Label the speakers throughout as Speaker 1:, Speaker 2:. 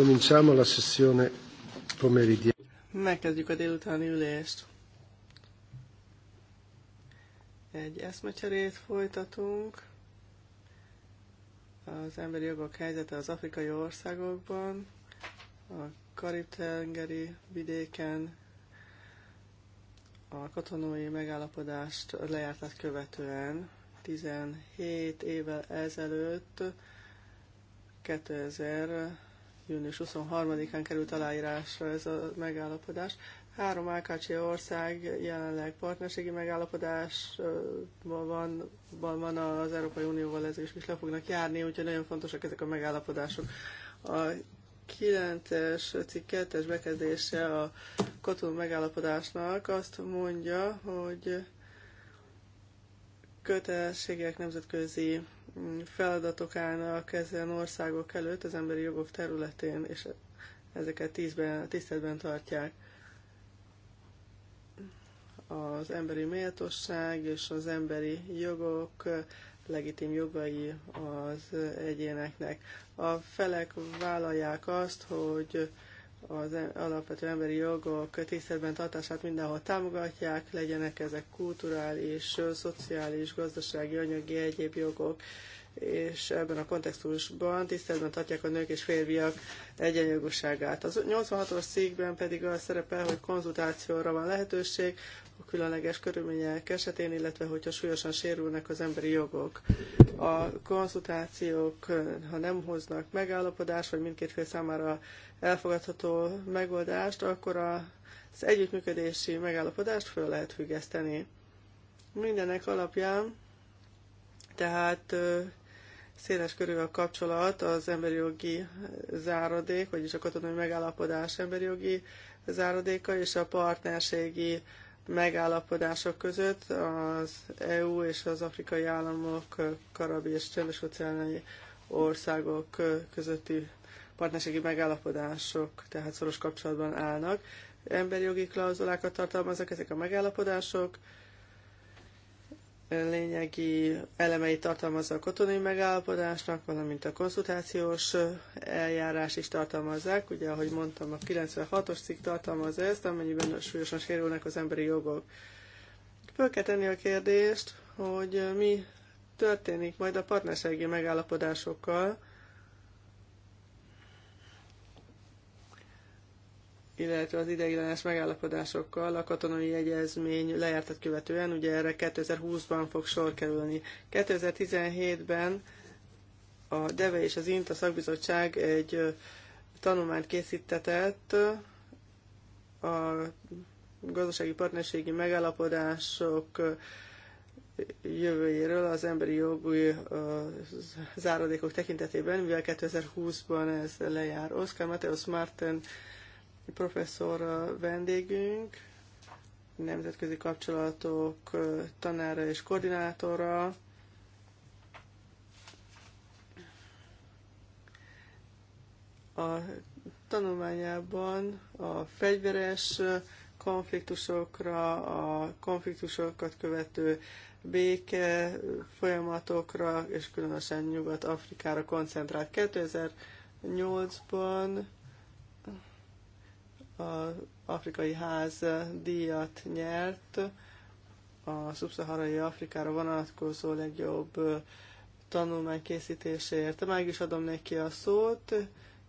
Speaker 1: Cominciamo la sessione pomeridiana. Megkezdjük a délutáni ülést. Egy eszmecserét folytatunk. Az emberi jogok helyzete az afrikai országokban, a Karib-tengeri vidéken, a katonai megállapodást lejártat követően 17 évvel ezelőtt 2000 június 23-án került aláírásra ez a megállapodás. Három AKC ország jelenleg partnerségi megállapodásban van, van az Európai Unióval, ez is, is le fognak járni, úgyhogy nagyon fontosak ezek a megállapodások. A 9-es cikk 2 bekezdése a katonai megállapodásnak azt mondja, hogy kötelességek, nemzetközi feladatok állnak ezen országok előtt az emberi jogok területén, és ezeket tízben, tiszteletben tartják. Az emberi méltóság és az emberi jogok legitim jogai az egyéneknek. A felek vállalják azt, hogy az alapvető emberi jogok tiszteletben tartását mindenhol támogatják, legyenek ezek kulturális, szociális, gazdasági, anyagi, egyéb jogok és ebben a kontextusban tiszteletben tartják a nők és férfiak egyenjogúságát. Az 86-os cikkben pedig az szerepel, hogy konzultációra van lehetőség a különleges körülmények esetén, illetve hogyha súlyosan sérülnek az emberi jogok. A konzultációk, ha nem hoznak megállapodás, vagy mindkét fél számára elfogadható megoldást, akkor az együttműködési megállapodást föl lehet függeszteni. Mindenek alapján tehát széles körű a kapcsolat az emberi jogi záradék, vagyis a katonai megállapodás emberi jogi záradéka és a partnerségi megállapodások között az EU és az afrikai államok, karabi és csendes óceáni országok közötti partnerségi megállapodások, tehát szoros kapcsolatban állnak. Emberi jogi klauzulákat tartalmaznak ezek a megállapodások, lényegi elemeit tartalmazza a kotonai megállapodásnak, valamint a konzultációs eljárás is tartalmazzák. Ugye, ahogy mondtam, a 96-os cikk tartalmazza ezt, amennyiben súlyosan sérülnek az emberi jogok. Föl kell tenni a kérdést, hogy mi történik majd a partnerségi megállapodásokkal, illetve az ideiglenes megállapodásokkal a katonai egyezmény lejártat követően, ugye erre 2020-ban fog sor kerülni. 2017-ben a DEVE és az INTA szakbizottság egy tanulmányt készítetett a gazdasági partnerségi megállapodások jövőjéről az emberi jogú záradékok tekintetében, mivel 2020-ban ez lejár. Oscar Mateusz Márten professzor vendégünk, nemzetközi kapcsolatok tanára és koordinátora. A tanulmányában a fegyveres konfliktusokra, a konfliktusokat követő béke folyamatokra, és különösen Nyugat-Afrikára koncentrált 2008-ban a Afrikai Ház díjat nyert a szubszaharai Afrikára vonatkozó legjobb tanulmány készítéséért. Meg is adom neki a szót,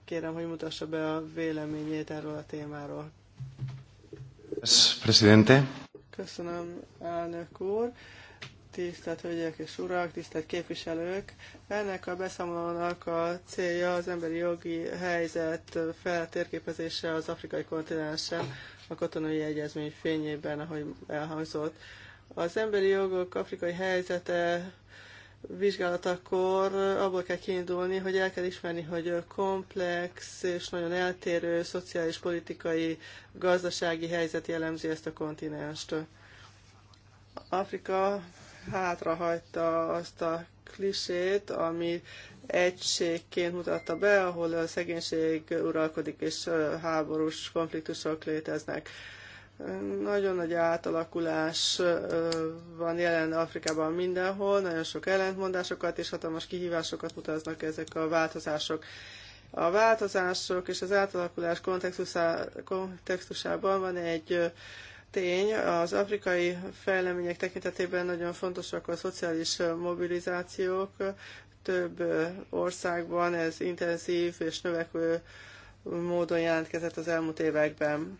Speaker 1: kérem, hogy mutassa be a véleményét erről a témáról.
Speaker 2: Presidente.
Speaker 1: Köszönöm, elnök úr. Tisztelt Hölgyek és Urak, tisztelt képviselők! Ennek a beszámolónak a célja az emberi jogi helyzet feltérképezése az afrikai kontinensen a katonai egyezmény fényében, ahogy elhangzott. Az emberi jogok afrikai helyzete vizsgálatakor abból kell kiindulni, hogy el kell ismerni, hogy komplex és nagyon eltérő szociális, politikai, gazdasági helyzet jellemzi ezt a kontinenst. Afrika hátrahagyta azt a klisét, ami egységként mutatta be, ahol a szegénység uralkodik és háborús konfliktusok léteznek. Nagyon nagy átalakulás van jelen Afrikában mindenhol, nagyon sok ellentmondásokat és hatalmas kihívásokat mutatnak ezek a változások. A változások és az átalakulás kontextusában van egy tény, az afrikai fejlemények tekintetében nagyon fontosak a szociális mobilizációk. Több országban ez intenzív és növekvő módon jelentkezett az elmúlt években.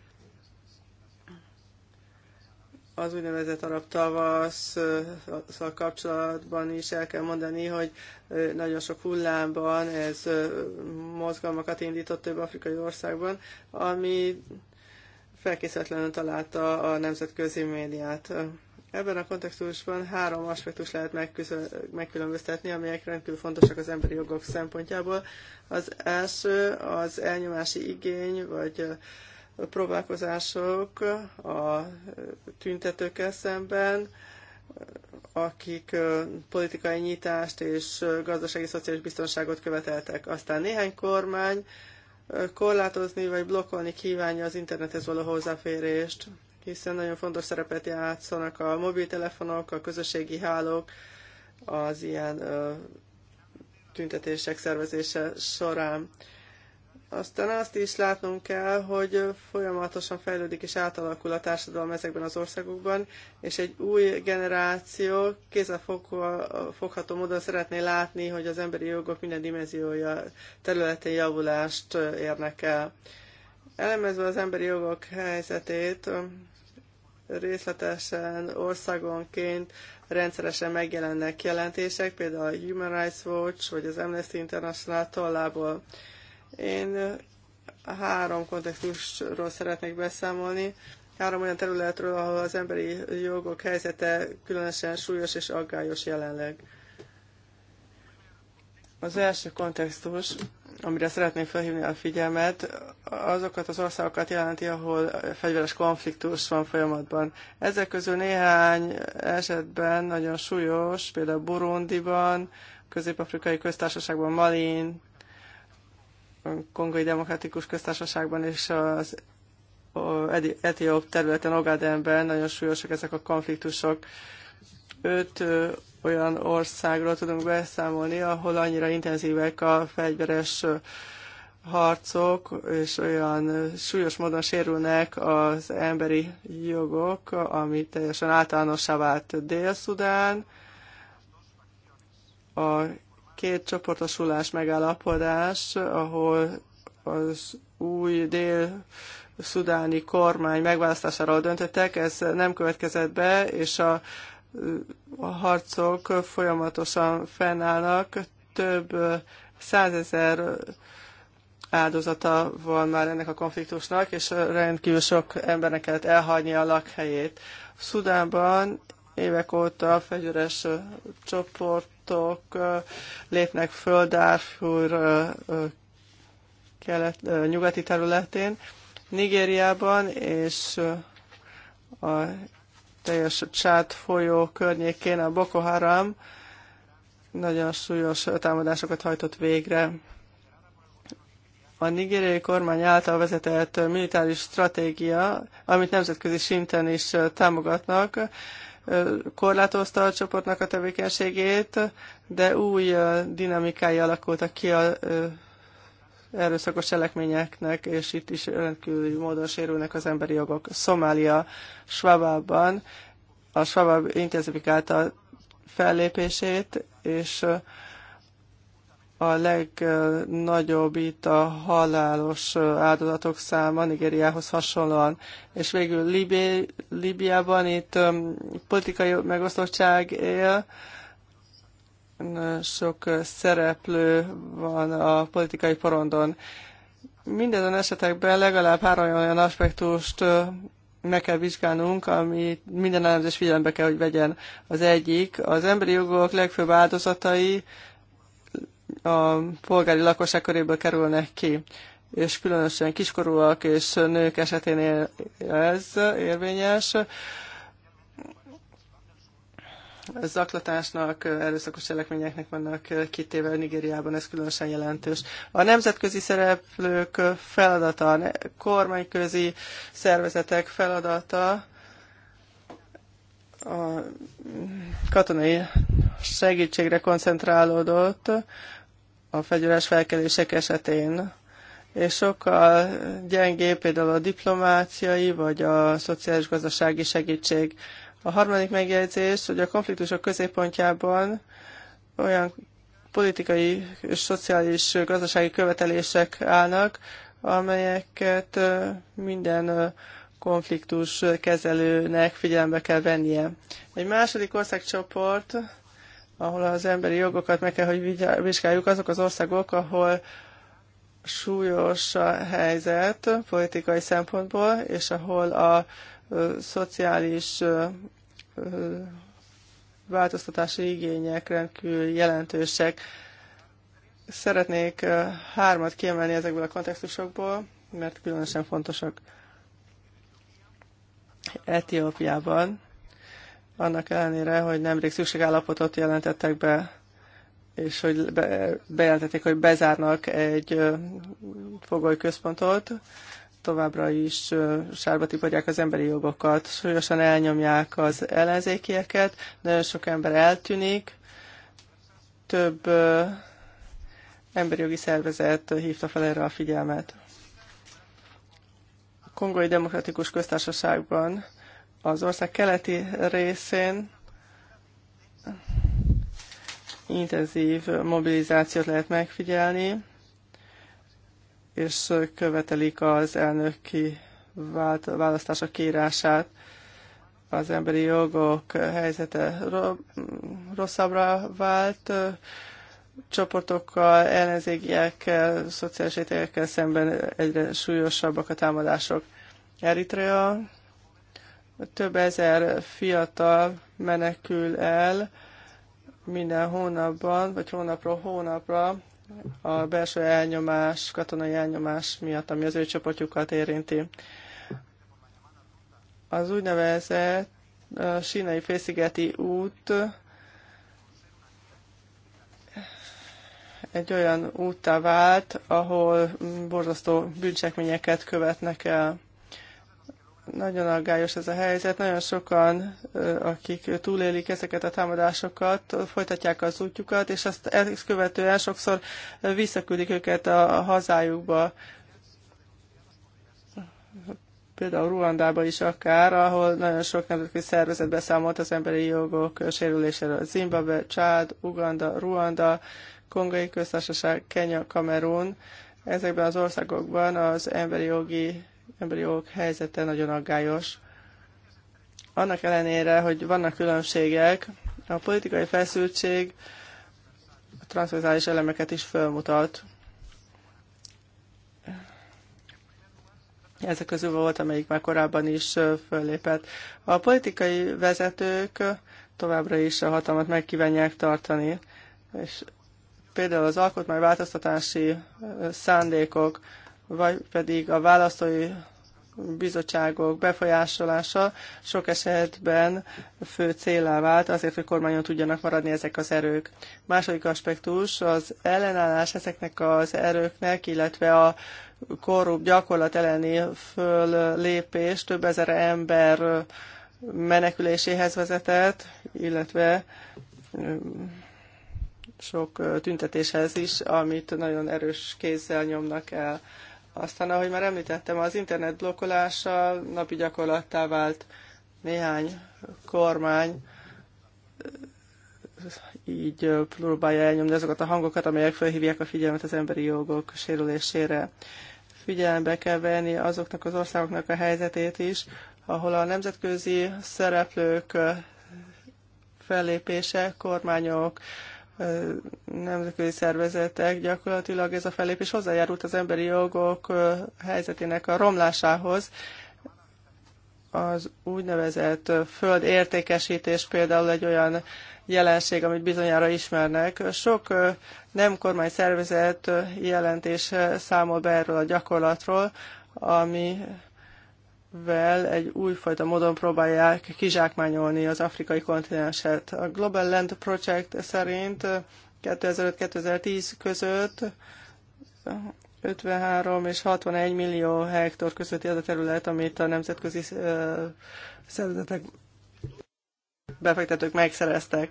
Speaker 1: Az úgynevezett arab tavasszal kapcsolatban is el kell mondani, hogy nagyon sok hullámban ez mozgalmakat indított több afrikai országban, ami felkészületlenül találta a nemzetközi médiát. Ebben a kontextusban három aspektus lehet megkülönböztetni, amelyek rendkívül fontosak az emberi jogok szempontjából. Az első az elnyomási igény, vagy próbálkozások a tüntetőkkel szemben, akik politikai nyitást és gazdasági szociális biztonságot követeltek. Aztán néhány kormány korlátozni vagy blokkolni kívánja az internethez való hozzáférést, hiszen nagyon fontos szerepet játszanak a mobiltelefonok, a közösségi hálók, az ilyen tüntetések szervezése során. Aztán azt is látnunk kell, hogy folyamatosan fejlődik és átalakul a társadalom ezekben az országokban, és egy új generáció kézzelfogható módon szeretné látni, hogy az emberi jogok minden dimenziója területén javulást érnek el. Elemezve az emberi jogok helyzetét, részletesen, országonként rendszeresen megjelennek jelentések, például a Human Rights Watch vagy az Amnesty International tollából én három kontextusról szeretnék beszámolni. Három olyan területről, ahol az emberi jogok helyzete különösen súlyos és aggályos jelenleg. Az első kontextus, amire szeretném felhívni a figyelmet, azokat az országokat jelenti, ahol fegyveres konfliktus van folyamatban. Ezek közül néhány esetben nagyon súlyos, például Burundiban, Közép-Afrikai Köztársaságban, Malin, Kongai Demokratikus Köztársaságban és az etióp területen, Ogadenben nagyon súlyosak ezek a konfliktusok. Öt olyan országról tudunk beszámolni, ahol annyira intenzívek a fegyveres harcok, és olyan súlyos módon sérülnek az emberi jogok, ami teljesen általánossá vált Dél-Szudán, a két csoportosulás megállapodás, ahol az új dél szudáni kormány megválasztásáról döntöttek, ez nem következett be, és a, a harcok folyamatosan fennállnak. Több százezer áldozata van már ennek a konfliktusnak, és rendkívül sok embernek kellett elhagyni a lakhelyét. Szudánban évek óta a fegyveres csoportok lépnek föl Darfur kelet, nyugati területén, Nigériában és a teljes csát folyó környékén a Boko Haram nagyon súlyos támadásokat hajtott végre. A nigériai kormány által vezetett militáris stratégia, amit nemzetközi szinten is támogatnak, korlátozta a csoportnak a tevékenységét, de új dinamikái alakultak ki a erőszakos cselekményeknek, és itt is rendkívüli módon sérülnek az emberi jogok. Szomália, Svabában a Svabab intenzifikálta fellépését, és a legnagyobb itt a halálos áldozatok száma Nigériához hasonlóan. És végül Libé, Libiában itt um, politikai megosztottság él, sok szereplő van a politikai porondon. Mindezen esetekben legalább három olyan aspektust meg kell vizsgálnunk, ami minden elemzés figyelembe kell, hogy vegyen. Az egyik, az emberi jogok legfőbb áldozatai a polgári lakosság köréből kerülnek ki, és különösen kiskorúak és nők esetén ez érvényes. Zaklatásnak, erőszakos cselekményeknek vannak kitéve Nigériában, ez különösen jelentős. A nemzetközi szereplők feladata, a kormányközi szervezetek feladata, a katonai segítségre koncentrálódott, a fegyveres felkelések esetén. És sokkal gyengébb például a diplomáciai vagy a szociális gazdasági segítség. A harmadik megjegyzés, hogy a konfliktusok középpontjában olyan politikai és szociális gazdasági követelések állnak, amelyeket minden konfliktus kezelőnek figyelembe kell vennie. Egy második országcsoport ahol az emberi jogokat meg kell, hogy vizsgáljuk, azok az országok, ahol súlyos a helyzet politikai szempontból, és ahol a ö, szociális ö, változtatási igények rendkívül jelentősek. Szeretnék hármat kiemelni ezekből a kontextusokból, mert különösen fontosak. Etiópiában annak ellenére, hogy nemrég szükségállapotot jelentettek be, és hogy be, bejelentették, hogy bezárnak egy fogoly központot, továbbra is sárba tiporják az emberi jogokat, súlyosan elnyomják az ellenzékieket, nagyon sok ember eltűnik, több emberi jogi szervezet hívta fel erre a figyelmet. A Kongói Demokratikus Köztársaságban az ország keleti részén intenzív mobilizációt lehet megfigyelni, és követelik az elnöki választása kírását. Az emberi jogok helyzete rosszabbra vált, csoportokkal, ellenzégiekkel, szociális ételekkel szemben egyre súlyosabbak a támadások. Eritrea több ezer fiatal menekül el minden hónapban, vagy hónapról hónapra a belső elnyomás, katonai elnyomás miatt, ami az ő csoportjukat érinti. Az úgynevezett sínai félszigeti út egy olyan úttá vált, ahol borzasztó bűncsekményeket követnek el. Nagyon aggályos ez a helyzet. Nagyon sokan, akik túlélik ezeket a támadásokat, folytatják az útjukat, és azt ezt követően sokszor visszaküldik őket a hazájukba. Például Ruandába is akár, ahol nagyon sok nemzetközi szervezet beszámolt az emberi jogok sérüléséről. Zimbabwe, Csád, Uganda, Ruanda, Kongai Köztársaság, Kenya, Kamerun. Ezekben az országokban az emberi jogi emberi jogok helyzete nagyon aggályos. Annak ellenére, hogy vannak különbségek, a politikai feszültség a transzvezális elemeket is felmutat. Ezek közül volt, amelyik már korábban is föllépett. A politikai vezetők továbbra is a hatalmat megkívánják tartani, és például az alkotmányváltoztatási szándékok, vagy pedig a választói bizottságok befolyásolása sok esetben fő célá vált azért, hogy kormányon tudjanak maradni ezek az erők. Második aspektus az ellenállás ezeknek az erőknek, illetve a korrupt gyakorlat elleni föllépés több ezer ember meneküléséhez vezetett, illetve sok tüntetéshez is, amit nagyon erős kézzel nyomnak el. Aztán, ahogy már említettem, az internet blokkolása napi gyakorlattá vált néhány kormány eh, így eh, próbálja elnyomni azokat a hangokat, amelyek felhívják a figyelmet az emberi jogok sérülésére. Figyelembe kell venni azoknak az országoknak a helyzetét is, ahol a nemzetközi szereplők eh, fellépése, kormányok, nemzetközi szervezetek, gyakorlatilag ez a fellépés hozzájárult az emberi jogok helyzetének a romlásához. Az úgynevezett földértékesítés például egy olyan jelenség, amit bizonyára ismernek. Sok nem kormány szervezet jelentés számol be erről a gyakorlatról, ami vel egy újfajta módon próbálják kizsákmányolni az afrikai kontinenset. A Global Land Project szerint 2005-2010 között 53 és 61 millió hektár közötti az a terület, amit a nemzetközi szervezetek befektetők megszereztek.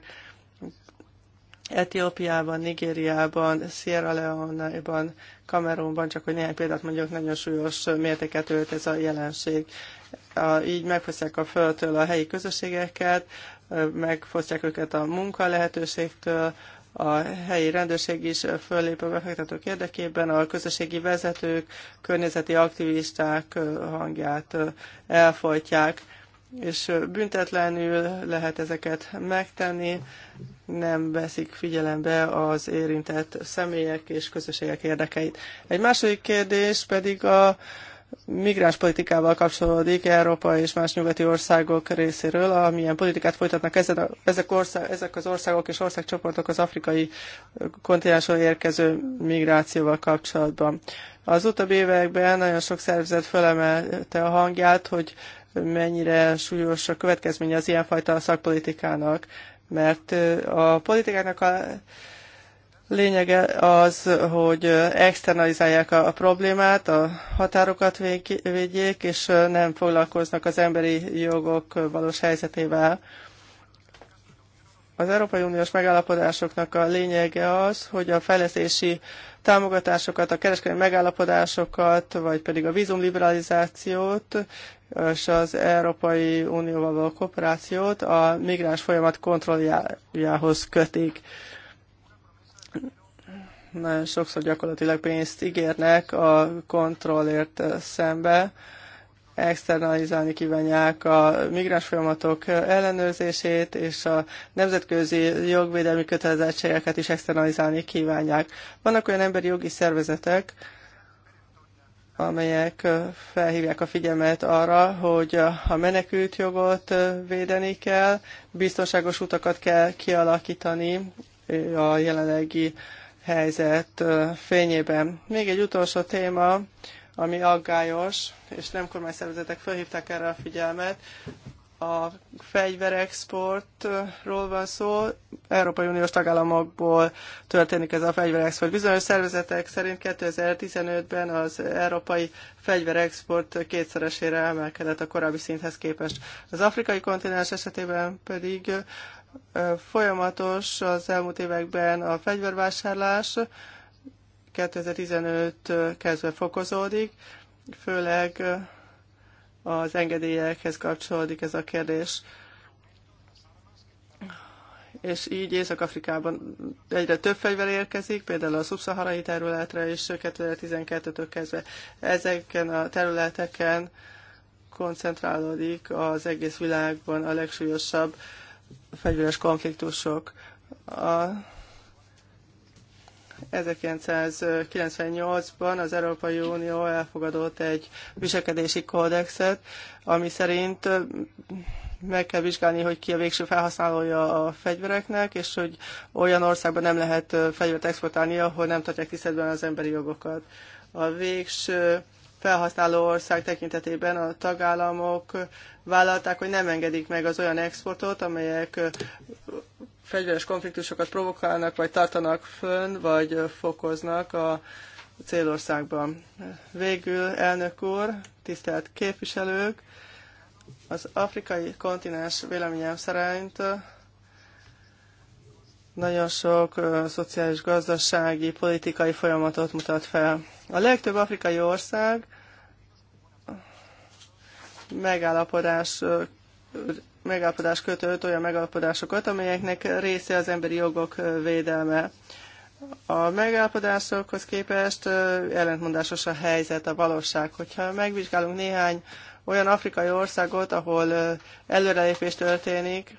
Speaker 1: Etiópiában, Nigériában, Sierra Leone-ban, Kamerunban, csak hogy néhány példát mondjuk, nagyon súlyos mértéket ölt ez a jelenség. A, így megfosztják a földtől a helyi közösségeket, megfosztják őket a munka lehetőségtől, a helyi rendőrség is föllép a befektetők érdekében, a közösségi vezetők, környezeti aktivisták hangját elfolytják és büntetlenül lehet ezeket megtenni, nem veszik figyelembe az érintett személyek és közösségek érdekeit. Egy második kérdés pedig a migráns politikával kapcsolódik Európa és más nyugati országok részéről, amilyen politikát folytatnak ezek, ország, ezek az országok és országcsoportok az afrikai kontinensről érkező migrációval kapcsolatban. Az utóbbi években nagyon sok szervezet felemelte a hangját, hogy mennyire súlyos a következménye az ilyenfajta szakpolitikának, mert a politikának a lényege az, hogy externalizálják a problémát, a határokat védjék, és nem foglalkoznak az emberi jogok valós helyzetével. Az Európai Uniós megállapodásoknak a lényege az, hogy a fejlesztési támogatásokat, a kereskedelmi megállapodásokat, vagy pedig a vízumliberalizációt és az Európai Unióval való kooperációt a migráns folyamat kontrolljához kötik. Nagyon sokszor gyakorlatilag pénzt ígérnek a kontrollért szembe, externalizálni kívánják a migráns folyamatok ellenőrzését, és a nemzetközi jogvédelmi kötelezettségeket is externalizálni kívánják. Vannak olyan emberi jogi szervezetek, amelyek felhívják a figyelmet arra, hogy a menekült jogot védeni kell, biztonságos utakat kell kialakítani a jelenlegi helyzet fényében. Még egy utolsó téma, ami aggályos, és nem kormányszervezetek felhívták erre a figyelmet. A fegyverexportról van szó, Európai Uniós tagállamokból történik ez a fegyverexport. Bizonyos szervezetek szerint 2015-ben az európai fegyverexport kétszeresére emelkedett a korábbi szinthez képest. Az afrikai kontinens esetében pedig folyamatos az elmúlt években a fegyvervásárlás, 2015 kezdve fokozódik, főleg az engedélyekhez kapcsolódik ez a kérdés. És így Észak-Afrikában egyre több fegyver érkezik, például a szubszaharai területre is 2012-től kezdve. Ezeken a területeken koncentrálódik az egész világban a legsúlyosabb fegyveres konfliktusok. A 1998-ban az Európai Unió elfogadott egy viselkedési kódexet, ami szerint meg kell vizsgálni, hogy ki a végső felhasználója a fegyvereknek, és hogy olyan országban nem lehet fegyvert exportálni, ahol nem tartják tiszteletben az emberi jogokat. A végső felhasználó ország tekintetében a tagállamok vállalták, hogy nem engedik meg az olyan exportot, amelyek fegyveres konfliktusokat provokálnak, vagy tartanak fönn, vagy fokoznak a célországban. Végül, elnök úr, tisztelt képviselők, az afrikai kontinens véleményem szerint nagyon sok szociális, gazdasági, politikai folyamatot mutat fel. A legtöbb afrikai ország megállapodás megállapodás kötött olyan megállapodásokat, amelyeknek része az emberi jogok védelme. A megállapodásokhoz képest ellentmondásos a helyzet, a valóság. Hogyha megvizsgálunk néhány olyan afrikai országot, ahol előrelépés történik,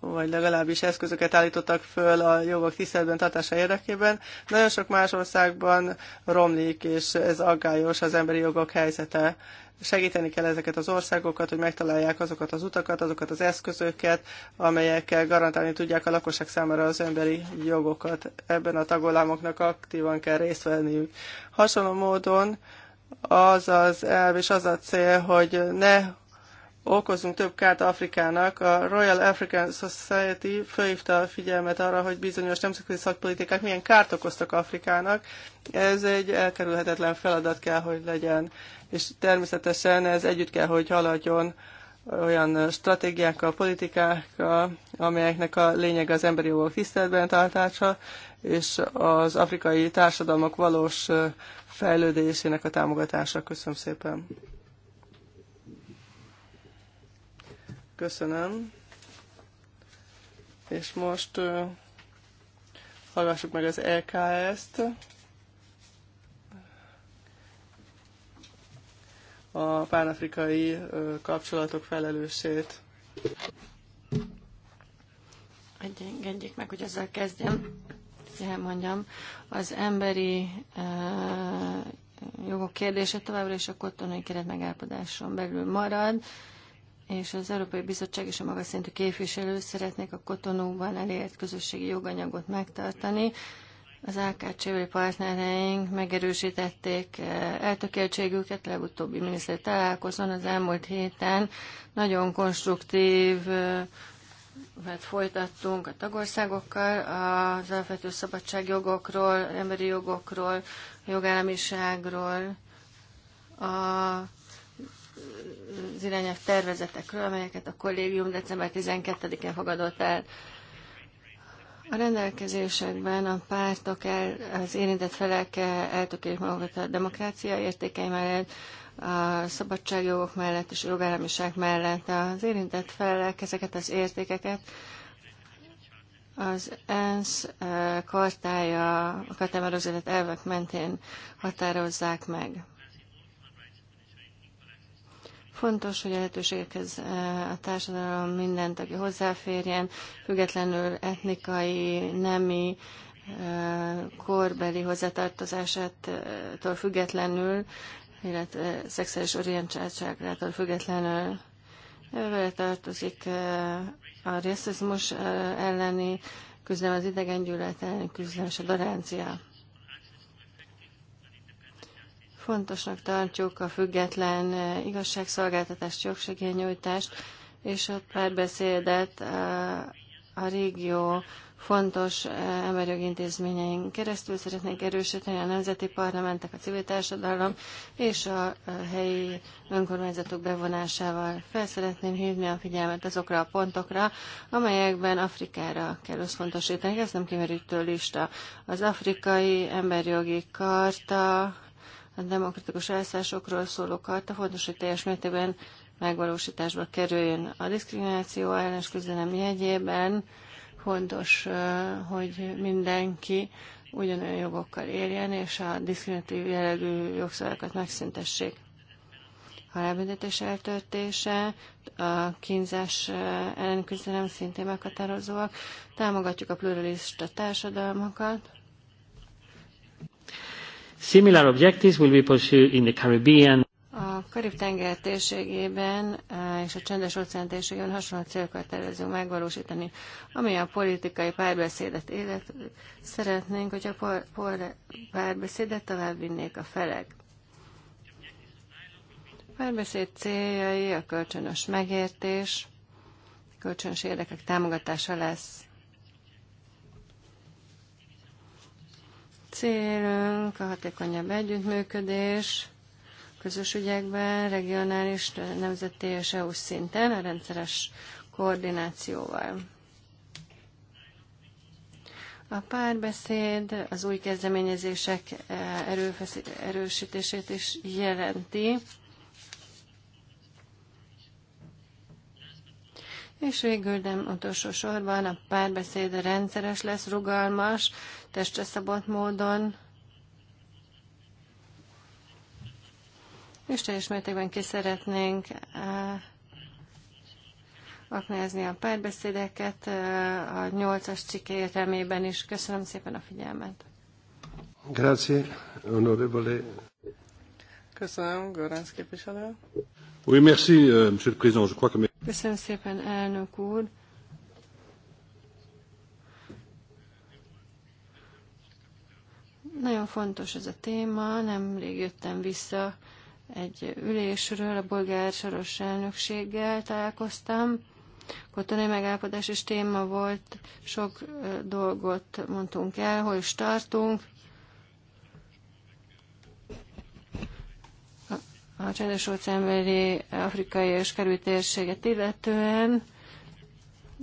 Speaker 1: vagy legalábbis eszközöket állítottak föl a jogok tiszteletben tartása érdekében. Nagyon sok más országban romlik, és ez aggályos az emberi jogok helyzete. Segíteni kell ezeket az országokat, hogy megtalálják azokat az utakat, azokat az eszközöket, amelyekkel garantálni tudják a lakosság számára az emberi jogokat. Ebben a tagállamoknak aktívan kell részt venniük. Hasonló módon az az elv és az a cél, hogy ne okozunk több kárt Afrikának. A Royal African Society felhívta a figyelmet arra, hogy bizonyos nemzetközi szakpolitikák milyen kárt okoztak Afrikának. Ez egy elkerülhetetlen feladat kell, hogy legyen, és természetesen ez együtt kell, hogy haladjon olyan stratégiákkal, politikákkal, amelyeknek a lényeg az emberi jogok tiszteletben tartása, és az afrikai társadalmak valós fejlődésének a támogatása. Köszönöm szépen! Köszönöm. És most uh, hallgassuk meg az LKS-t. a pánafrikai uh, kapcsolatok felelősét.
Speaker 2: Engedjék meg, hogy ezzel kezdjem. Elmondjam, az emberi uh, jogok kérdése továbbra is a kottonai keret megállapodáson belül marad. Uh, és az Európai Bizottság és a magas szintű képviselő szeretnék a kotonóban elért közösségi joganyagot megtartani. Az AKC partnereink megerősítették eh, eltökéltségüket legutóbbi miniszteri találkozón az elmúlt héten. Nagyon konstruktív mert eh, hát folytattunk a tagországokkal az alapvető szabadságjogokról, emberi jogokról, jogállamiságról, a az irányelv tervezetekről, amelyeket a kollégium december 12-én fogadott el. A rendelkezésekben a pártok, el, az érintett felek eltökélik magukat a demokrácia értékei mellett, a szabadságjogok mellett és a jogállamiság mellett. Az érintett felek ezeket az értékeket az ENSZ eh, kartája, a kartája elvek mentén határozzák meg. Fontos, hogy a lehetőségekhez eh, a társadalom minden tagja hozzáférjen, függetlenül etnikai, nemi, eh, korbeli hozzátartozásától függetlenül, illetve szexuális orientáltságától függetlenül vele tartozik eh, a rasszizmus elleni küzdelem, az idegengyűlölet elleni küzdelem és a dorencia. Fontosnak tartjuk a független eh, igazságszolgáltatást, jogsegélynyújtást és a párbeszédet eh, a régió fontos eh, emberjogi intézményeink keresztül szeretnénk erősíteni a nemzeti parlamentek, a civil társadalom és a helyi önkormányzatok bevonásával. Fel szeretném hívni a figyelmet azokra a pontokra, amelyekben Afrikára kell összpontosítani. Ez nem kimerítő lista. Az afrikai emberjogi karta a demokratikus elszásokról szóló karta fontos, hogy teljes mértékben megvalósításba kerüljön. A diszkrimináció ellenes küzdelem jegyében fontos, hogy mindenki ugyanolyan jogokkal éljen, és a diszkriminatív jellegű jogszabályokat megszüntessék. Halálbüntetés eltörtése, a kínzás ellen küzdelem szintén meghatározóak. Támogatjuk a pluralista társadalmakat, Similar objectives will be pursued in the Caribbean. A Karib-tenger térségében eh, és a csendes óceán térségében hasonló célokat tervezünk megvalósítani. Ami a politikai párbeszédet élet, szeretnénk, hogy a párbeszédet tovább vinnék a felek. A párbeszéd céljai a kölcsönös megértés, a kölcsönös érdekek támogatása lesz. Célunk a hatékonyabb együttműködés közös ügyekben, regionális, nemzeti és EU szinten a rendszeres koordinációval. A párbeszéd az új kezdeményezések eh, erősítését is jelenti. És végül nem utolsó sorban a párbeszéd rendszeres lesz, rugalmas, testre szabott módon, és teljes mértékben ki szeretnénk eh, aknázni a párbeszédeket eh, a nyolcas cikk értelmében is. Köszönöm szépen a figyelmet. Grazie, onorevole. Köszönöm, Goránsz képviselő.
Speaker 3: Oui, merci, euh, monsieur le président. Je crois que...
Speaker 2: Köszönöm szépen, elnök úr. Nagyon fontos ez a téma, nemrég jöttem vissza egy ülésről, a bolgár soros elnökséggel találkoztam. Kotonai megállapodás is téma volt, sok dolgot mondtunk el, hol is tartunk. A csendes óceánbeli afrikai és kerültérséget illetően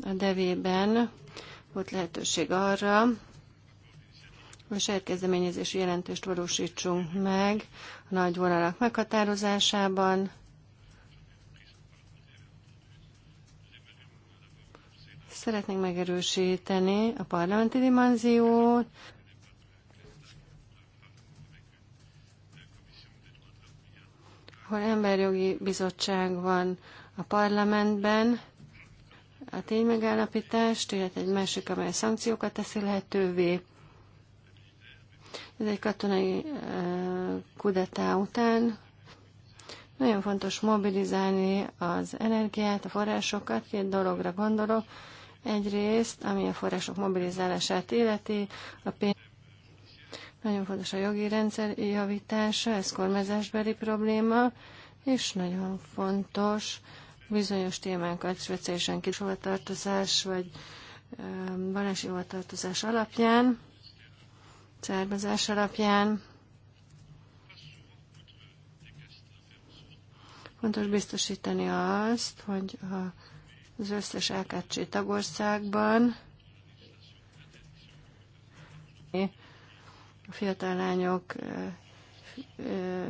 Speaker 2: a devében volt lehetőség arra, a saját jelentést valósítsunk meg a nagy vonalak meghatározásában. Szeretnénk megerősíteni a parlamenti dimenziót, ahol emberjogi bizottság van a parlamentben, a ténymegállapítást, illetve egy másik, amely szankciókat teszi lehetővé. Ez egy katonai kudetá után. Nagyon fontos mobilizálni az energiát, a forrásokat. Két dologra gondolok. Egyrészt, ami a források mobilizálását illeti, a pénz. Nagyon fontos a jogi rendszer javítása, ez kormányzásbeli probléma, és nagyon fontos bizonyos témákat speciálisan tartozás vagy vallási hovatartozás alapján származás alapján. Fontos biztosítani azt, hogy az összes LKC tagországban a fiatal lányok,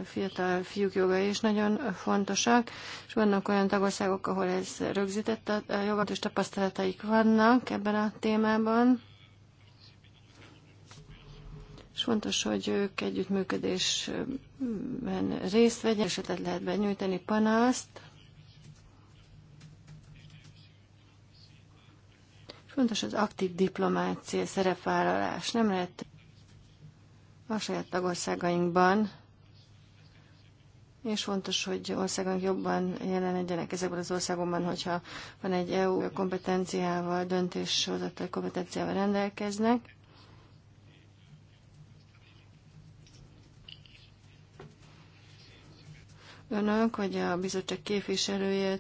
Speaker 2: fiatal fiúk jogai is nagyon fontosak, és vannak olyan tagországok, ahol ez rögzített a jogat, és tapasztalataik vannak ebben a témában és fontos, hogy ők együttműködésben részt vegyenek, esetet lehet benyújtani panaszt. Fontos az aktív diplomácia szerepvállalás. Nem lehet a saját tagországainkban, és fontos, hogy országunk jobban jelen legyenek ezekben az országokban, hogyha van egy EU kompetenciával, döntéshozatai kompetenciával rendelkeznek. önök, hogy a bizottság képviselője,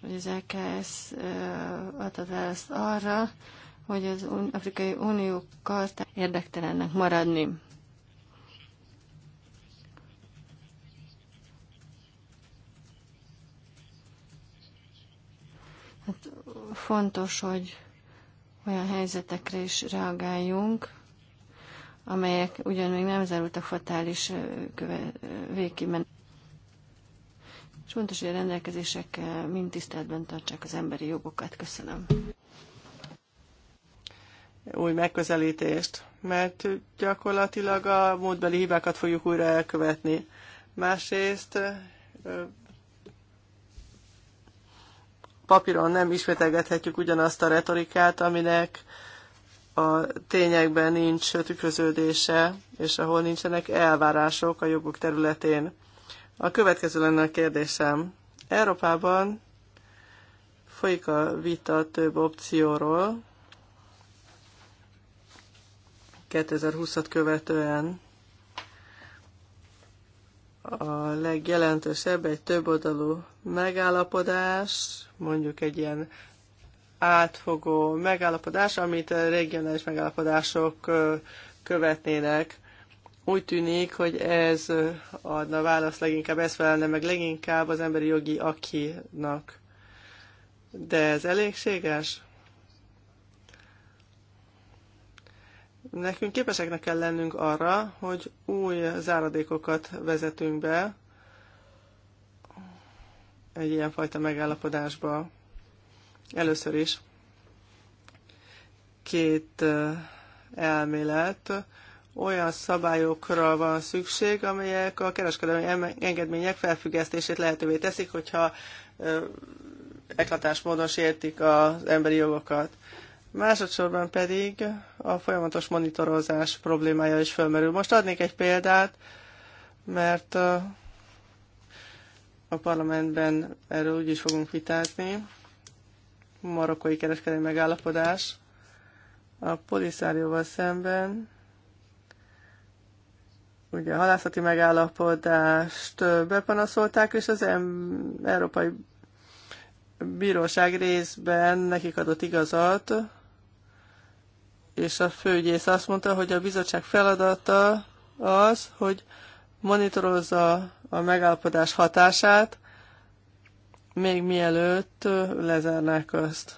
Speaker 2: hogy az LKS adta választ arra, hogy az Afrikai Unió kartá érdektelennek maradni. Hát fontos, hogy olyan helyzetekre is reagáljunk, amelyek ugyan még nem zárultak fatális végkimen fontos, hogy a rendelkezések eh, mind tiszteletben tartsák az emberi jogokat. Köszönöm.
Speaker 1: Új megközelítést, mert gyakorlatilag a módbeli hibákat fogjuk újra elkövetni. Másrészt eh, papíron nem ismételgethetjük ugyanazt a retorikát, aminek a tényekben nincs tükröződése, és ahol nincsenek elvárások a jogok területén. A következő lenne a kérdésem. Európában folyik a vita több opcióról 2020-at követően. A legjelentősebb egy többoldalú megállapodás, mondjuk egy ilyen átfogó megállapodás, amit regionális megállapodások követnének. Úgy tűnik, hogy ez adna választ leginkább, ez felelne meg leginkább az emberi jogi akinak. De ez elégséges? Nekünk képeseknek kell lennünk arra, hogy új záradékokat vezetünk be egy ilyenfajta megállapodásba. Először is két eh, elmélet olyan szabályokra van szükség, amelyek a kereskedelmi engedmények felfüggesztését lehetővé teszik, hogyha eklatás módon sértik az emberi jogokat. Másodszorban pedig a folyamatos monitorozás problémája is felmerül. Most adnék egy példát, mert a parlamentben erről úgy is fogunk vitázni. Marokkói kereskedelmi megállapodás a poliszárióval szemben ugye a halászati megállapodást bepanaszolták, és az Európai Bíróság részben nekik adott igazat, és a főügyész azt mondta, hogy a bizottság feladata az, hogy monitorozza a megállapodás hatását, még mielőtt lezárnák azt.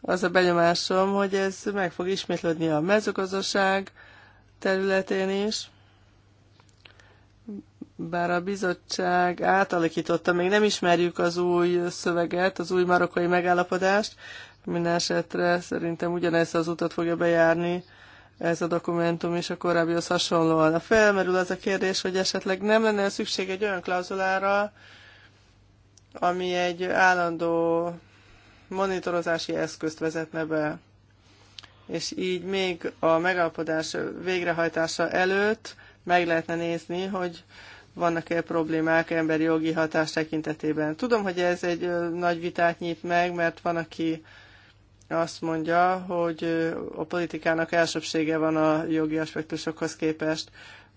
Speaker 1: Az a benyomásom, hogy ez meg fog ismétlődni a mezőgazdaság területén is, bár a bizottság átalakította, még nem ismerjük az új szöveget, az új marokkai megállapodást, minden esetre szerintem ugyanezt az utat fogja bejárni ez a dokumentum és a korábbihoz hasonlóan. A felmerül az a kérdés, hogy esetleg nem lenne szükség egy olyan klauzulára, ami egy állandó monitorozási eszközt vezetne be, és így még a megalapodás végrehajtása előtt meg lehetne nézni, hogy vannak-e problémák emberi jogi hatás tekintetében. Tudom, hogy ez egy nagy vitát nyit meg, mert van, aki azt mondja, hogy a politikának elsőbsége van a jogi aspektusokhoz képest.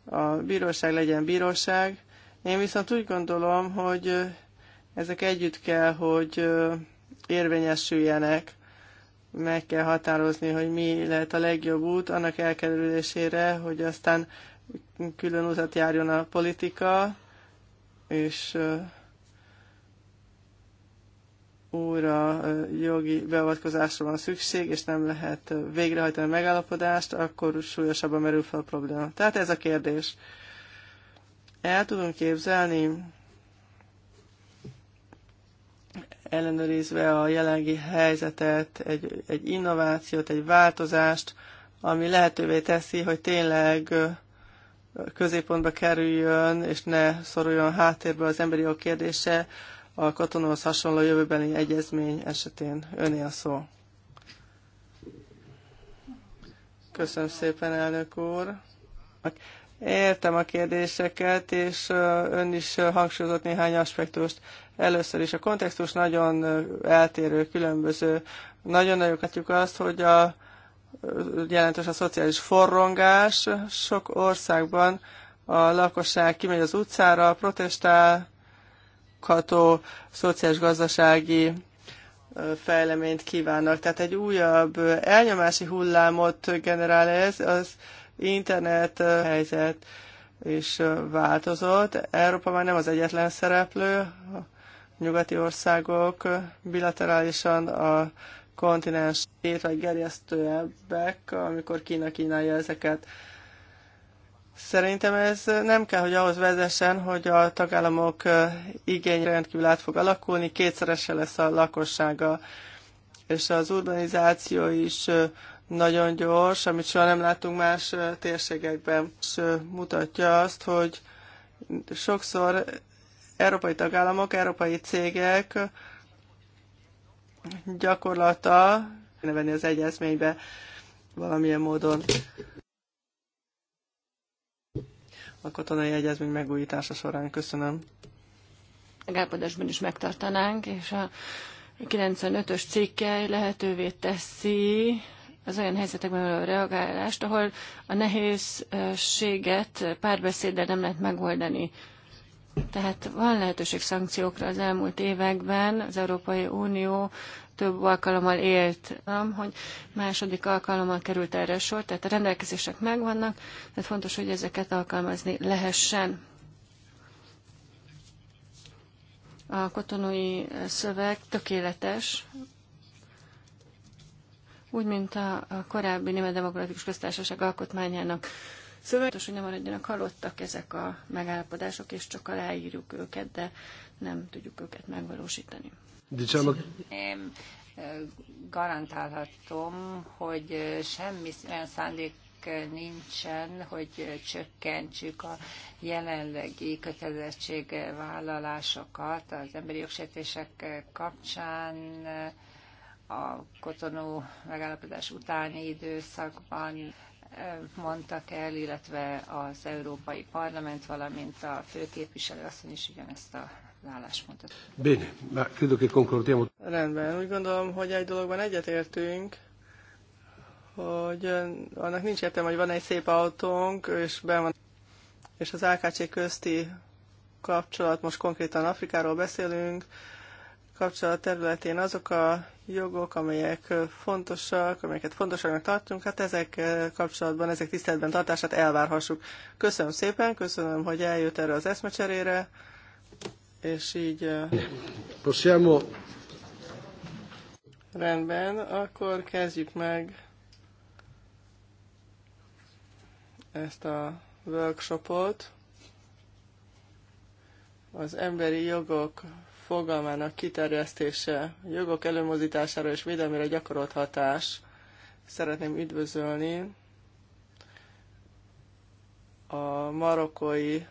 Speaker 1: A bíróság legyen bíróság. Én viszont úgy gondolom, hogy ezek együtt kell, hogy érvényesüljenek. Meg kell határozni, hogy mi lehet a legjobb út annak elkerülésére, hogy aztán külön utat járjon a politika, és újra jogi beavatkozásra van szükség, és nem lehet végrehajtani a megállapodást, akkor súlyosabban merül fel a probléma. Tehát ez a kérdés. El tudunk képzelni, ellenőrizve a jelenlegi helyzetet, egy, egy innovációt, egy változást, ami lehetővé teszi, hogy tényleg középpontba kerüljön, és ne szoruljon háttérbe az emberi jog kérdése a katonához hasonló jövőbeni egyezmény esetén. Öné a szó. Köszönöm szépen, elnök úr. Értem a kérdéseket, és ön is hangsúlyozott néhány aspektust. Először is a kontextus nagyon eltérő, különböző. Nagyon nagyokat azt, hogy a jelentős a szociális forrongás. Sok országban a lakosság kimegy az utcára, protestálható szociális-gazdasági fejleményt kívánnak. Tehát egy újabb elnyomási hullámot generál ez, az internet helyzet és változott. Európa már nem az egyetlen szereplő, a nyugati országok bilaterálisan a kontinens vagy gerjesztőebbek, amikor Kína kínálja ezeket. Szerintem ez nem kell, hogy ahhoz vezessen, hogy a tagállamok igény rendkívül át fog alakulni, kétszerese lesz a lakossága, és az urbanizáció is nagyon gyors, amit soha nem látunk más térségekben, és mutatja azt, hogy sokszor európai tagállamok, európai cégek gyakorlata venni az egyezménybe valamilyen módon a katonai egyezmény megújítása során. Köszönöm.
Speaker 2: Megállapodásban is megtartanánk, és a 95-ös cikke lehetővé teszi az olyan helyzetekben való reagálást, ahol a nehézséget párbeszéddel nem lehet megoldani. Tehát van lehetőség szankciókra az elmúlt években. Az Európai Unió több alkalommal élt, hogy második alkalommal került erre sor, tehát a rendelkezések megvannak, tehát fontos, hogy ezeket alkalmazni lehessen. A kotonói szöveg tökéletes, úgy, mint a korábbi Német Demokratikus Köztársaság alkotmányának szöveg, hogy ne maradjanak halottak ezek a megállapodások, és csak aláírjuk őket, de nem tudjuk őket megvalósítani. Én
Speaker 3: garantálhatom, hogy semmi olyan szándék nincsen, hogy csökkentsük a jelenlegi kötelezettségvállalásokat az emberi jogsértések kapcsán a kotonó megállapodás utáni időszakban mondtak el, illetve az Európai Parlament, valamint a főképviselő asszony is ugyanezt a
Speaker 1: álláspontot.
Speaker 2: Bene, ma credo che concordiamo.
Speaker 1: Rendben, úgy gondolom, hogy egy dologban egyetértünk, hogy annak nincs értelme, hogy van egy szép autónk, és ben van, és az AKC közti kapcsolat, most konkrétan Afrikáról beszélünk, kapcsolat területén azok a jogok, amelyek fontosak, amelyeket fontosaknak tartunk, hát ezek kapcsolatban, ezek tiszteletben tartását elvárhassuk. Köszönöm szépen, köszönöm, hogy eljött erre az eszmecserére, és így...
Speaker 2: Possiamo.
Speaker 1: Rendben, akkor kezdjük meg ezt a workshopot. Az emberi jogok fogalmának kiterjesztése, jogok előmozítására és védelmére gyakorolt hatás. Szeretném üdvözölni a marokkói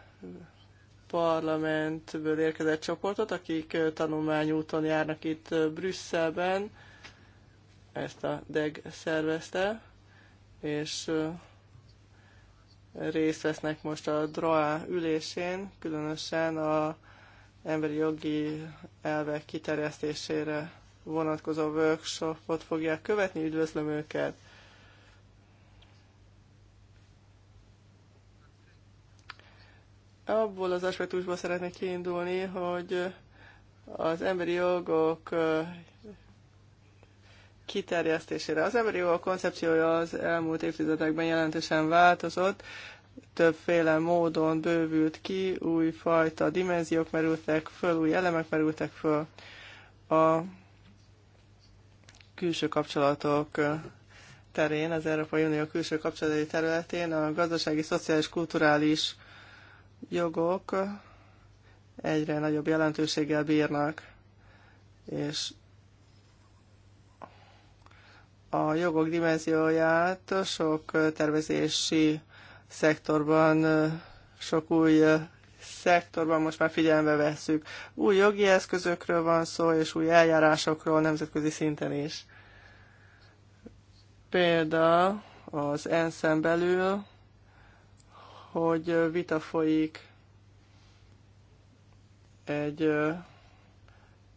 Speaker 1: parlamentből érkezett csoportot, akik tanulmányúton járnak itt Brüsszelben. Ezt a DEG szervezte, és részt vesznek most a DROA ülésén, különösen a emberi jogi elvek kiterjesztésére vonatkozó workshopot fogják követni. Üdvözlöm őket! Abból az aspektusból szeretnék kiindulni, hogy az emberi jogok kiterjesztésére. Az emberi jogok koncepciója az elmúlt évtizedekben jelentősen változott, többféle módon bővült ki, új fajta dimenziók merültek föl, új elemek merültek föl. A külső kapcsolatok terén, az Európai Unió külső kapcsolatai területén a gazdasági, szociális, kulturális jogok egyre nagyobb jelentőséggel bírnak, és a jogok dimenzióját sok tervezési szektorban, sok új szektorban most már figyelembe vesszük. Új jogi eszközökről van szó, és új eljárásokról nemzetközi szinten is. Példa az ensz belül, hogy vita folyik egy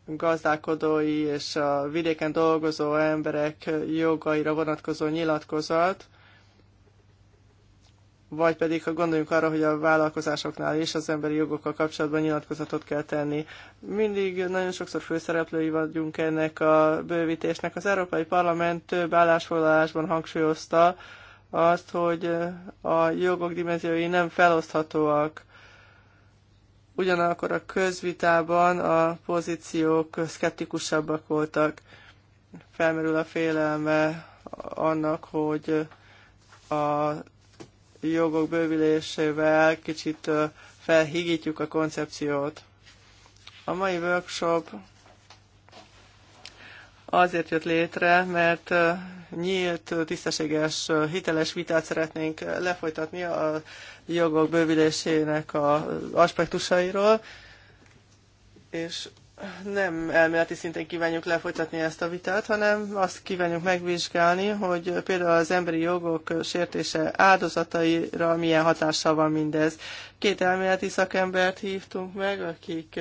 Speaker 1: gazdálkodói és a vidéken dolgozó emberek jogaira vonatkozó nyilatkozat, vagy pedig ha gondoljunk arra, hogy a vállalkozásoknál és az emberi jogokkal kapcsolatban nyilatkozatot kell tenni. Mindig nagyon sokszor főszereplői vagyunk ennek a bővítésnek. Az Európai Parlament több állásfoglalásban hangsúlyozta azt, hogy a jogok dimenziói nem feloszthatóak. Ugyanakkor a közvitában a pozíciók szkeptikusabbak voltak. Felmerül a félelme annak, hogy a jogok bővülésével kicsit felhigítjuk a koncepciót. A mai workshop azért jött létre, mert nyílt, tisztességes, hiteles vitát szeretnénk lefolytatni a jogok bővülésének a aspektusairól, és nem elméleti szinten kívánjuk lefolytatni ezt a vitát, hanem azt kívánjuk megvizsgálni, hogy például az emberi jogok sértése áldozataira milyen hatással van mindez. Két elméleti szakembert hívtunk meg, akik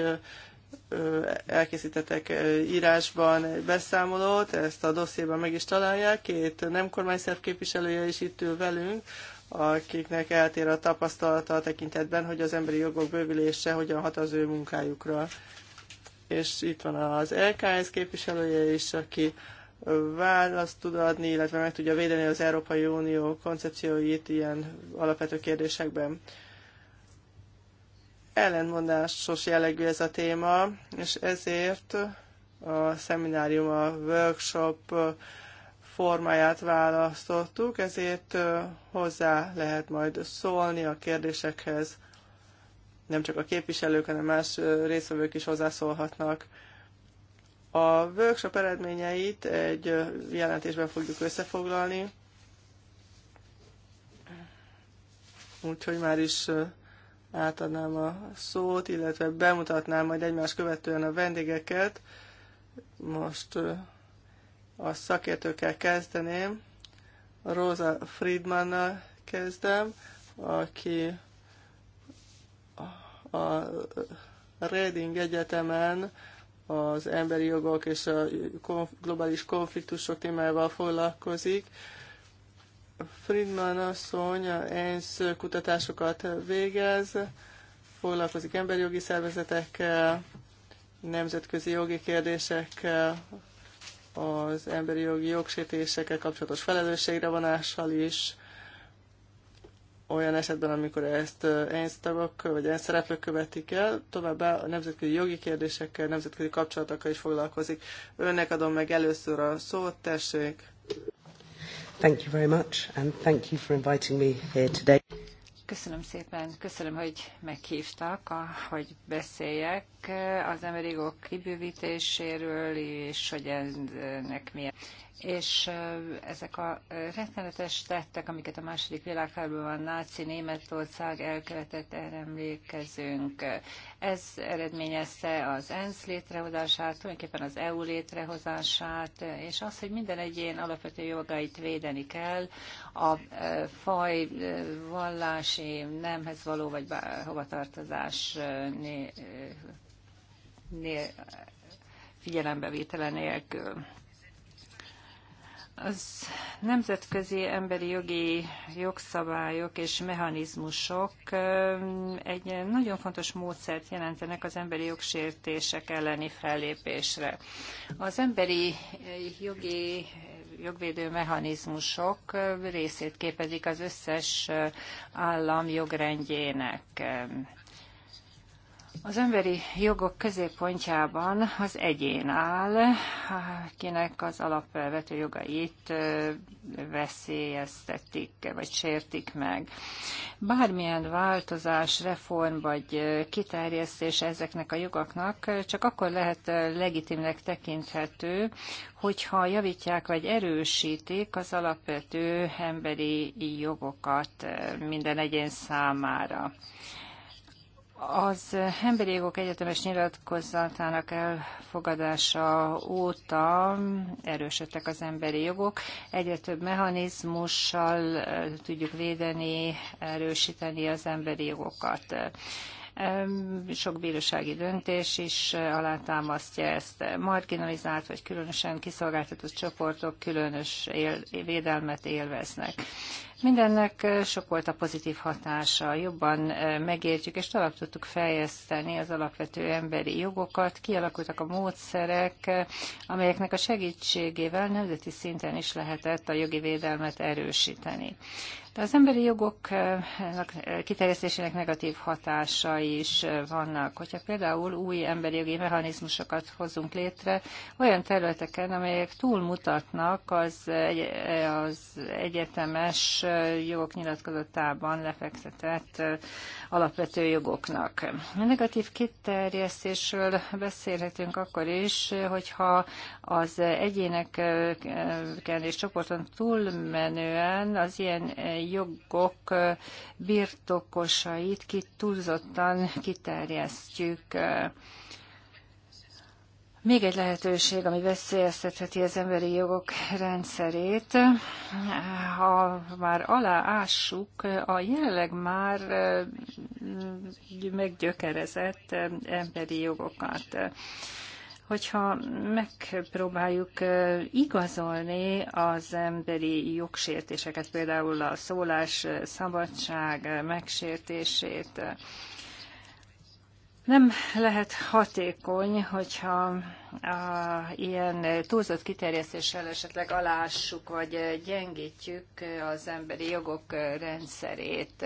Speaker 1: elkészítettek írásban egy beszámolót, ezt a dossziéban meg is találják, két nem kormányszerv képviselője is itt ül velünk, akiknek eltér a tapasztalata a tekintetben, hogy az emberi jogok bővülése hogyan hat az ő munkájukra és itt van az LKS képviselője is, aki választ tud adni, illetve meg tudja védeni az Európai Unió koncepcióit ilyen alapvető kérdésekben. Ellentmondásos jellegű ez a téma, és ezért a szeminárium, a workshop formáját választottuk, ezért hozzá lehet majd szólni a kérdésekhez nem csak a képviselők, hanem más részvevők is hozzászólhatnak. A workshop eredményeit egy jelentésben fogjuk összefoglalni, úgyhogy már is átadnám a szót, illetve bemutatnám majd egymás követően a vendégeket. Most a szakértőkkel kezdeném. Rosa Friedmannal kezdem, aki a Reading Egyetemen az emberi jogok és a globális konfliktusok témával foglalkozik. Friedman asszony ENSZ kutatásokat végez, foglalkozik emberi jogi szervezetekkel, nemzetközi jogi kérdésekkel, az emberi jogi jogsértésekkel kapcsolatos felelősségre vonással is, olyan esetben, amikor ezt ENSZ tagok vagy ENSZ szereplők követik el, továbbá a nemzetközi jogi kérdésekkel, nemzetközi kapcsolatokkal is foglalkozik. Önnek adom meg először a szót, tessék! Thank you very much, and thank you for inviting me here today.
Speaker 3: Köszönöm szépen, köszönöm, hogy meghívtak, hogy beszéljek az emberi jogok kibővítéséről, és hogy ennek milyen és ezek a rettenetes tettek, amiket a második világháborúban náci Németország elkövetett, erre emlékezünk. Ez eredményezte az ENSZ létrehozását, tulajdonképpen az EU létrehozását, és az, hogy minden egyén alapvető jogait védeni kell, a faj, vallási, nemhez való, vagy hovatartozás né, né, figyelembevétele nélkül. Az nemzetközi emberi jogi jogszabályok és mechanizmusok egy nagyon fontos módszert jelentenek az emberi jogsértések elleni fellépésre. Az emberi jogi jogvédő mechanizmusok részét képezik az összes állam jogrendjének. Az emberi jogok középpontjában az egyén áll, akinek az alapvető jogait veszélyeztetik vagy sértik meg. Bármilyen változás, reform vagy kiterjesztés ezeknek a jogoknak csak akkor lehet legitimnek tekinthető, hogyha javítják vagy erősítik az alapvető emberi jogokat minden egyén számára. Az emberi jogok egyetemes nyilatkozatának elfogadása óta erősödtek az emberi jogok. Egyre több mechanizmussal eh, tudjuk védeni, erősíteni az emberi jogokat. Sok bírósági döntés is eh, alátámasztja ezt. Marginalizált vagy különösen kiszolgáltatott csoportok különös él, védelmet élveznek. Mindennek sok volt a pozitív hatása, jobban megértjük és tovább tudtuk fejleszteni az alapvető emberi jogokat, kialakultak a módszerek, amelyeknek a segítségével nemzeti szinten is lehetett a jogi védelmet erősíteni. De az emberi jogok eh, eh, kiterjesztésének negatív hatásai is eh, vannak. Hogyha például új emberi jogi mechanizmusokat hozunk létre olyan területeken, amelyek túlmutatnak az, egy, az egyetemes jogok nyilatkozatában lefektetett alapvető jogoknak. A negatív kiterjesztésről beszélhetünk akkor is, hogyha az egyéneken és csoporton túlmenően az ilyen jogok birtokosait kitúlzottan kiterjesztjük. Még egy lehetőség, ami veszélyeztetheti az emberi jogok rendszerét, ha már aláássuk a jelenleg már meggyökerezett emberi jogokat hogyha megpróbáljuk igazolni az emberi jogsértéseket, például a szólás szabadság megsértését, nem lehet hatékony, hogyha a, ilyen túlzott kiterjesztéssel esetleg alássuk vagy gyengítjük az emberi jogok rendszerét.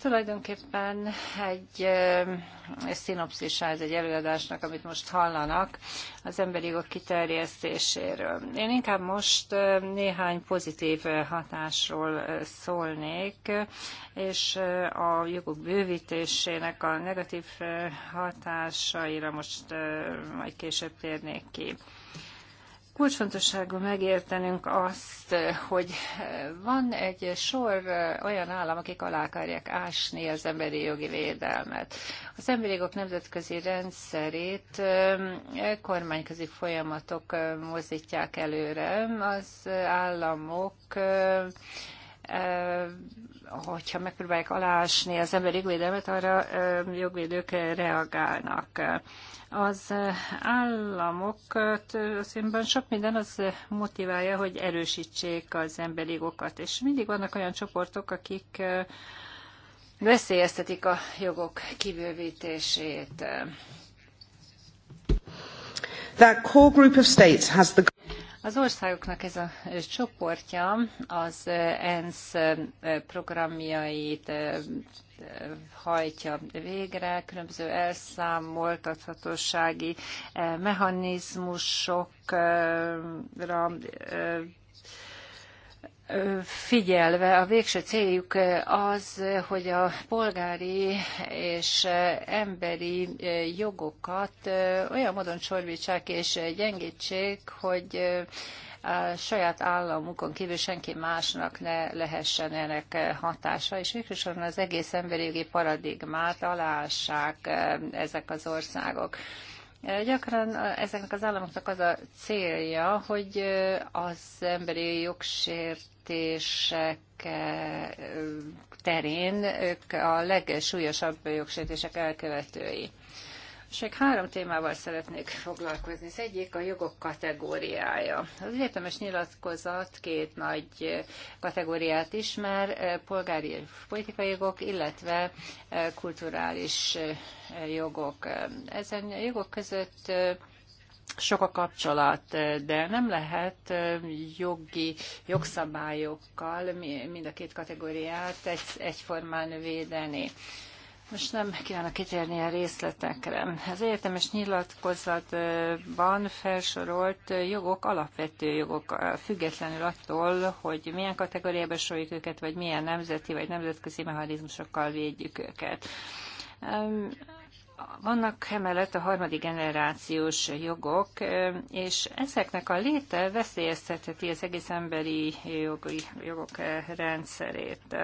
Speaker 3: Tulajdonképpen egy szinopszisa ez egy előadásnak, amit most hallanak az emberi jogok kiterjesztéséről. Én inkább most néhány pozitív hatásról szólnék, és a jogok bővítésének a negatív hatásaira most majd később térnék ki. Kulcsfontosságú megértenünk azt, hogy van egy sor olyan állam, akik alá akarják ásni az emberi jogi védelmet. Az emberi jogok nemzetközi rendszerét kormányközi folyamatok mozdítják előre. Az államok hogyha megpróbálják alásni az emberi jogvédelmet, arra jogvédők reagálnak. Az államok szemben sok minden az motiválja, hogy erősítsék az emberi jogokat, és mindig vannak olyan csoportok, akik veszélyeztetik a jogok kibővítését.
Speaker 1: That core group of states has the
Speaker 3: az országoknak ez a csoportja az ENSZ programjait hajtja végre, különböző elszámoltathatósági mechanizmusokra figyelve a végső céljuk az, hogy a polgári és emberi jogokat olyan módon csorbítsák és gyengítsék, hogy a saját államukon kívül senki másnak ne lehessen ennek hatása, és végsősorban az egész emberi jogi paradigmát alássák ezek az országok. Gyakran ezeknek az államoknak az a célja, hogy az emberi jogsértések terén ők a legsúlyosabb jogsértések elkövetői. És még három témával szeretnék foglalkozni. Az egyik a jogok kategóriája. Az egyetemes nyilatkozat két nagy kategóriát ismer, eh, polgári politikai jogok, illetve eh, kulturális eh, jogok. Ezen a jogok között sok a kapcsolat, de nem lehet jogi jogszabályokkal mind a két kategóriát egy, egyformán védeni. Most nem kívánok kitérni a részletekre. Az értemes nyilatkozatban felsorolt jogok alapvető jogok, függetlenül attól, hogy milyen kategóriába soroljuk őket, vagy milyen nemzeti vagy nemzetközi mechanizmusokkal védjük őket. Vannak emellett a harmadik generációs jogok, és ezeknek a léte veszélyeztetheti az egész emberi jogi, jogok eh, rendszerét.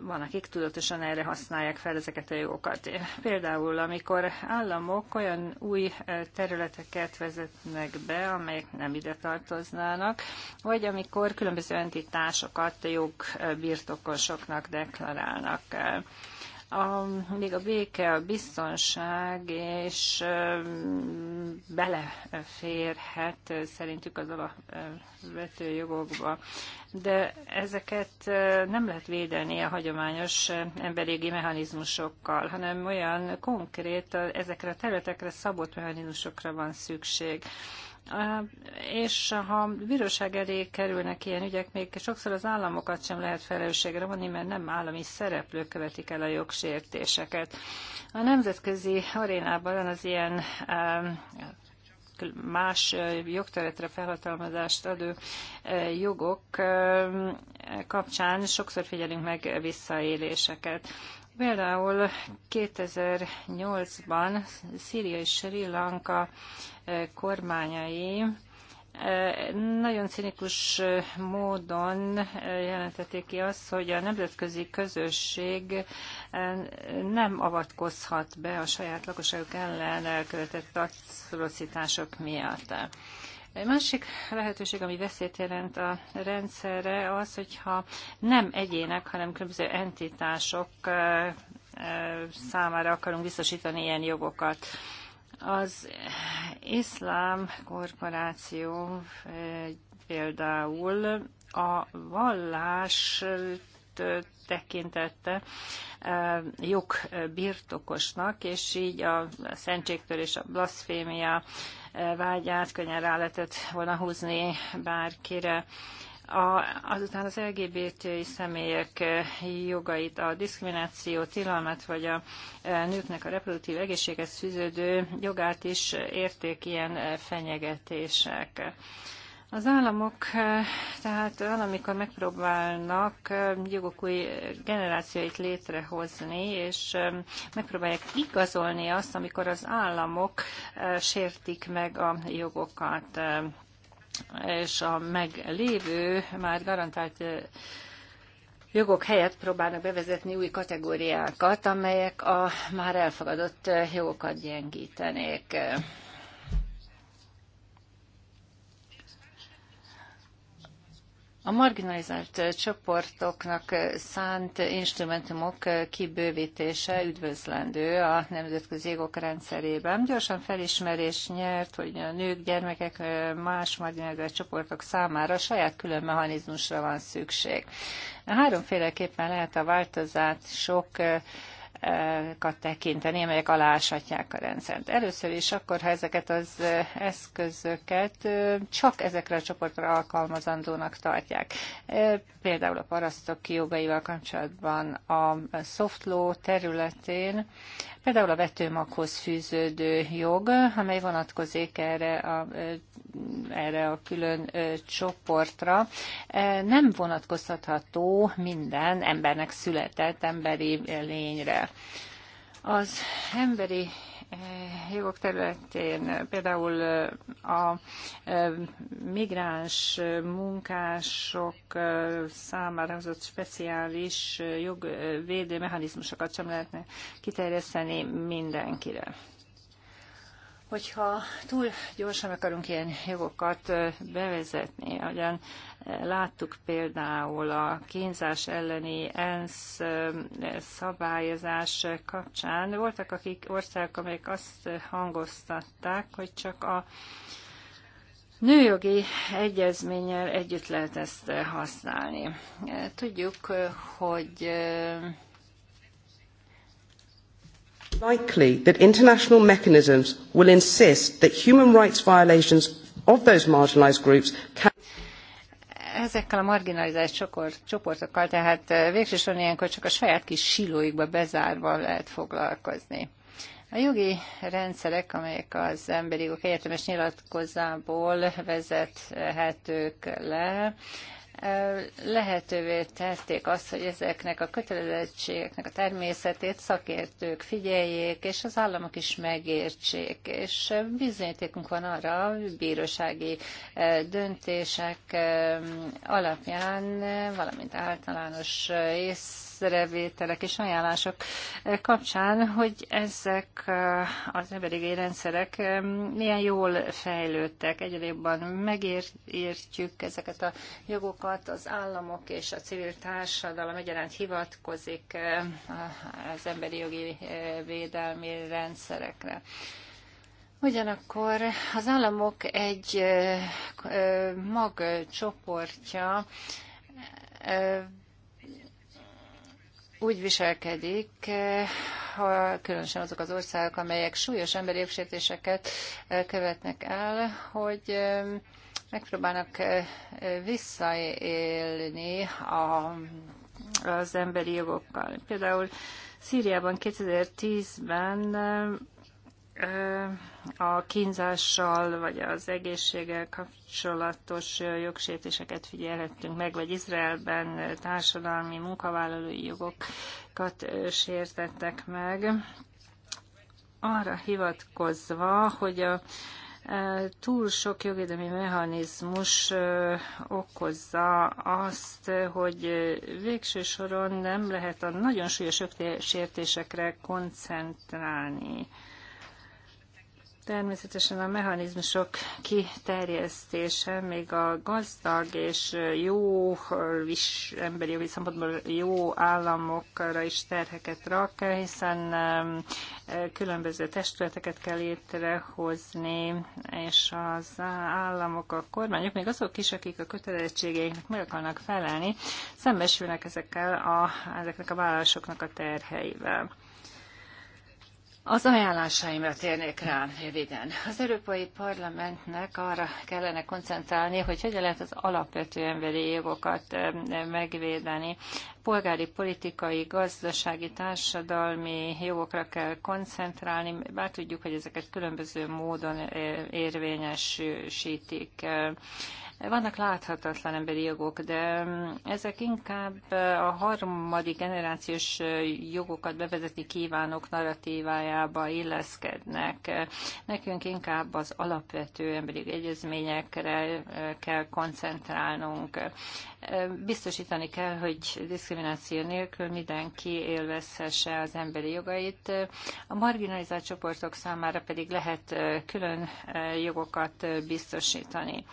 Speaker 3: Van, akik tudatosan erre használják fel ezeket a jogokat. Például, amikor államok olyan új területeket vezetnek be, amelyek nem ide tartoznának, vagy amikor különböző entitásokat jogbirtokosoknak deklarálnak a, még a béke, a biztonság, és beleférhet szerintük az alapvető jogokba. De ezeket nem lehet védeni a hagyományos emberégi mechanizmusokkal, hanem olyan konkrét, ezekre a területekre szabott mechanizmusokra van szükség. És ha bíróság elé kerülnek ilyen ügyek, még sokszor az államokat sem lehet felelősségre vonni, mert nem állami szereplők követik el a jogsértéseket. A nemzetközi arénában az ilyen más jogteretre felhatalmazást adó jogok kapcsán sokszor figyelünk meg visszaéléseket. Például 2008-ban Szíria és Sri Lanka eh, kormányai eh, nagyon cinikus eh, módon jelentették ki azt, hogy a nemzetközi közösség nem avatkozhat be a saját lakosságok ellen elkövetett atrocitások miatt. Egy másik lehetőség, ami veszélyt jelent a rendszerre, az, hogyha nem egyének, hanem különböző entitások számára akarunk biztosítani ilyen jogokat. Az iszlám korporáció például a vallás tekintette jogbirtokosnak, és így a szentségtől és a blaszfémia vágyát könnyen rá lehetett volna húzni bárkire. A, azután az LGBT személyek jogait, a diszkrimináció tilalmat, vagy a e, nőknek a reproduktív egészséghez fűződő jogát is érték ilyen fenyegetések. Az államok eh, tehát valamikor megpróbálnak eh, jogok új generációit létrehozni, és eh, megpróbálják igazolni azt, amikor az államok sértik meg a jogokat, és a meglévő már garantált jogok helyett próbálnak bevezetni új kategóriákat, amelyek a már elfogadott jogokat gyengítenék. A marginalizált csoportoknak szánt instrumentumok kibővítése üdvözlendő a nemzetközi jogok rendszerében. Gyorsan felismerés nyert, hogy a nők, gyermekek, más marginalizált csoportok számára saját külön mechanizmusra van szükség. Háromféleképpen lehet a változás sok eszközöket tekinteni, amelyek alásatják a rendszert. Először is akkor, ha ezeket az eszközöket csak ezekre a csoportra alkalmazandónak tartják. Például a parasztok jogaival kapcsolatban a soft law területén Például a vetőmaghoz fűződő jog, amely vonatkozik erre a, erre a külön csoportra, nem vonatkozható minden embernek született emberi lényre. Az emberi Eh, jogok területén, eh, például eh, a migráns munkások számára hozott speciális jogvédő mechanizmusokat sem lehetne kiterjeszteni mindenkire hogyha túl gyorsan akarunk ilyen jogokat bevezetni, ahogyan láttuk például a kínzás elleni ENSZ szabályozás kapcsán, voltak akik országok, amelyek azt hangoztatták, hogy csak a nőjogi egyezménnyel együtt lehet ezt használni. Tudjuk, hogy likely
Speaker 1: that international mechanisms will insist that human rights violations of those marginalized groups can
Speaker 3: ezekkel a marginalizált csoport, csoportokkal, tehát eh, végsősorban ilyenkor csak a saját kis silóikba bezárva lehet foglalkozni. A jogi rendszerek, amelyek az emberi jogok egyetemes nyilatkozából vezethetők le, lehetővé tették azt, hogy ezeknek a kötelezettségeknek a természetét szakértők figyeljék, és az államok is megértsék. És bizonyítékunk van arra, bírósági e, döntések e, alapján, valamint általános ész észrevételek és ajánlások kapcsán, hogy ezek az emberi rendszerek milyen jól fejlődtek, egyre jobban megértjük ezeket a jogokat, az államok és a civil társadalom egyaránt hivatkozik az emberi jogi védelmi rendszerekre. Ugyanakkor az államok egy magcsoportja úgy viselkedik, eh, ha különösen azok az országok, amelyek súlyos emberi jogsértéseket eh, követnek el, hogy eh, megpróbálnak visszaélni a, az emberi jogokkal. Például Szíriában 2010-ben a kínzással vagy az egészséggel kapcsolatos jogsértéseket figyelhettünk meg, vagy Izraelben társadalmi munkavállalói jogokat sértettek meg. Arra hivatkozva, hogy a túl sok jogvédelmi mechanizmus okozza azt, hogy végső soron nem lehet a nagyon súlyos jogsértésekre koncentrálni. Természetesen a mechanizmusok kiterjesztése még a gazdag és jó, és emberi jogi szempontból jó államokra is terheket rak, hiszen különböző testületeket kell létrehozni, és az államok, a kormányok, még azok is, akik a kötelezettségeiknek meg akarnak felelni, szembesülnek ezekkel a, ezeknek a vállalásoknak a terheivel. Az ajánlásaimra térnék rá röviden. Az Európai Parlamentnek arra kellene koncentrálni, hogy hogyan lehet az alapvető emberi jogokat megvédeni. Polgári, politikai, gazdasági, társadalmi jogokra kell koncentrálni, bár tudjuk, hogy ezeket különböző módon érvényesítik. Vannak láthatatlan emberi jogok, de mm, ezek inkább a harmadik generációs jogokat bevezetni kívánok narratívájába illeszkednek. Nekünk inkább az alapvető emberi egyezményekre kell koncentrálnunk. Biztosítani kell, hogy diszkrimináció nélkül mindenki élvezhesse az emberi jogait. A marginalizált csoportok számára pedig lehet külön jogokat biztosítani.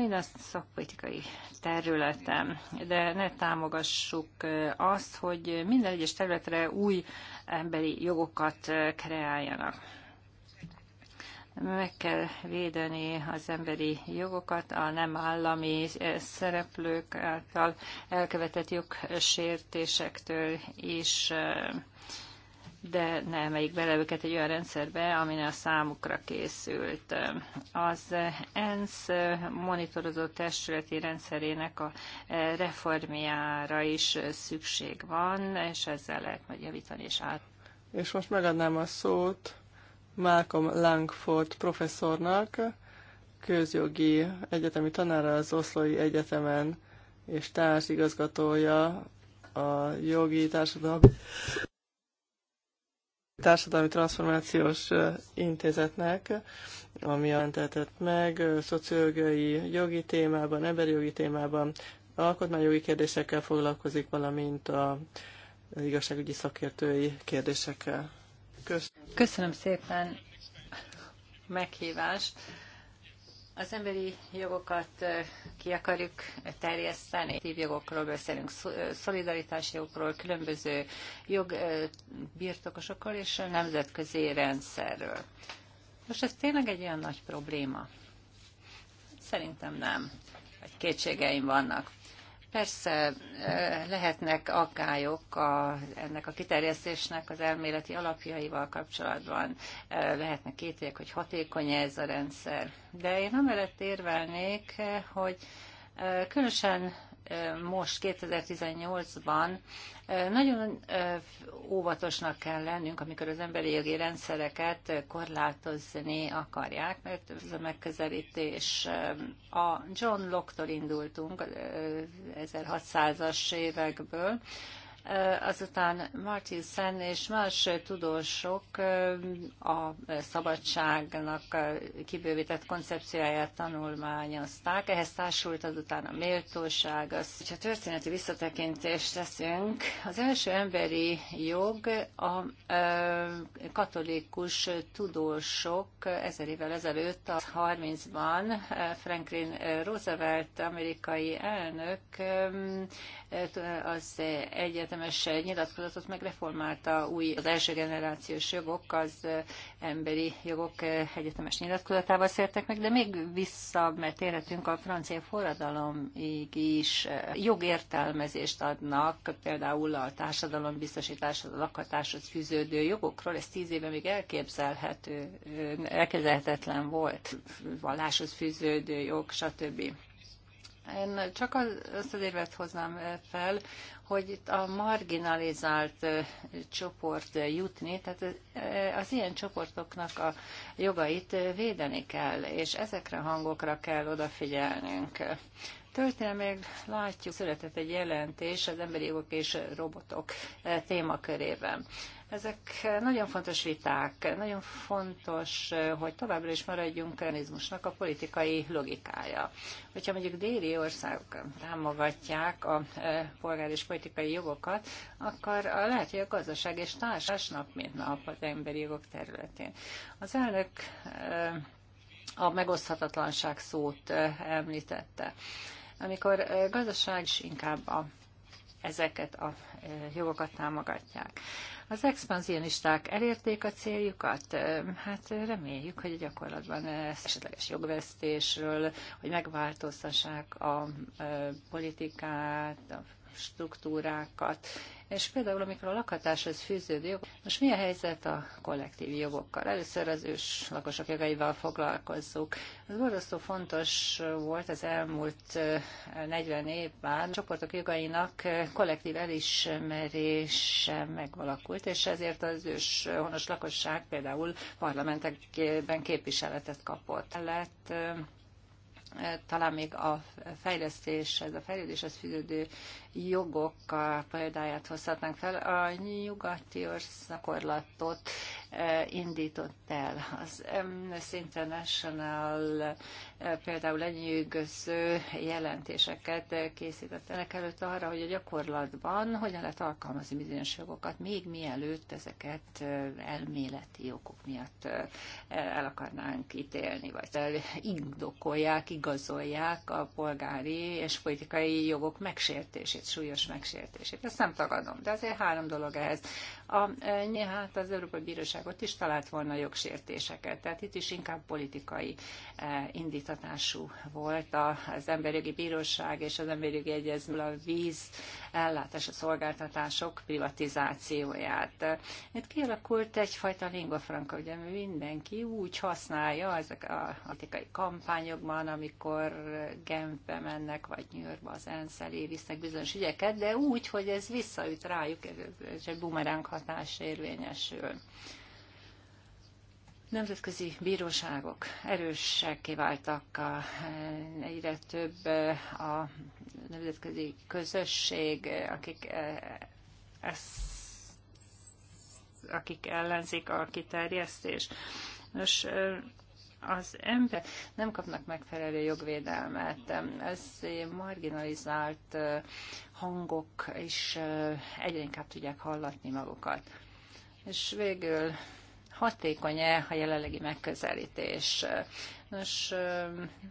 Speaker 3: Én a szakpolitikai területem, de ne támogassuk azt, hogy minden egyes területre új emberi jogokat kreáljanak meg kell védeni az emberi jogokat, a nem állami szereplők által elkövetett jogsértésektől is de ne emeljük bele őket egy olyan rendszerbe, amin a számukra készült. Az ENSZ monitorozó testületi rendszerének a reformjára is szükség van, és ezzel lehet majd javítani és át.
Speaker 1: És most megadnám a szót Malcolm Langford professzornak, közjogi egyetemi tanára az Oszlói Egyetemen, és társigazgatója a jogi társadalmi Társadalmi Transformációs Intézetnek, ami jelentetett meg szociológiai jogi témában, emberi jogi témában, alkotmányjogi kérdésekkel foglalkozik, valamint a igazságügyi szakértői kérdésekkel. Köszönöm, Köszönöm szépen
Speaker 3: meghívást az emberi jogokat ki akarjuk terjeszteni. Jogokról beszélünk, Szolidaritási jogokról, különböző jogbirtokosokról és a nemzetközi rendszerről. Most ez tényleg egy olyan nagy probléma? Szerintem nem. Vagy kétségeim vannak. Persze lehetnek aggályok a, ennek a kiterjesztésnek az elméleti alapjaival kapcsolatban, lehetnek kételyek, hogy hatékony -e ez a rendszer. De én amellett érvelnék, hogy különösen most 2018-ban nagyon óvatosnak kell lennünk, amikor az emberi jogi rendszereket korlátozni akarják, mert ez a megközelítés. A John Locke-tól indultunk 1600-as évekből, Azután Martin Sen és más tudósok a szabadságnak kibővített koncepcióját tanulmányozták. Ehhez társult azután a méltóság. Az, hogyha történeti visszatekintést teszünk, az első emberi jog a katolikus tudósok ezer évvel ezelőtt a 30-ban Franklin Roosevelt amerikai elnök az egyetem egyetemes eh, nyilatkozatot megreformálta új, az első generációs jogok az eh, emberi jogok eh, egyetemes nyilatkozatával szértek meg, de még vissza, mert érhetünk a francia forradalomig is jogértelmezést adnak, például a társadalombiztosításhoz, a lakhatáshoz fűződő jogokról, ez tíz éve még elképzelhető, elképzelhetetlen volt, valláshoz fűződő jog, stb. Én csak azt az érvet hoznám fel, hogy itt a marginalizált csoport jutni, tehát az ilyen csoportoknak a jogait védeni kell, és ezekre a hangokra kell odafigyelnünk. Történelmileg látjuk, született egy jelentés az emberi jogok és robotok témakörében. Ezek nagyon fontos viták, nagyon fontos, hogy továbbra is maradjunk kronizmusnak a politikai logikája. Hogyha mondjuk déli országok támogatják a e, polgár és politikai jogokat, akkor lehet, hogy a gazdaság és társas nap mint nap az emberi jogok területén. Az elnök e, a megoszthatatlanság szót e, említette. Amikor gazdaság is inkább a ezeket a e, jogokat támogatják. Az expanzionisták elérték a céljukat? E, hát reméljük, hogy a gyakorlatban e, esetleges jogvesztésről, hogy megváltoztassák a politikát, a struktúrákat. És például, amikor a lakhatáshoz fűződő jog, most mi a helyzet a kollektív jogokkal? Először az ős lakosok jogaival foglalkozzuk. Ez borzasztó fontos volt az elmúlt 40 évben. A csoportok jogainak kollektív elismerése megvalakult, és ezért az ős honos lakosság például parlamentekben képviseletet kapott. Lett talán még a fejlesztés, ez a fejlődéshez fűződő jogok példáját hozhatnánk fel. A nyugati országkorlatot indított el. Az Amnesty International például lenyűgöző jelentéseket készített ennek előtt arra, hogy a gyakorlatban hogyan lehet alkalmazni bizonyos jogokat, még mielőtt ezeket elméleti okok miatt el akarnánk ítélni, vagy indokolják, igazolják a polgári és politikai jogok megsértését, súlyos megsértését. Ezt nem tagadom, de azért három dolog ehhez. A, hát az Európai Bíróság ott is talált volna jogsértéseket. Tehát itt is inkább politikai eh, indítatású volt az emberjogi bíróság és az emberjogi egyezmény a víz ellátása szolgáltatások privatizációját. Itt kialakult egyfajta lingua franca, ugye mindenki úgy használja ezek a politikai kampányokban, amikor Genfbe mennek, vagy New Yorkba az ENSZ elé visznek bizonyos ügyeket, de úgy, hogy ez visszaüt rájuk, és egy bumerang hatás érvényesül nemzetközi bíróságok erősek váltak a, egyre több a nemzetközi közösség, akik ezt akik ellenzik a kiterjesztés. Nos, az ember nem kapnak megfelelő jogvédelmet. Ez marginalizált hangok is egyre inkább tudják hallatni magukat. És végül hatékony-e a jelenlegi megközelítés. Nos,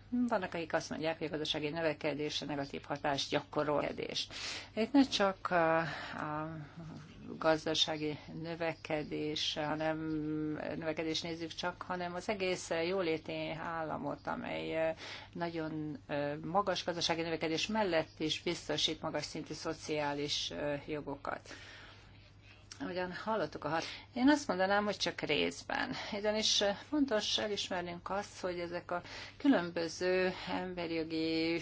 Speaker 3: vannak, akik azt mondják, hogy a gazdasági a negatív hatást gyakorol. Itt ne csak a, a gazdasági növekedés, hanem növekedés nézzük csak, hanem az egész jóléti államot, amely nagyon magas gazdasági növekedés mellett is biztosít magas szintű szociális jogokat. Ugyan hallottuk a hat. Én azt mondanám, hogy csak részben. Ugyanis fontos elismernünk azt, hogy ezek a különböző emberjogi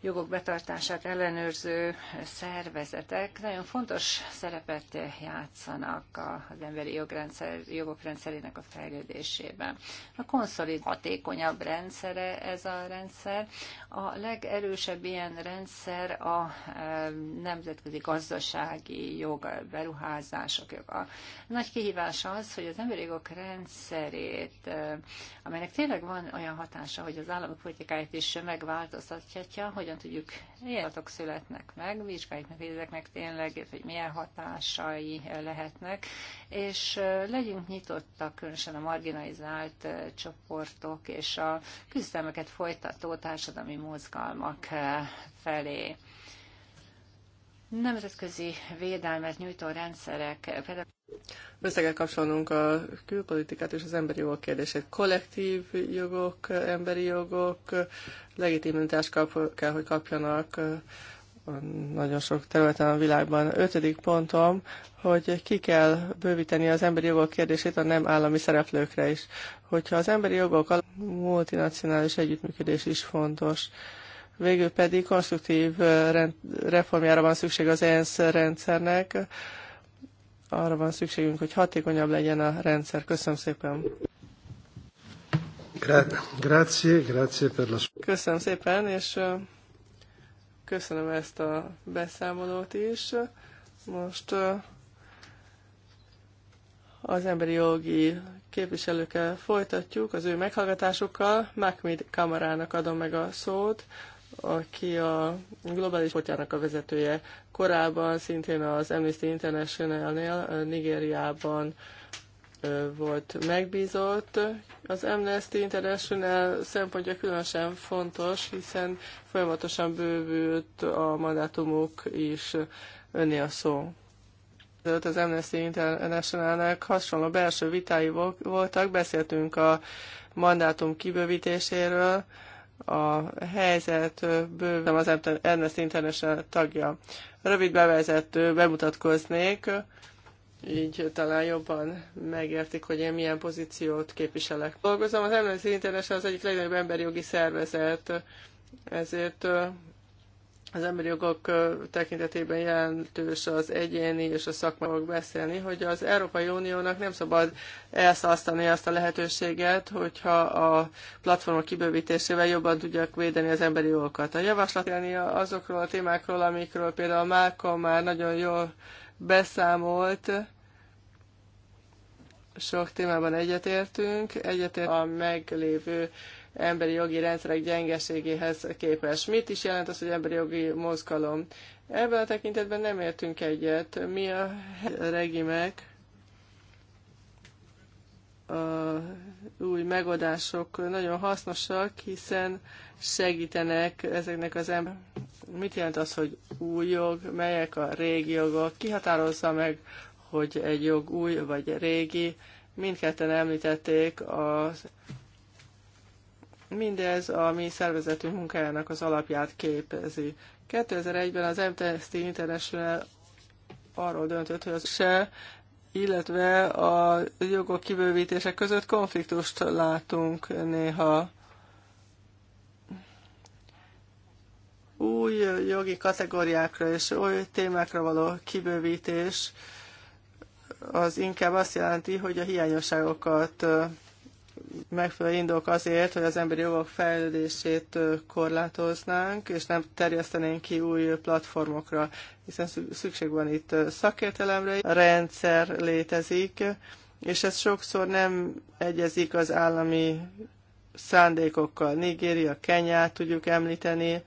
Speaker 3: jogok betartását ellenőrző szervezetek nagyon fontos szerepet játszanak az emberi jogrendszer, jogok rendszerének a fejlődésében. A konszolid hatékonyabb rendszere ez a rendszer. A legerősebb ilyen rendszer a nemzetközi gazdasági jog, a beruházások joga. Nagy kihívás az, hogy az emberi jogok rendszerét, amelynek tényleg van olyan hatása, hogy az államok politikáját is megváltoztatja, hogy hogyan tudjuk, milyen adatok születnek meg, vizsgáljuk meg, hogy ezeknek tényleg, hogy milyen hatásai lehetnek, és legyünk nyitottak, különösen a marginalizált csoportok és a küzdelmeket folytató társadalmi mozgalmak felé nemzetközi védelmet nyújtó rendszerek.
Speaker 1: Össze kapcsolnunk a külpolitikát és az emberi jogok kérdését. Kollektív jogok, emberi jogok, legitimitást kap, kell, hogy kapjanak nagyon sok területen a világban. Ötödik pontom, hogy ki kell bővíteni az emberi jogok kérdését a nem állami szereplőkre is. Hogyha az emberi jogok a multinacionális együttműködés is fontos, Végül pedig konstruktív reformjára van szükség az ENSZ rendszernek. Arra van szükségünk, hogy hatékonyabb legyen a rendszer. Köszönöm szépen. Grazie, grazie per la... Köszönöm szépen, és köszönöm ezt a beszámolót is. Most az emberi jogi képviselőkkel folytatjuk, az ő meghallgatásukkal. Mákmid Kamarának adom meg a szót, aki a globális potyának a vezetője. Korábban szintén az Amnesty International-nél Nigériában volt megbízott. Az Amnesty International szempontja különösen fontos, hiszen folyamatosan bővült a mandátumuk is önni a szó. Az Amnesty Internationalnek hasonló belső vitái voltak, beszéltünk a mandátum kibővítéséről, a helyzet, nem az Amnesty International tagja. Rövid bevezető, bemutatkoznék, így talán jobban megértik, hogy én milyen pozíciót képviselek. Dolgozom az Amnesty International az egyik legnagyobb emberi jogi szervezet, ezért az emberi jogok tekintetében jelentős az egyéni és a szakmai beszélni, hogy az Európai Uniónak nem szabad elszasztani azt a lehetőséget, hogyha a platformok kibővítésével jobban tudják védeni az emberi jogokat. A javaslat azokról a témákról, amikről például Málkon már nagyon jól beszámolt, sok témában egyetértünk, egyetért a meglévő emberi jogi rendszerek gyengeségéhez képest. Mit is jelent az, hogy emberi jogi mozgalom? Ebben a tekintetben nem értünk egyet. Mi a regimek a új megoldások nagyon hasznosak, hiszen segítenek ezeknek az ember. Mit jelent az, hogy új jog, melyek a régi jogok? Ki határozza meg, hogy egy jog új vagy régi? Mindketten említették az Mindez a mi szervezetünk munkájának az alapját képezi. 2001-ben az Amnesty International arról döntött, hogy az se, illetve a jogok kibővítése között konfliktust látunk néha. Új jogi kategóriákra és új témákra való kibővítés az inkább azt jelenti, hogy a hiányosságokat megfelelő indok azért, hogy az emberi jogok fejlődését korlátoznánk, és nem terjesztenénk ki új platformokra, hiszen szükség van itt szakértelemre, a rendszer létezik, és ez sokszor nem egyezik az állami szándékokkal. Nigéria, Kenyát tudjuk említeni a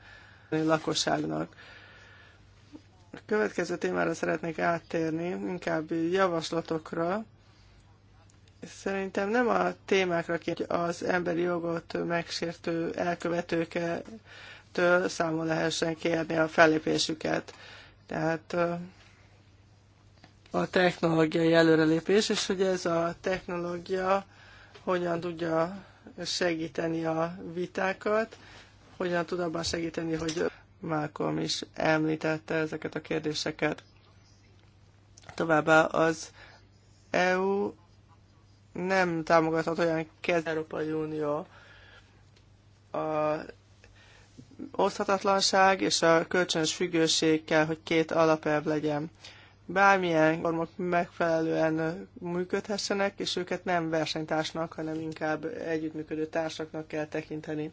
Speaker 1: lakosságnak. A következő témára szeretnék áttérni, inkább javaslatokra. Szerintem nem a témákra hogy az emberi jogot megsértő elkövetőketől számon lehessen kérni a fellépésüket. Tehát a technológiai előrelépés, és hogy ez a technológia hogyan tudja segíteni a vitákat, hogyan tud abban segíteni, hogy Malcolm is említette ezeket a kérdéseket. Továbbá az EU nem támogathat olyan kezd Európai Unió. A oszthatatlanság és a kölcsönös függőség kell, hogy két alapelv legyen. Bármilyen formok megfelelően működhessenek, és őket nem versenytársnak, hanem inkább együttműködő társaknak kell tekinteni.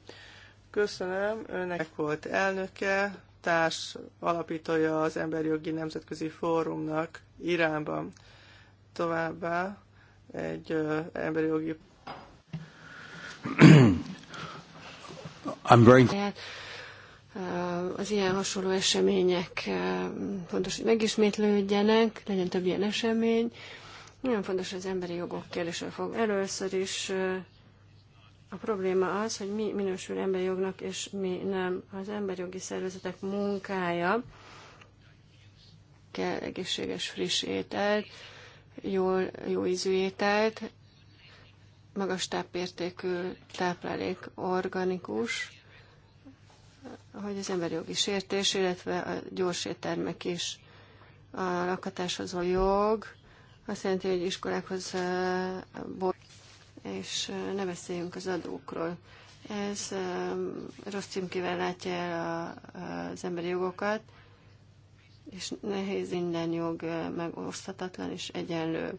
Speaker 1: Köszönöm, önnek volt elnöke, társ alapítója az Emberjogi Nemzetközi Fórumnak Iránban. Továbbá egy emberi jogi
Speaker 2: I'm very... Az ilyen hasonló események fontos, hogy megismétlődjenek, legyen több ilyen esemény. Nagyon fontos az emberi jogok kérdésével fog. Először is a probléma az, hogy mi minősül emberi jognak, és mi nem. Az emberi jogi szervezetek munkája kell egészséges, friss ételt, jól, jó ízű ételt, magas tápértékű táplálék organikus, hogy az emberi jogi sértés, illetve a gyors éttermek is a lakatáshoz a jog, azt jelenti, hogy iskolákhoz és ne beszéljünk az adókról. Ez rossz címkével látja el az emberi jogokat, és nehéz minden jog megoszthatatlan és egyenlő.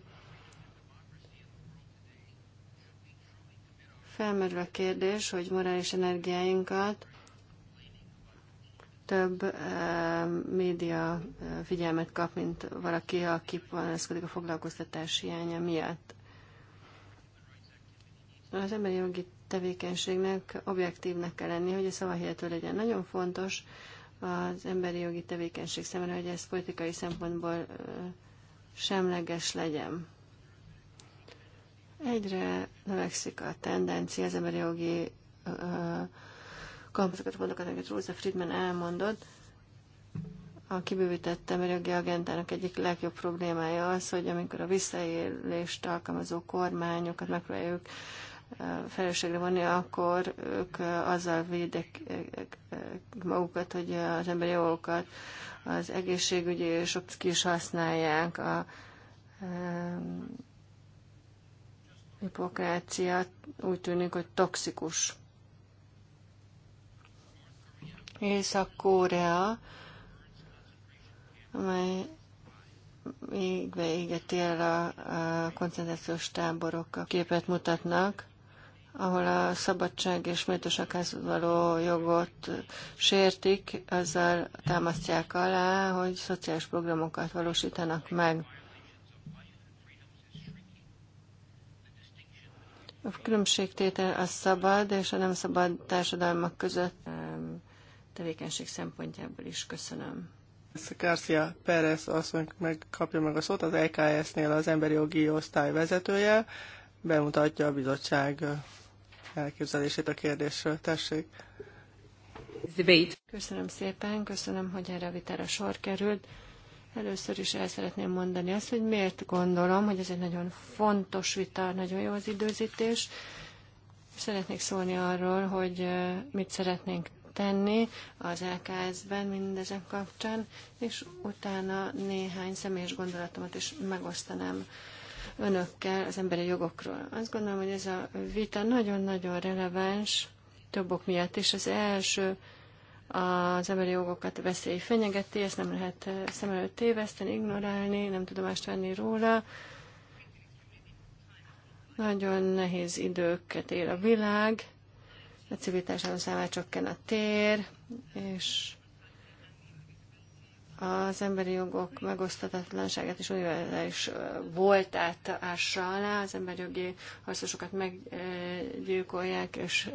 Speaker 2: Felmerül a kérdés, hogy morális energiáinkat több e, média figyelmet kap, mint valaki, aki panaszkodik a foglalkoztatás hiánya miatt. Az emberi jogi tevékenységnek objektívnek kell lenni, hogy a szava legyen. Nagyon fontos az emberi jogi tevékenység szemben, hogy ez politikai szempontból semleges legyen. Egyre növekszik a tendencia az emberi jogi kampuszokat, pontokat, amiket Rosa Friedman elmondott, a kibővített emberi agentának egyik legjobb problémája az, hogy amikor a visszaélést alkalmazó kormányokat megpróbáljuk felelősségre vonni, akkor ők azzal védek magukat, hogy az emberi jogokat, az egészségügyi és ott ki is használják a hipokrácia úgy tűnik, hogy toxikus. Észak-Korea, amely még égeti el a, a koncentrációs táborok, a képet mutatnak ahol a szabadság és méltósághoz való jogot sértik, azzal támasztják alá, hogy szociális programokat valósítanak meg. A különbségtétel a szabad és a nem szabad társadalmak között tevékenység szempontjából is köszönöm.
Speaker 1: Garcia Perez asszony megkapja meg a szót, az EKS-nél az emberi jogi osztály vezetője, bemutatja a bizottság elképzelését a kérdésről. Tessék!
Speaker 2: Köszönöm szépen, köszönöm, hogy erre a vitára sor került. Először is el szeretném mondani azt, hogy miért gondolom, hogy ez egy nagyon fontos vita, nagyon jó az időzítés. Szeretnék szólni arról, hogy mit szeretnénk tenni az LKS-ben mindezen kapcsán, és utána néhány személyes gondolatomat is megosztanám önökkel az emberi jogokról. Azt gondolom, hogy ez a vita nagyon-nagyon releváns többok miatt, és az első az emberi jogokat veszély fenyegeti, ezt nem lehet eh, szem előtt téveszteni, ignorálni, nem tudomást venni róla. Nagyon nehéz időket él a világ, a civil számára csökken a tér, és az emberi jogok megosztatatlanságát és univerzális voltát ássa alá, az emberi jogi harcosokat meggyilkolják és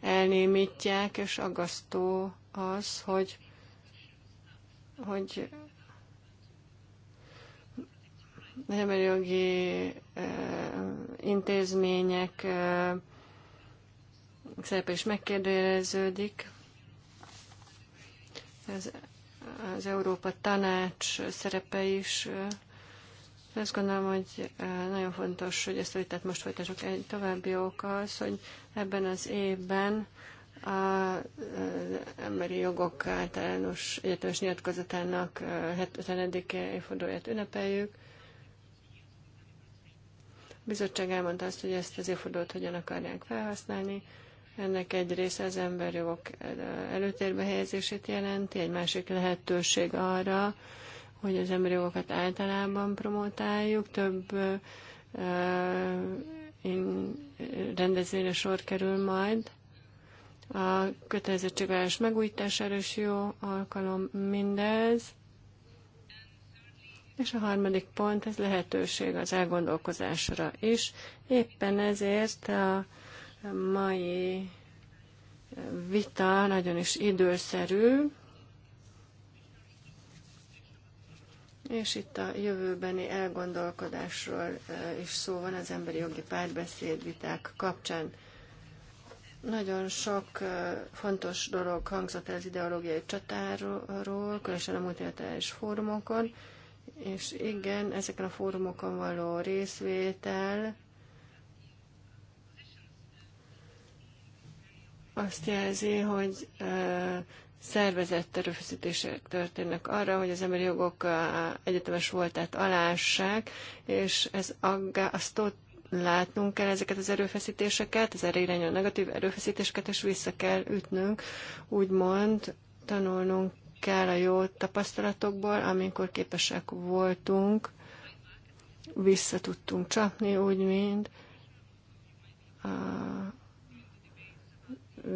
Speaker 2: elnémítják, és aggasztó az, hogy, hogy az emberi jogi intézmények szerepe is megkérdeződik. Ez az Európa Tanács szerepe is. Azt gondolom, hogy nagyon fontos, hogy ezt a vitát most folytassuk. Egy további ok az, hogy ebben az évben az emberi jogok általános egyetemes nyilatkozatának 70. évfordulóját ünnepeljük. A bizottság elmondta azt, hogy ezt az évfordulót hogyan akarják felhasználni. Ennek egy része az emberjogok előtérbe helyezését jelenti, egy másik lehetőség arra, hogy az emberi jogokat általában promotáljuk, több rendezvényre sor kerül majd. A kötelezettségvállalás megújítására is jó alkalom mindez. És a harmadik pont, ez lehetőség az elgondolkozásra is. Éppen ezért a mai vita nagyon is időszerű, és itt a jövőbeni elgondolkodásról is szó van az emberi jogi párbeszéd viták kapcsán. Nagyon sok fontos dolog hangzott el az ideológiai csatáról, különösen a multilaterális fórumokon, és igen, ezeken a fórumokon való részvétel azt jelzi, hogy szervezett erőfeszítések történnek arra, hogy az emberi jogok egyetemes voltát alássák, és ez aggasztott látnunk kell ezeket az erőfeszítéseket, az erre irányuló negatív erőfeszítéseket, és vissza kell ütnünk, úgymond tanulnunk kell a jó tapasztalatokból, amikor képesek voltunk, vissza tudtunk csapni, úgy, mint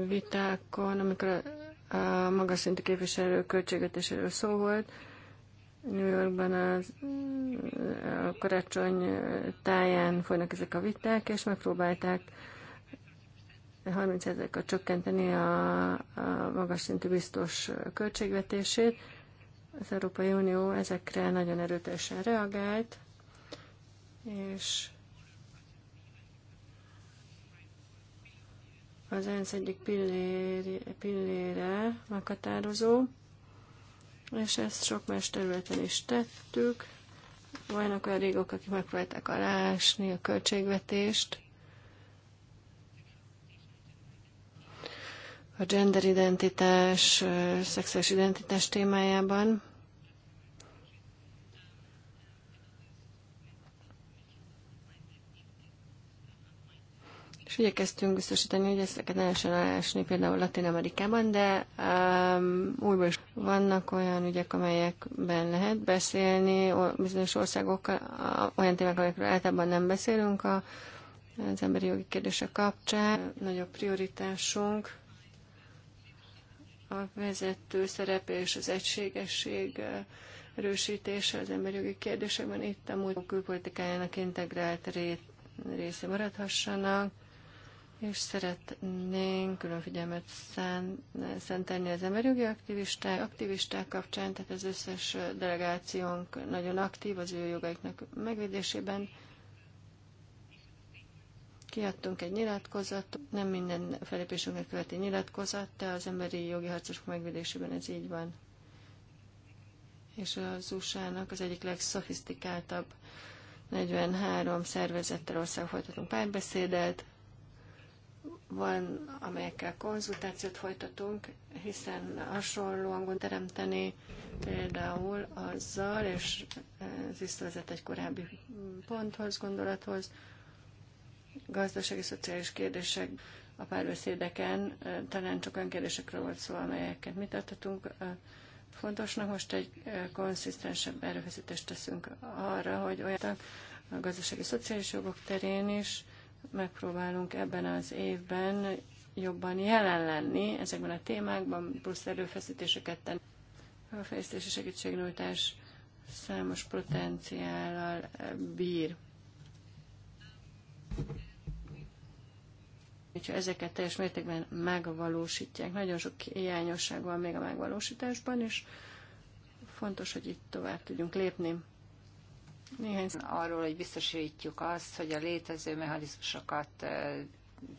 Speaker 2: vitákon, amikor a, a magas szintű képviselő költségvetéséről szó volt, New Yorkban az, a karácsony táján folynak ezek a viták, és megpróbálták 30%-kal csökkenteni a, a magas szintű biztos költségvetését. Az Európai Unió ezekre nagyon erőteljesen reagált, és az ENSZ egyik pillére, pillére meghatározó, és ezt sok más területen is tettük. Vannak olyan régok, akik megpróbálták alásni a költségvetést, a genderidentitás, szexuális identitás témájában. és igyekeztünk biztosítani, hogy ezeket ne lehessen elásni például Latin Amerikában, de um, újból is vannak olyan ügyek, amelyekben lehet beszélni, bizonyos országok olyan témák, amelyekről általában nem beszélünk a, az emberi jogi kérdések kapcsán. Nagyobb prioritásunk a vezető szerep és az egységesség erősítése az emberi jogi kérdésekben itt a múlt külpolitikájának integrált rét része maradhassanak és szeretnénk külön figyelmet szentelni az jogi aktivisták, aktivisták kapcsán, tehát az összes delegációnk nagyon aktív az ő jogaiknak megvédésében. Kiadtunk egy nyilatkozat, nem minden felépésünknek követi nyilatkozat, de az emberi jogi harcosok megvédésében ez így van. És az USA-nak az egyik legszofisztikáltabb 43 szervezettel ország folytatunk párbeszédet, van, amelyekkel konzultációt folytatunk, hiszen hasonló hangon teremteni például azzal, és ez visszavezet egy korábbi ponthoz, gondolathoz, gazdasági, szociális kérdések a párbeszédeken talán csak olyan kérdésekről volt szó, amelyeket mi tartottunk fontosnak. Most egy konszisztensebb erőfeszítést teszünk arra, hogy olyan a gazdasági, szociális jogok terén is, megpróbálunk ebben az évben jobban jelen lenni ezekben a témákban, plusz erőfeszítéseket tenni. A fejlesztési segítségnyújtás számos potenciállal bír. hogyha ezeket teljes mértékben megvalósítják. Nagyon sok hiányosság van még a megvalósításban, és fontos, hogy itt tovább tudjunk lépni.
Speaker 3: Néhány arról, hogy biztosítjuk azt, hogy a létező mechanizmusokat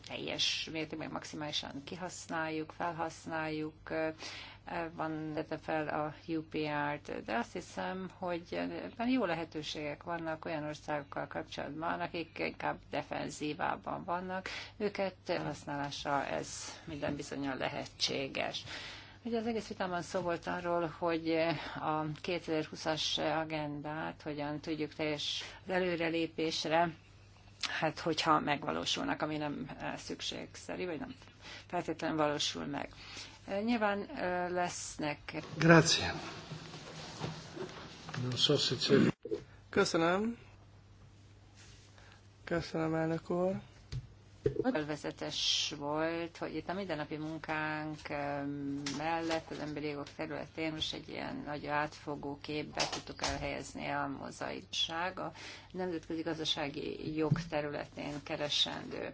Speaker 3: teljes mértékben maximálisan kihasználjuk, felhasználjuk, van tette fel a UPR-t, de azt hiszem, hogy ebben jó lehetőségek vannak olyan országokkal kapcsolatban, akik inkább defenzívában vannak, őket használásra ez minden bizonyal lehetséges. Ugye az egész vitában szó volt arról, hogy a 2020-as agendát hogyan tudjuk teljes előrelépésre, hát hogyha megvalósulnak, ami nem szükségszerű, vagy nem feltétlenül valósul meg. Nyilván
Speaker 1: lesznek. Grazie. Köszönöm. Köszönöm, elnök úr.
Speaker 3: Elvezetes volt, hogy itt a mindennapi munkánk mellett az emberi jogok területén most egy ilyen nagy átfogó képbe tudtuk elhelyezni a mozaikság a nemzetközi gazdasági jog területén keresendő.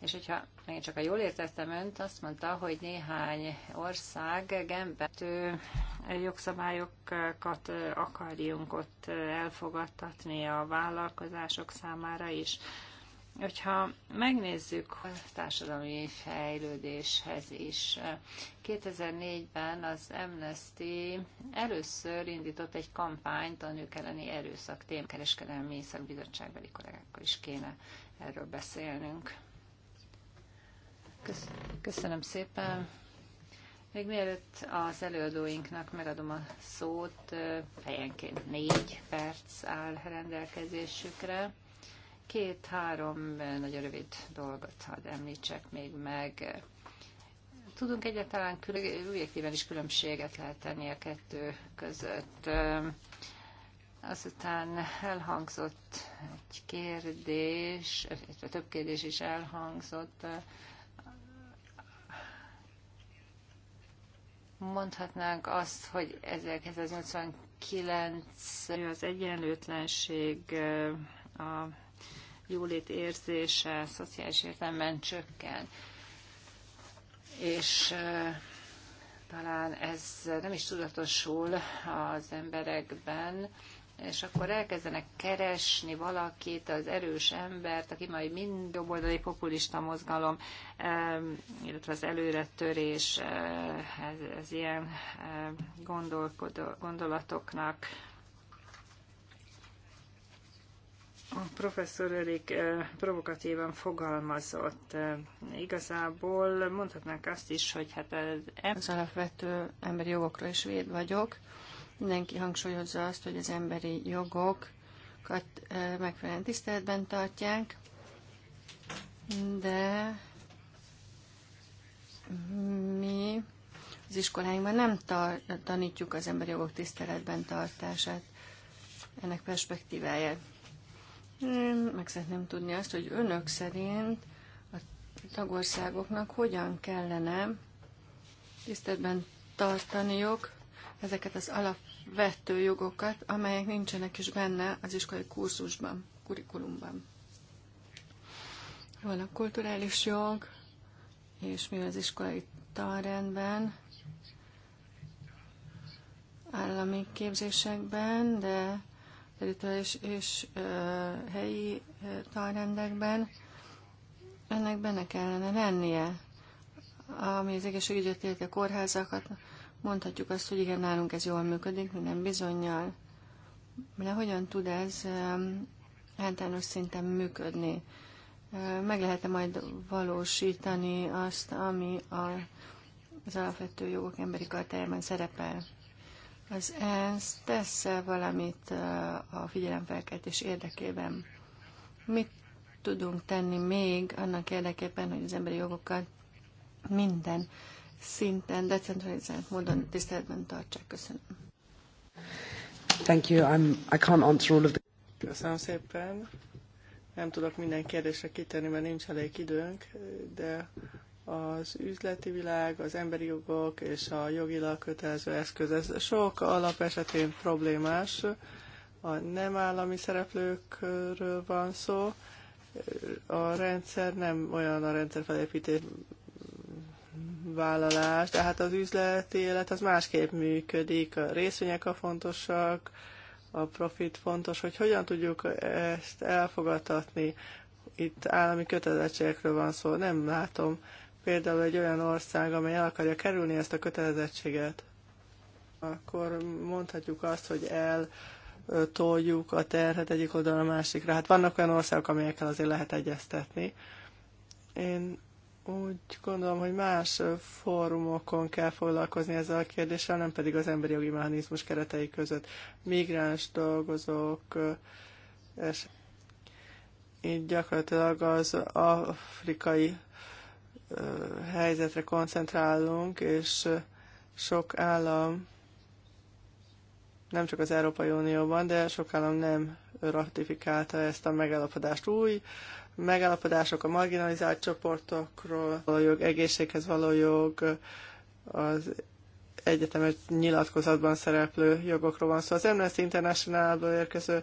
Speaker 3: És hogyha én csak a jól értettem önt, azt mondta, hogy néhány ország gembető jogszabályokat akarjunk ott elfogadtatni a vállalkozások számára is. Hogyha megnézzük a társadalmi fejlődéshez is, 2004-ben az Amnesty először indított egy kampányt a nők elleni erőszak tém. Kereskedelmi szakbizottságbeli kollégákkal is kéne erről beszélnünk. Köszönöm szépen. Még mielőtt az előadóinknak megadom a szót, fejenként négy perc áll rendelkezésükre. Két-három nagyon rövid dolgot hadd említsek még meg. Tudunk egyáltalán objektíven is különbséget lehet tenni a kettő között. Azután elhangzott egy kérdés, több kérdés is elhangzott. Mondhatnánk azt, hogy 1989 az egyenlőtlenség a jólét érzése szociális értelemben csökken. És talán ez nem is tudatosul az emberekben, és akkor elkezdenek keresni valakit, az erős embert, aki majd mind jobboldali populista mozgalom, illetve az előretörés, ez, ez ilyen gondolkodó gondolatoknak a professzor elég eh, provokatívan fogalmazott. Eh, igazából mondhatnánk azt is, hogy hát az,
Speaker 2: eh, az alapvető emberi jogokról is véd vagyok. Mindenki hangsúlyozza azt, hogy az emberi jogokat megfelelően tiszteletben tartják, de mi az iskoláinkban nem tanítjuk az emberi jogok tiszteletben tartását, ennek perspektíváját. Én meg szeretném tudni azt, hogy önök szerint a tagországoknak hogyan kellene tiszteletben tartaniuk ezeket az alapvető jogokat, amelyek nincsenek is benne az iskolai kurzusban, kurikulumban. Van a kulturális jog, és mi az iskolai tanrendben, állami képzésekben, de és, és ö, helyi ö, ennek benne kellene lennie. Ami az egészségügyet illeti a kórházakat, mondhatjuk azt, hogy igen, nálunk ez jól működik, minden bizonyal. De hogyan tud ez általános szinten működni? Meg lehet-e majd valósítani azt, ami a, az alapvető jogok emberi kartájában szerepel? Az ENSZ tesz -e valamit a figyelemfelkeltés érdekében? Mit tudunk tenni még annak érdekében, hogy az emberi jogokat minden szinten, decentralizált
Speaker 1: módon tiszteletben tartsák? Köszönöm.
Speaker 3: Thank you. I'm, I can't answer all of
Speaker 1: the... Köszönöm szépen. Nem tudok minden kérdésre kitenni, mert nincs elég időnk, de az üzleti világ, az emberi jogok és a jogilag kötelező eszköz. Ez sok alap esetén problémás. A nem állami szereplőkről van szó. A rendszer nem olyan a rendszer felépítés vállalás, hát az üzleti élet az másképp működik, a részvények a fontosak, a profit fontos, hogy hogyan tudjuk ezt elfogadtatni. Itt állami kötelezettségekről van szó, nem látom például egy olyan ország, amely el akarja kerülni ezt a kötelezettséget, akkor mondhatjuk azt, hogy el toljuk a terhet egyik oldalra a másikra. Hát vannak olyan országok, amelyekkel azért lehet egyeztetni. Én úgy gondolom, hogy más fórumokon kell foglalkozni ezzel a kérdéssel, nem pedig az emberi jogi mechanizmus keretei között. Migráns dolgozók, és így gyakorlatilag az afrikai helyzetre koncentrálunk, és sok állam, nem csak az Európai Unióban, de sok állam nem ratifikálta ezt a megállapodást. Új megállapodások a marginalizált csoportokról, a jog, egészséghez való jog, az egyetemes nyilatkozatban szereplő jogokról van szó. Szóval az Amnesty International-ból érkező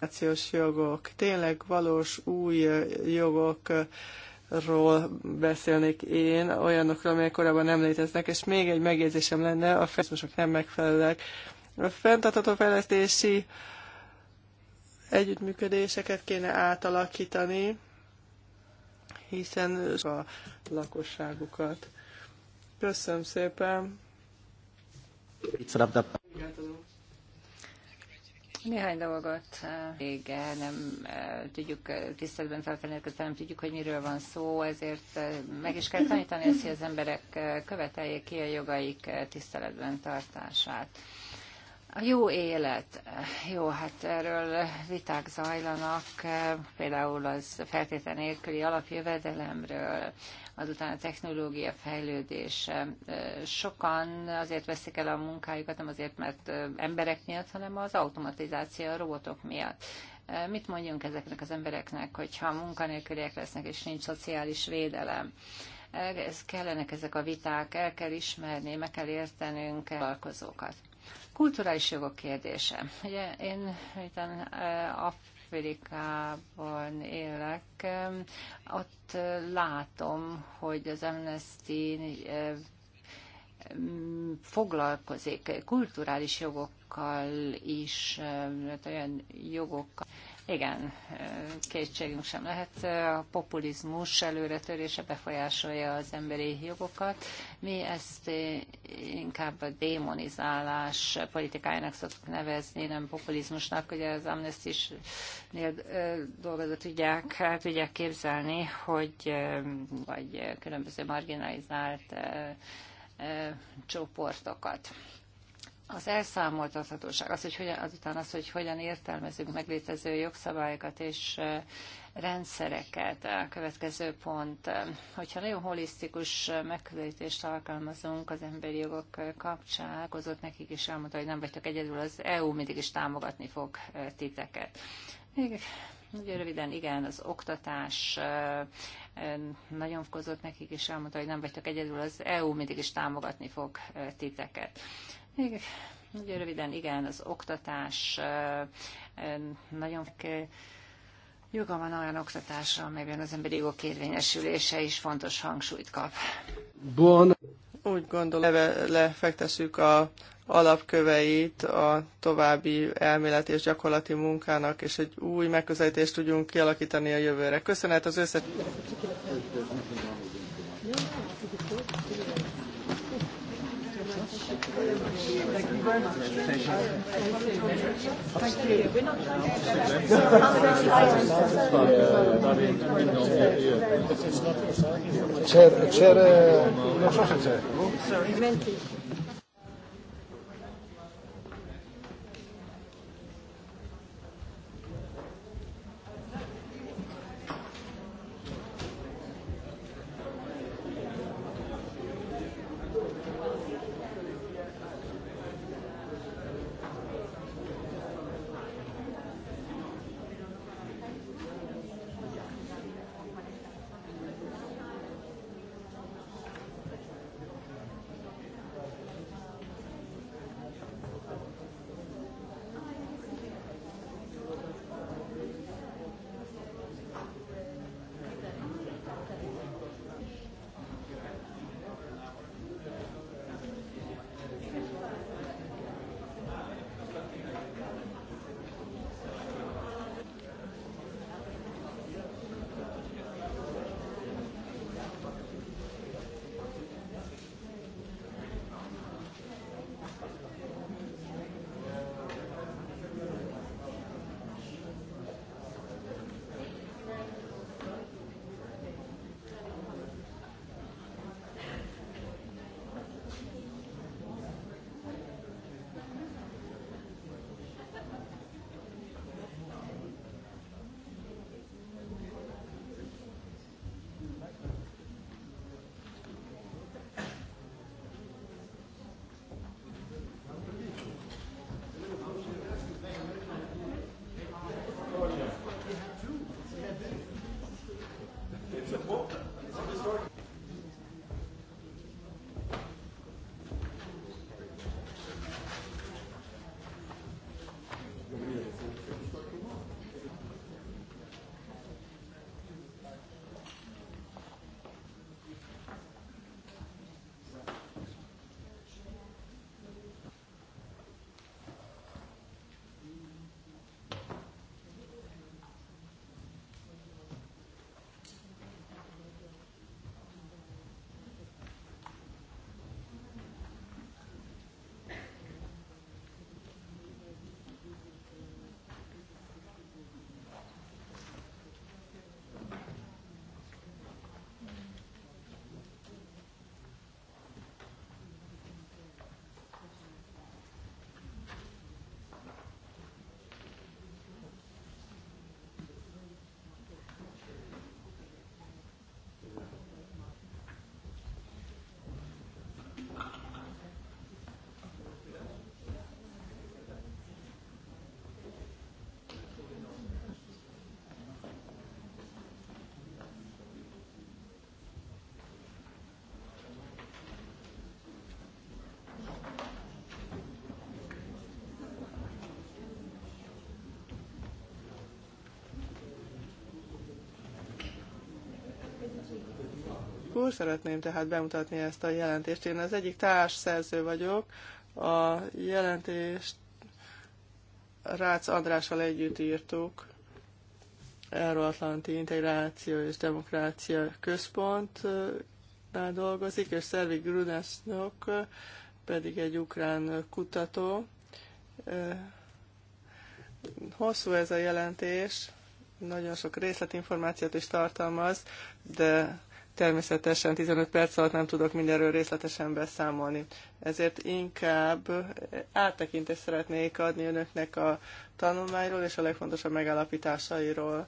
Speaker 1: nációs jogok, tényleg valós új jogok ról beszélnék én, olyanokról, amelyek korábban nem léteznek, és még egy megjegyzésem lenne, a felszmusok nem megfelelőek. A fenntartható fejlesztési együttműködéseket kéne átalakítani, hiszen a lakosságukat. Köszönöm szépen!
Speaker 2: Itt
Speaker 3: néhány dolgot még eh, nem eh, tudjuk eh, tiszteletben felfelé, közben nem tudjuk, hogy miről van szó, ezért meg is kell tanítani ezt, hogy az emberek követeljék ki a jogaik tiszteletben tartását. A jó élet. Jó, hát erről viták zajlanak, például az feltétlen nélküli alapjövedelemről azután a technológia fejlődése. Sokan azért veszik el a munkájukat, nem azért, mert emberek miatt, hanem az automatizáció, a robotok miatt. Mit mondjunk ezeknek az embereknek, hogyha munkanélküliek lesznek, és nincs szociális védelem? ez kellenek ezek a viták, el kell ismerni, meg kell értenünk alkozókat. Kulturális jogok kérdése. Ugye én miután Amerikában afrikában élek, ott eh, látom, hogy az Amnesty eh, foglalkozik kulturális jogokkal is, hát olyan jogokkal. Igen, kétségünk sem lehet. A populizmus előretörése befolyásolja az emberi jogokat. Mi ezt inkább a démonizálás politikájának szoktuk nevezni, nem populizmusnak. Ugye az Amnesty is dolgozó tudják, tudják képzelni, hogy vagy különböző marginalizált csoportokat. Az elszámoltathatóság, az, hogy hogyan, azután az, hogy hogyan értelmezünk meglétező jogszabályokat és rendszereket. A következő pont, hogyha nagyon holisztikus megközelítést alkalmazunk az emberi jogok kapcsán, akkor nekik is elmondta, hogy nem vagytok egyedül, az EU mindig is támogatni fog titeket. Még nagyon röviden, igen, az oktatás nagyon fokozott nekik, és elmondta, hogy nem vagytok egyedül, az EU mindig is támogatni fog titeket. Még nagyon röviden, igen, az oktatás nagyon joga van olyan oktatásra, amelyben az emberi jogok
Speaker 1: érvényesülése is fontos hangsúlyt kap. Bon. Úgy gondolom, lefektessük a alapköveit a további elméleti és gyakorlati munkának, és egy új megközelítést tudjunk kialakítani a jövőre. Köszönet az összes... very much. Thank you. We're not trying to...
Speaker 2: C'era, c'era, non so se c'è. Sorry.
Speaker 1: elnök úr, szeretném tehát bemutatni ezt a jelentést. Én az egyik társszerző vagyok, a jelentést Rácz Andrással együtt írtuk, Euróatlanti Integráció és Demokrácia központ dolgozik, és Szervi Grudesnok pedig egy ukrán kutató. Hosszú ez a jelentés, nagyon sok részletinformációt is tartalmaz, de Természetesen 15 perc alatt nem tudok mindenről részletesen beszámolni. Ezért inkább áttekintést szeretnék adni önöknek a tanulmányról és a legfontosabb megállapításairól,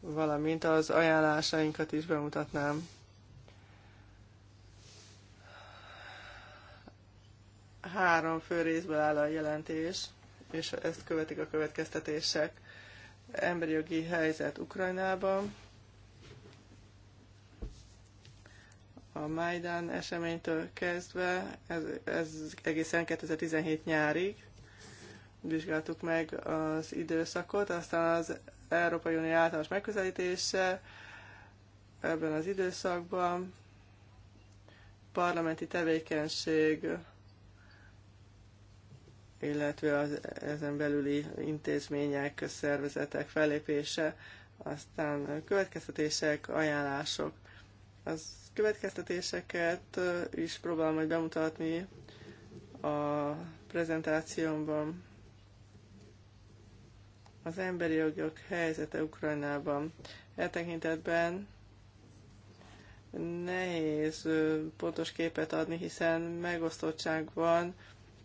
Speaker 1: valamint az ajánlásainkat is bemutatnám. Három fő részből áll a jelentés, és ezt követik a következtetések. Emberi jogi helyzet Ukrajnában, a Majdán eseménytől kezdve, ez, ez egészen 2017 nyárig vizsgáltuk meg az időszakot, aztán az Európai Unió általános megközelítése ebben az időszakban, parlamenti tevékenység, illetve az ezen belüli intézmények, szervezetek fellépése, aztán következtetések, ajánlások. Az következtetéseket is próbálom majd bemutatni a prezentációmban. Az emberi jogok helyzete Ukrajnában. Eltekintetben nehéz pontos képet adni, hiszen megosztottság van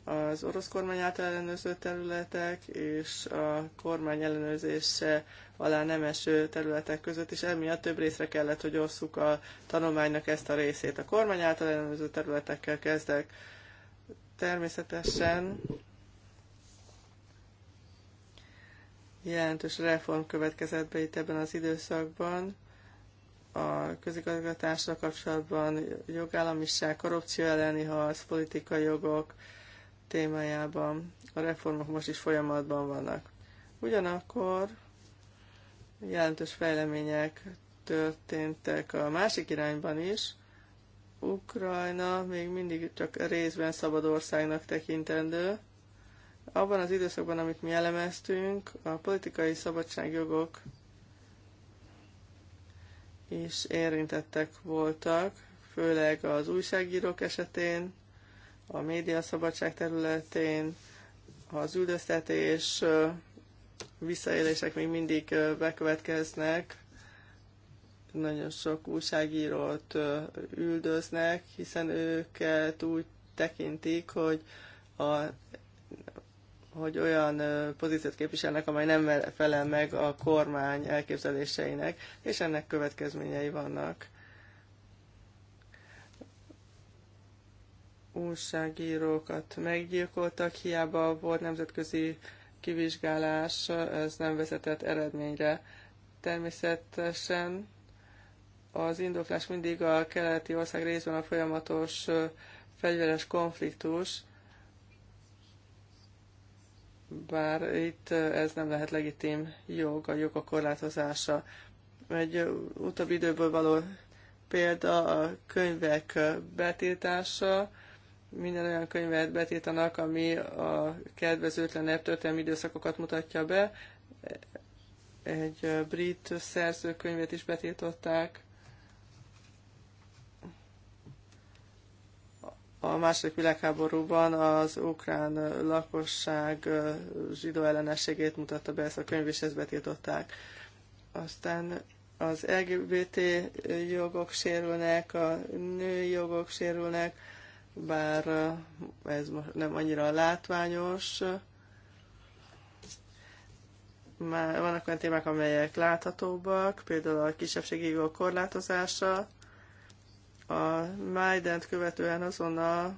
Speaker 1: az orosz kormány által ellenőrző területek és a kormány ellenőrzése alá nem eső területek között, és emiatt több részre kellett, hogy osszuk a tanulmánynak ezt a részét. A kormány által ellenőrző területekkel kezdek. Természetesen jelentős reform következett be itt ebben az időszakban a közigazgatásra kapcsolatban jogállamiság, korrupció elleni harc, politikai jogok, témájában. A reformok most is folyamatban vannak. Ugyanakkor jelentős fejlemények történtek a másik irányban is. Ukrajna még mindig csak részben szabad országnak tekintendő. Abban az időszakban, amit mi elemeztünk, a politikai szabadságjogok is érintettek voltak, főleg az újságírók esetén, a médiaszabadság területén, az üldöztetés, visszaélések még mindig bekövetkeznek, nagyon sok újságírót üldöznek, hiszen őket úgy tekintik, hogy, a, hogy olyan pozíciót képviselnek, amely nem felel meg a kormány elképzeléseinek, és ennek következményei vannak. újságírókat meggyilkoltak, hiába volt nemzetközi kivizsgálás, ez nem vezetett eredményre. Természetesen az indoklás mindig a keleti ország részben a folyamatos fegyveres konfliktus, bár itt ez nem lehet legitim jog, a jogok korlátozása. Egy utóbbi időből való példa a könyvek betiltása, minden olyan könyvet betiltanak, ami a kedvezőtlenebb történelmi időszakokat mutatja be. Egy brit szerzőkönyvet is betiltották. A második világháborúban az ukrán lakosság zsidó ellenességét mutatta be ezt a könyv, és ezt betiltották. Aztán az LGBT jogok sérülnek, a női jogok sérülnek, bár ez most nem annyira látványos. Már vannak olyan témák, amelyek láthatóbbak, például a kisebbségi jogok korlátozása. A Maident követően azonnal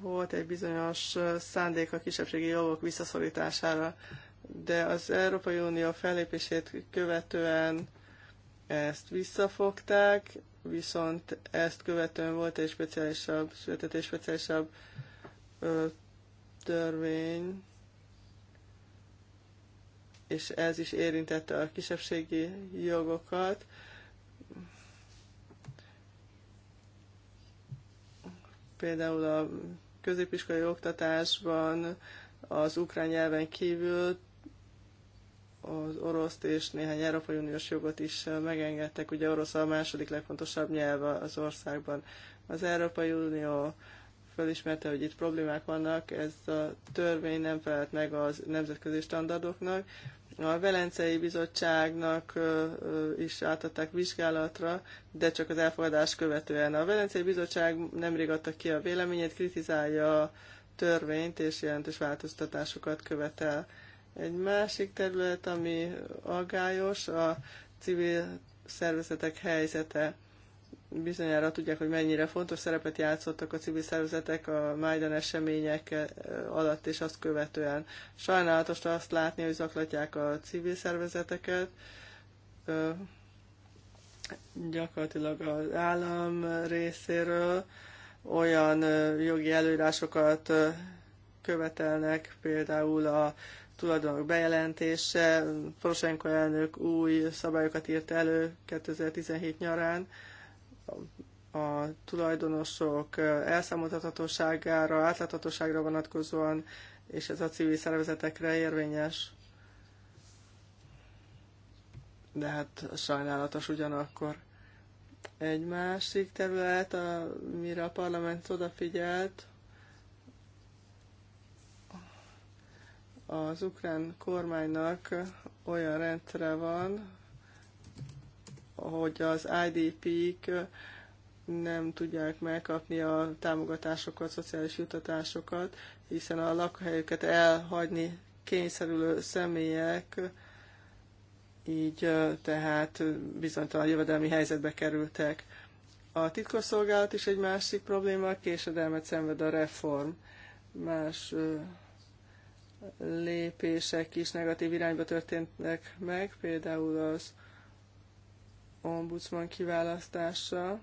Speaker 1: volt egy bizonyos szándék a kisebbségi jogok visszaszorítására, de az Európai Unió fellépését követően ezt visszafogták, viszont ezt követően volt egy speciálisabb, született egy speciálisabb ö, törvény, és ez is érintette a kisebbségi jogokat. Például a középiskolai oktatásban az ukrán nyelven kívül az oroszt és néhány Európai Uniós jogot is megengedtek. Ugye orosz a második legfontosabb nyelv az országban. Az Európai Unió felismerte, hogy itt problémák vannak, ez a törvény nem felelt meg az nemzetközi standardoknak. A Velencei Bizottságnak is átadták vizsgálatra, de csak az elfogadás követően. A Velencei Bizottság nemrég adta ki a véleményét, kritizálja a törvényt és jelentős változtatásokat követel egy másik terület, ami aggályos, a civil szervezetek helyzete. Bizonyára tudják, hogy mennyire fontos szerepet játszottak a civil szervezetek a Majdan események eh, alatt és azt követően. Sajnálatos azt látni, hogy zaklatják a civil szervezeteket, gyakorlatilag az állam részéről olyan jogi előírásokat követelnek, például a tulajdonok bejelentése. Poroshenko elnök új szabályokat írt elő 2017 nyarán a tulajdonosok elszámoltathatóságára, átláthatóságra vonatkozóan, és ez a civil szervezetekre érvényes. De hát sajnálatos ugyanakkor. Egy másik terület, amire a parlament odafigyelt, az ukrán kormánynak olyan rendszere van, hogy az IDP-k nem tudják megkapni a támogatásokat, szociális jutatásokat, hiszen a lakhelyüket elhagyni kényszerülő személyek így tehát bizonytalan jövedelmi helyzetbe kerültek. A titkosszolgálat is egy másik probléma, késedelmet szenved a reform. Más lépések is negatív irányba történtek meg, például az ombudsman kiválasztása,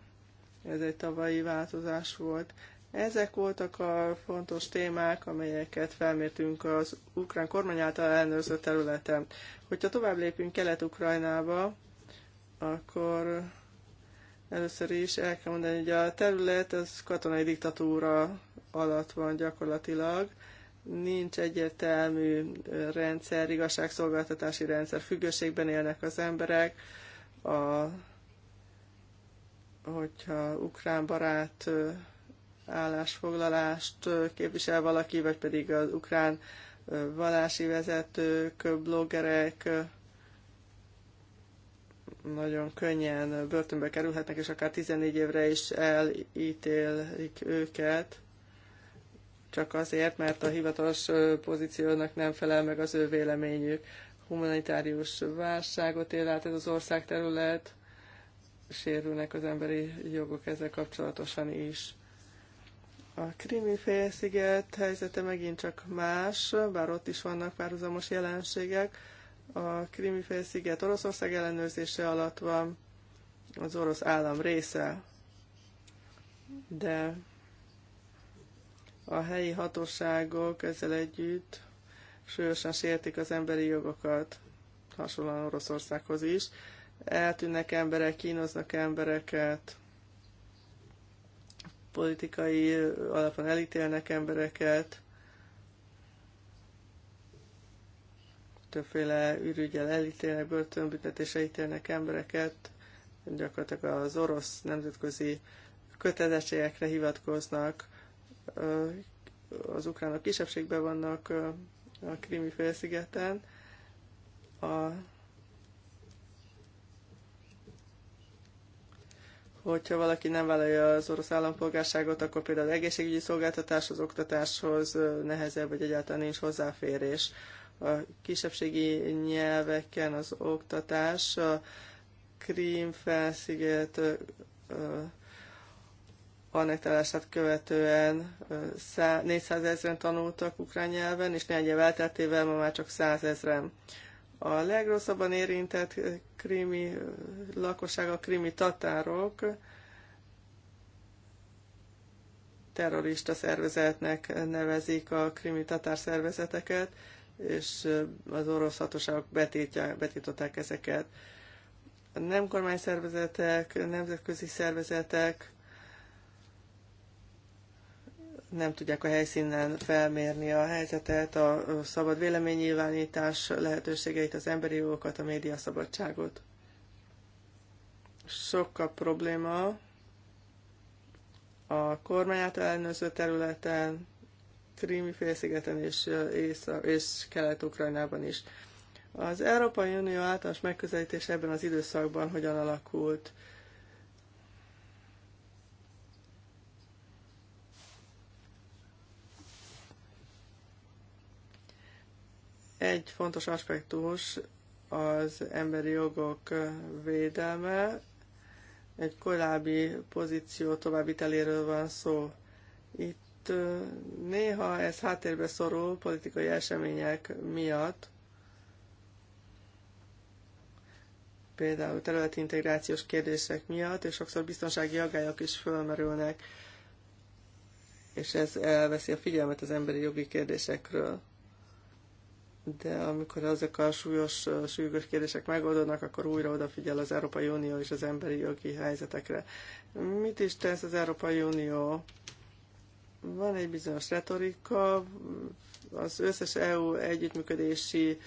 Speaker 1: ez egy tavalyi változás volt. Ezek voltak a fontos témák, amelyeket felmértünk az ukrán kormány által ellenőrzött területen. Hogyha tovább lépünk Kelet-Ukrajnába, akkor először is el kell mondani, hogy a terület az katonai diktatúra alatt van gyakorlatilag, nincs egyértelmű rendszer, igazságszolgáltatási rendszer, függőségben élnek az emberek, a, hogyha ukrán barát állásfoglalást képvisel valaki, vagy pedig az ukrán valási vezetők, bloggerek nagyon könnyen börtönbe kerülhetnek, és akár 14 évre is elítélik őket csak azért, mert a hivatalos pozíciónak nem felel meg az ő véleményük. Humanitárius válságot él át ez az ország terület, sérülnek az emberi jogok ezzel kapcsolatosan is. A krimi félsziget helyzete megint csak más, bár ott is vannak párhuzamos jelenségek. A krimi félsziget Oroszország ellenőrzése alatt van, az orosz állam része, de a helyi hatóságok ezzel együtt súlyosan sértik az emberi jogokat, hasonlóan Oroszországhoz is. Eltűnnek emberek, kínoznak embereket, politikai alapon elítélnek embereket, többféle ürügyel elítélnek, börtönbüntetése ítélnek embereket, gyakorlatilag az orosz nemzetközi kötelezettségekre hivatkoznak, az ukránok kisebbségben vannak a krimi félszigeten. A, hogyha valaki nem vállalja az orosz állampolgárságot, akkor például az egészségügyi szolgáltatáshoz, oktatáshoz nehezebb, vagy egyáltalán nincs hozzáférés. A kisebbségi nyelveken az oktatás, a Krím felsziget annektálását követően 400 ezeren tanultak ukrán nyelven, és négy év elteltével ma már csak 100 ezeren. A legrosszabban érintett krimi lakosság a krimi tatárok, terrorista szervezetnek nevezik a krimi tatár szervezeteket, és az orosz hatóságok betították ezeket. A nem kormány szervezetek, nemzetközi szervezetek nem tudják a helyszínen felmérni a helyzetet, a szabad véleménynyilvánítás lehetőségeit, az emberi jogokat, a média szabadságot. Sok a probléma a kormány által ellenőrző területen, Krími félszigeten és, és, és Kelet-Ukrajnában is. Az Európai Unió általános megközelítés ebben az időszakban hogyan alakult? Egy fontos aspektus az emberi jogok védelme. Egy korábbi pozíció továbbviteléről van szó. Itt néha ez háttérbe szorul politikai események miatt, például területi integrációs kérdések miatt, és sokszor biztonsági aggályok is fölmerülnek, és ez elveszi a figyelmet az emberi jogi kérdésekről de amikor ezek a súlyos, súlyos kérdések megoldódnak, akkor újra odafigyel az Európai Unió és az emberi jogi helyzetekre. Mit is tesz az Európai Unió? Van egy bizonyos retorika, az összes EU együttműködési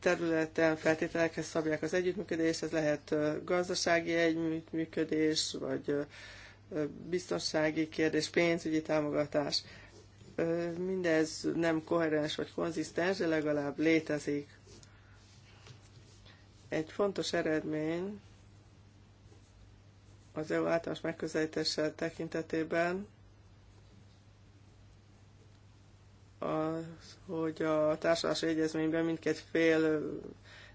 Speaker 1: területen feltételekhez szabják az együttműködést, ez lehet gazdasági együttműködés, vagy biztonsági kérdés, pénzügyi támogatás mindez nem koherens vagy konzisztens, de legalább létezik. Egy fontos eredmény az EU általános megközelítéssel tekintetében az, hogy a társadalmi egyezményben mindkét fél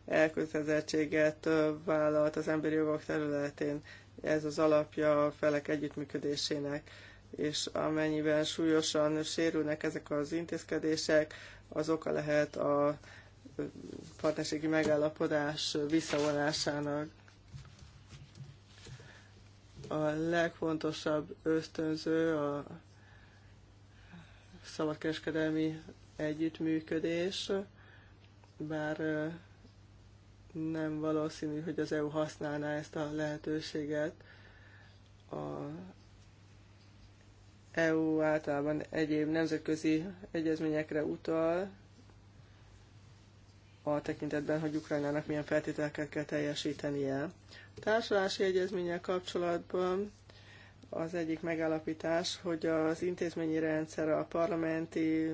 Speaker 1: elkötelezettséget vállalt az emberi jogok területén. Ez az alapja a felek együttműködésének és amennyiben súlyosan sérülnek ezek az intézkedések, az oka lehet a partnerségi megállapodás visszavonásának. A legfontosabb ösztönző a szabadkereskedelmi együttműködés, bár nem valószínű, hogy az EU használná ezt a lehetőséget a EU általában egyéb nemzetközi egyezményekre utal, a tekintetben, hogy Ukrajnának milyen feltételeket kell teljesítenie. A társulási egyezménnyel kapcsolatban az egyik megállapítás, hogy az intézményi rendszer, a parlamenti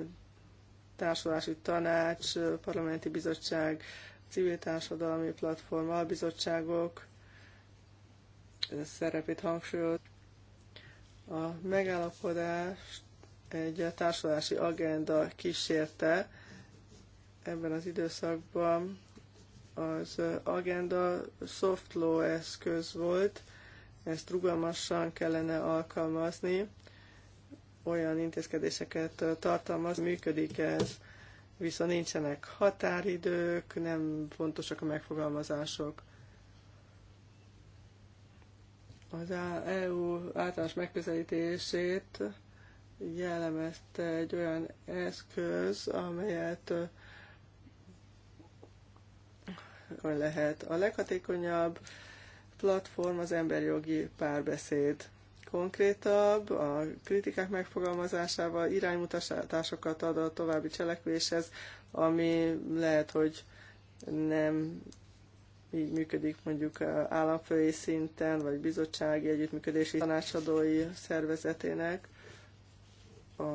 Speaker 1: társulási tanács, parlamenti bizottság, civil társadalmi platform, albizottságok szerepét hangsúlyoz. A megállapodást egy társadalási agenda kísérte ebben az időszakban. Az agenda soft law eszköz volt, ezt rugalmasan kellene alkalmazni, olyan intézkedéseket tartalmaz, működik ez, viszont nincsenek határidők, nem pontosak a megfogalmazások. Az EU általános megközelítését jellemezte egy olyan eszköz, amelyet lehet. A leghatékonyabb platform az emberjogi párbeszéd. Konkrétabb, a kritikák megfogalmazásával iránymutatásokat ad a további cselekvéshez, ami lehet, hogy nem így működik mondjuk eh, államfői szinten, vagy bizottsági együttműködési tanácsadói szervezetének. A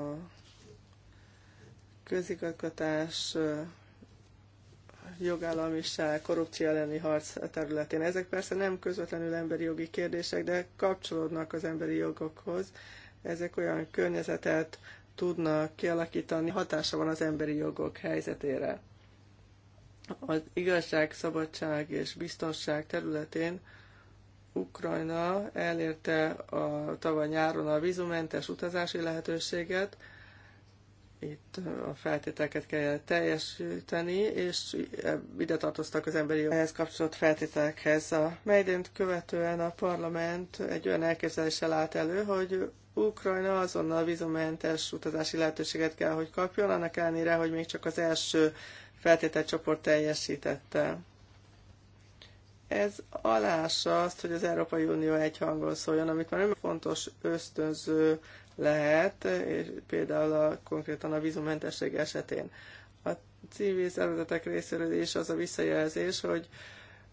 Speaker 1: közigazgatás, eh, jogállamiság, korrupció elleni harc területén. Ezek persze nem közvetlenül emberi jogi kérdések, de kapcsolódnak az emberi jogokhoz. Ezek olyan környezetet tudnak kialakítani, hatása van az emberi jogok helyzetére. Az igazság, szabadság és biztonság területén Ukrajna elérte a tavaly nyáron a vízumentes utazási lehetőséget, itt a feltételeket kell teljesíteni, és ide tartoztak az emberi ehhez kapcsolódó feltételekhez. A Mejdént követően a parlament egy olyan elképzeléssel állt elő, hogy Ukrajna azonnal vízumentes utazási lehetőséget kell, hogy kapjon, annak ellenére, hogy még csak az első feltételcsoport teljesítette. Ez alása azt, hogy az Európai Unió hangon szóljon, amit már nem fontos ösztönző lehet, és például a, konkrétan a vízumentesség esetén. A civil szervezetek részéről is az a visszajelzés, hogy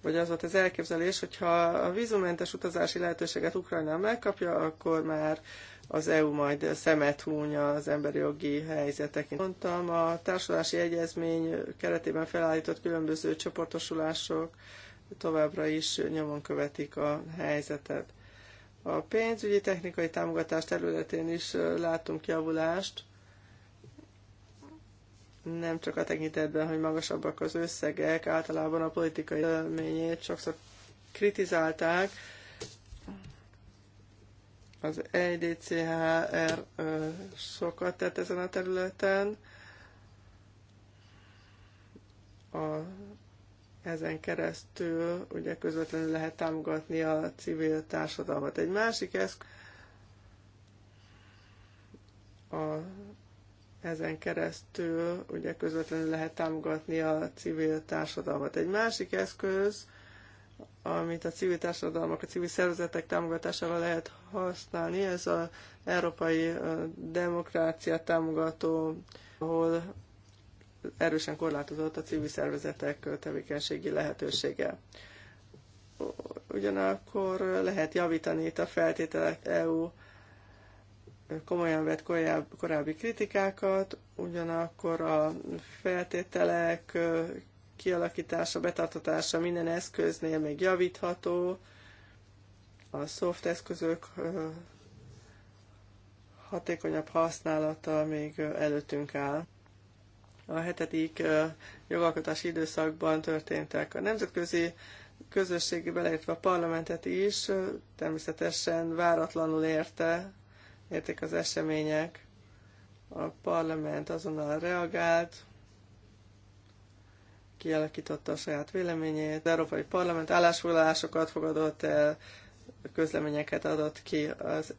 Speaker 1: vagy az volt az elképzelés, hogyha a vízumentes utazási lehetőséget Ukrajna megkapja, akkor már az EU majd szemet húnya az emberi jogi helyzeteken. Mondtam, a társulási egyezmény keretében felállított különböző csoportosulások továbbra is nyomon követik a helyzetet. A pénzügyi technikai támogatás területén is látunk javulást, nem csak a tekintetben, hogy magasabbak az összegek, általában a politikai élményét sokszor kritizálták, az EDCHR sokat tett ezen a területen. A, ezen keresztül ugye közvetlenül lehet támogatni a civil társadalmat. Egy másik eszk, a ezen keresztül ugye közvetlenül lehet támogatni a civil társadalmat. Egy másik eszköz amit a civil társadalmak, a civil szervezetek támogatására lehet használni. Ez az európai demokráciát támogató, ahol erősen korlátozott a civil szervezetek tevékenységi lehetősége. Ugyanakkor lehet javítani itt a feltételek EU komolyan vett korábbi kritikákat, ugyanakkor a feltételek kialakítása, betartatása minden eszköznél még javítható, a soft eszközök hatékonyabb használata még előttünk áll. A hetedik jogalkotási időszakban történtek a nemzetközi közösségi, beleértve a parlamentet is, természetesen váratlanul érte, érték az események. A parlament azonnal reagált, kialakította a saját véleményét, az Európai Parlament állásfoglalásokat fogadott el, közleményeket adott ki az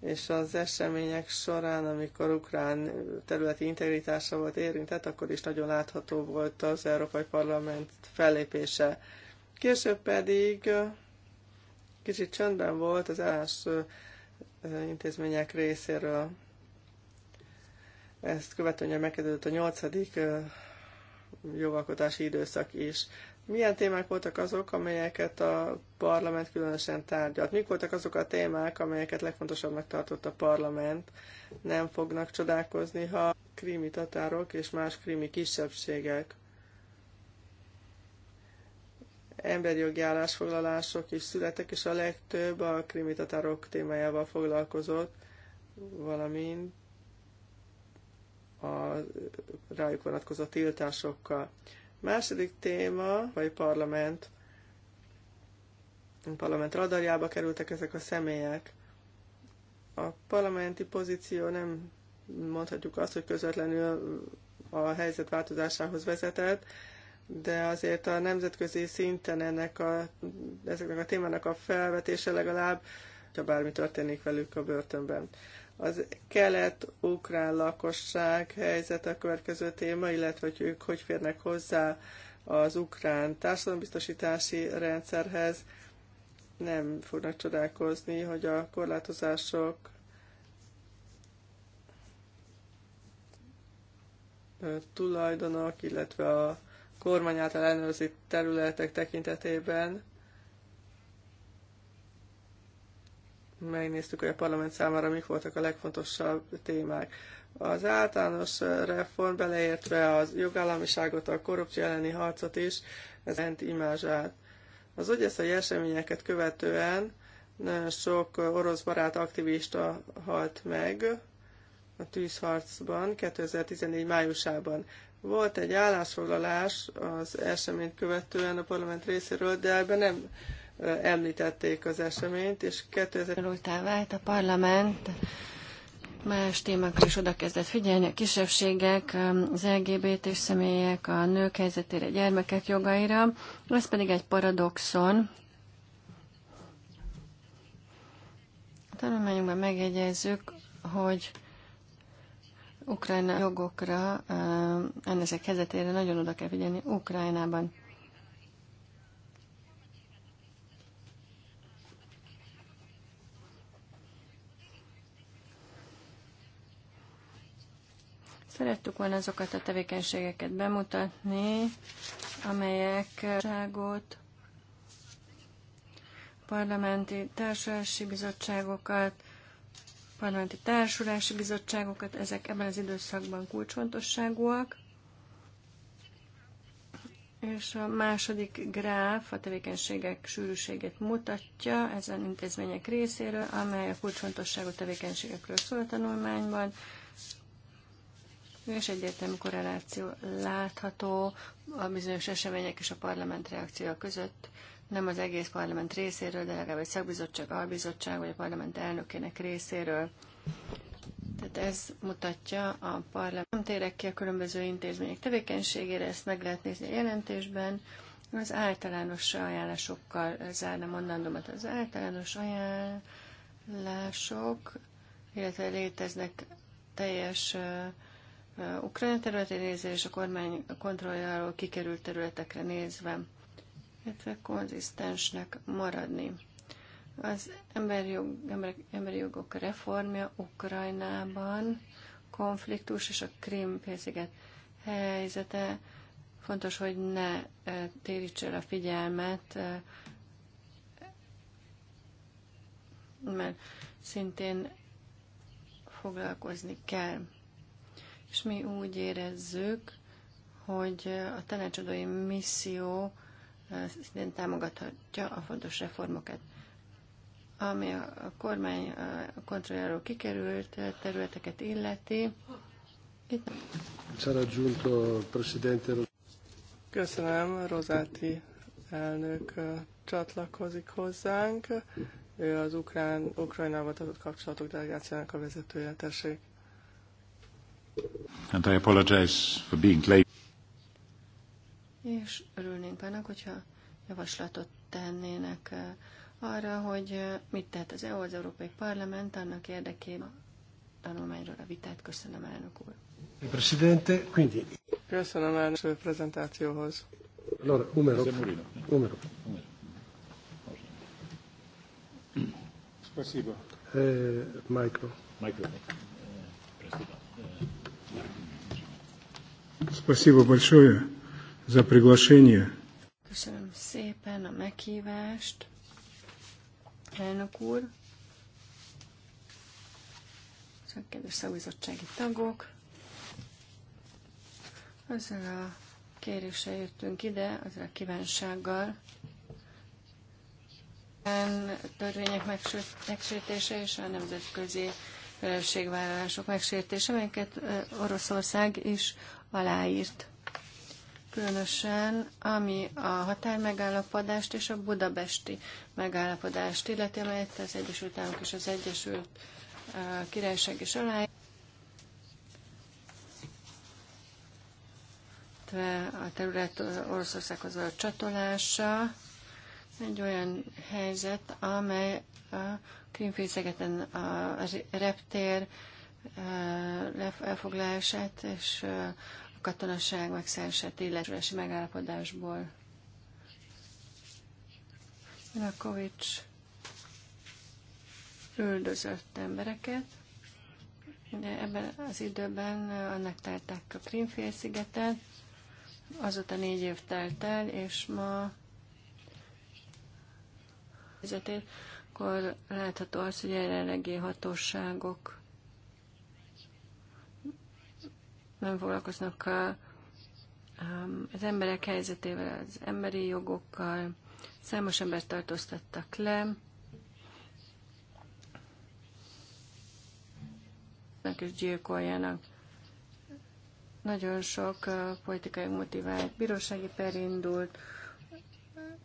Speaker 1: és az események során, amikor Ukrán területi integritása volt érintett, akkor is nagyon látható volt az Európai Parlament fellépése. Később pedig kicsit csöndben volt az állás intézmények részéről. Ezt követően megkezdődött a nyolcadik jogalkotási időszak is. Milyen témák voltak azok, amelyeket a parlament különösen tárgyalt? Mik voltak azok a témák, amelyeket legfontosabbnak tartott a parlament? Nem fognak csodálkozni, ha krimi tatárok és más krimi kisebbségek emberjogi állásfoglalások is születek, és a legtöbb a krimi tatárok témájával foglalkozott, valamint a rájuk vonatkozó tiltásokkal. Második téma, vagy parlament, a parlament radarjába kerültek ezek a személyek. A parlamenti pozíció nem mondhatjuk azt, hogy közvetlenül a helyzet változásához vezetett, de azért a nemzetközi szinten ennek a, ezeknek a témának a felvetése legalább, ha bármi történik velük a börtönben. Az kelet-ukrán lakosság helyzet a következő téma, illetve hogy ők hogy férnek hozzá az ukrán társadalombiztosítási rendszerhez. Nem fognak csodálkozni, hogy a korlátozások tulajdonok, illetve a kormány által ellenőrzött területek tekintetében megnéztük, hogy a parlament számára mik voltak a legfontosabb témák. Az általános reform beleértve az jogállamiságot, a korrupció elleni harcot is, ez rend imázsát. Az ogyeszai eseményeket követően nagyon sok orosz barát aktivista halt meg a tűzharcban 2014 májusában. Volt egy állásfoglalás az eseményt követően a parlament részéről, de ebben nem említették az eseményt, és 2000 után vált
Speaker 2: a parlament más témákra is oda kezdett figyelni, a kisebbségek, az lgbt személyek, a nők helyzetére, gyermekek jogaira. Ez pedig egy paradoxon. A tanulmányunkban megjegyezzük, hogy Ukrajna jogokra, eh, ennek helyzetére nagyon oda kell figyelni Ukrajnában. Szerettük volna azokat a tevékenységeket bemutatni, amelyek ságot, parlamenti társulási bizottságokat, parlamenti társulási bizottságokat, ezek ebben az időszakban kulcsfontosságúak. És a második gráf a tevékenységek sűrűségét mutatja ezen intézmények részéről, amely a kulcsfontosságú tevékenységekről szól a tanulmányban és egyértelmű korreláció látható a bizonyos események és a parlament reakciója között, nem az egész parlament részéről, de legalább egy szakbizottság, albizottság vagy a parlament elnökének részéről. Tehát ez mutatja a parlament. Nem térek ki a különböző intézmények tevékenységére, ezt meg lehet nézni a jelentésben. Az általános ajánlásokkal zárna mondandómat Az általános ajánlások, illetve léteznek teljes uh, Uh, Ukrajna területén nézve és a kormány kontrolljáról kikerült területekre nézve, illetve konzisztensnek maradni. Az emberjog, ember, emberi jogok reformja Ukrajnában, konfliktus és a Krim félsziget helyzete fontos, hogy ne uh, téríts a figyelmet, uh, mert szintén foglalkozni kell és mi úgy érezzük, hogy a tanácsadói misszió eh, szintén támogathatja a fontos reformokat. Ami a kormány eh, kontrolláról kikerült eh, területeket illeti,
Speaker 1: itt Köszönöm, Rozáti elnök csatlakozik hozzánk. Ő az Ukrán, Ukrajnával tartott kapcsolatok delegációjának a vezetője. Tessék.
Speaker 3: And I apologize for being late.
Speaker 2: És örülnénk annak, hogyha javaslatot tennének eh, arra, hogy eh, mit tehet az EU, az Európai Parlament annak érdekében a tanulmányról a vitát. Köszönöm, elnök úr. Presidente, quindi...
Speaker 1: Köszönöm elnök úr prezentációhoz.
Speaker 2: Allora, numero. Numero.
Speaker 1: Spasibo. Eh, micro. Micro. Eh,
Speaker 2: Спасибо большое за приглашение. Köszönöm szépen a meghívást, elnök úr, kedves szakbizottsági tagok. Azzal a kéréssel jöttünk ide, azzal a kívánsággal, A törvények megsértése és a nemzetközi felelősségvállalások megsértése, amelyeket Oroszország is aláírt. Különösen, ami a határmegállapodást és a budapesti megállapodást illeti, amelyet az Egyesült Államok és az Egyesült Királyság is aláírt. a terület Oroszországhoz a csatolása egy olyan helyzet, amely a Krimfészegeten a reptér Eh, elfoglalását és eh, a katonaság megszerzett illetős megállapodásból. Rakovics üldözött embereket, de ebben az időben eh, annak tárták a Krímfélszigetet, azóta négy év telt el, és ma akkor látható az, hogy jelenlegi hatóságok nem foglalkoznak um, az emberek helyzetével, az emberi jogokkal. Számos embert tartóztattak le. Meg is gyilkoljanak. Nagyon sok uh, politikai motivált bírósági per indult,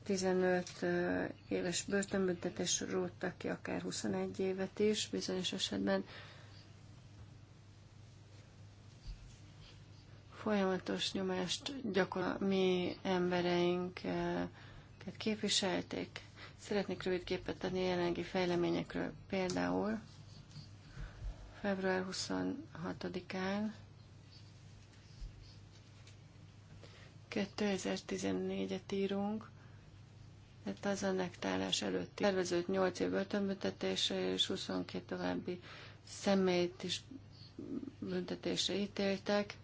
Speaker 2: 15 uh, éves börtönbüntetés róttak ki, akár 21 évet is bizonyos esetben. Folyamatos nyomást gyakorol mi embereinket képviselték. Szeretnék rövid képet adni jelenlegi fejleményekről. Például február 26-án 2014-et írunk, tehát az annektálás előtti tervezőt 8 év börtönbüntetése és 22 további személyt is büntetése ítéltek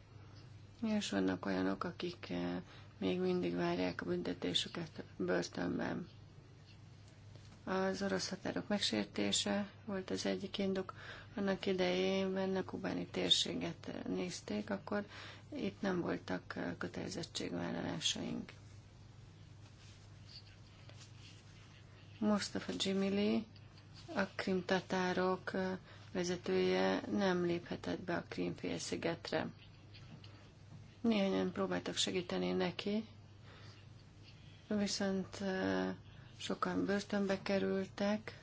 Speaker 2: és vannak olyanok, akik eh, még mindig várják a büntetésüket börtönben. Az orosz határok megsértése volt az egyik indok. Annak idején a kubáni térséget eh, nézték, akkor itt nem voltak eh, kötelezettségvállalásaink. Mostafa Jimili, a krimtatárok vezetője nem léphetett be a krimfélszigetre. szigetre Néhányan próbáltak segíteni neki, viszont sokan börtönbe kerültek,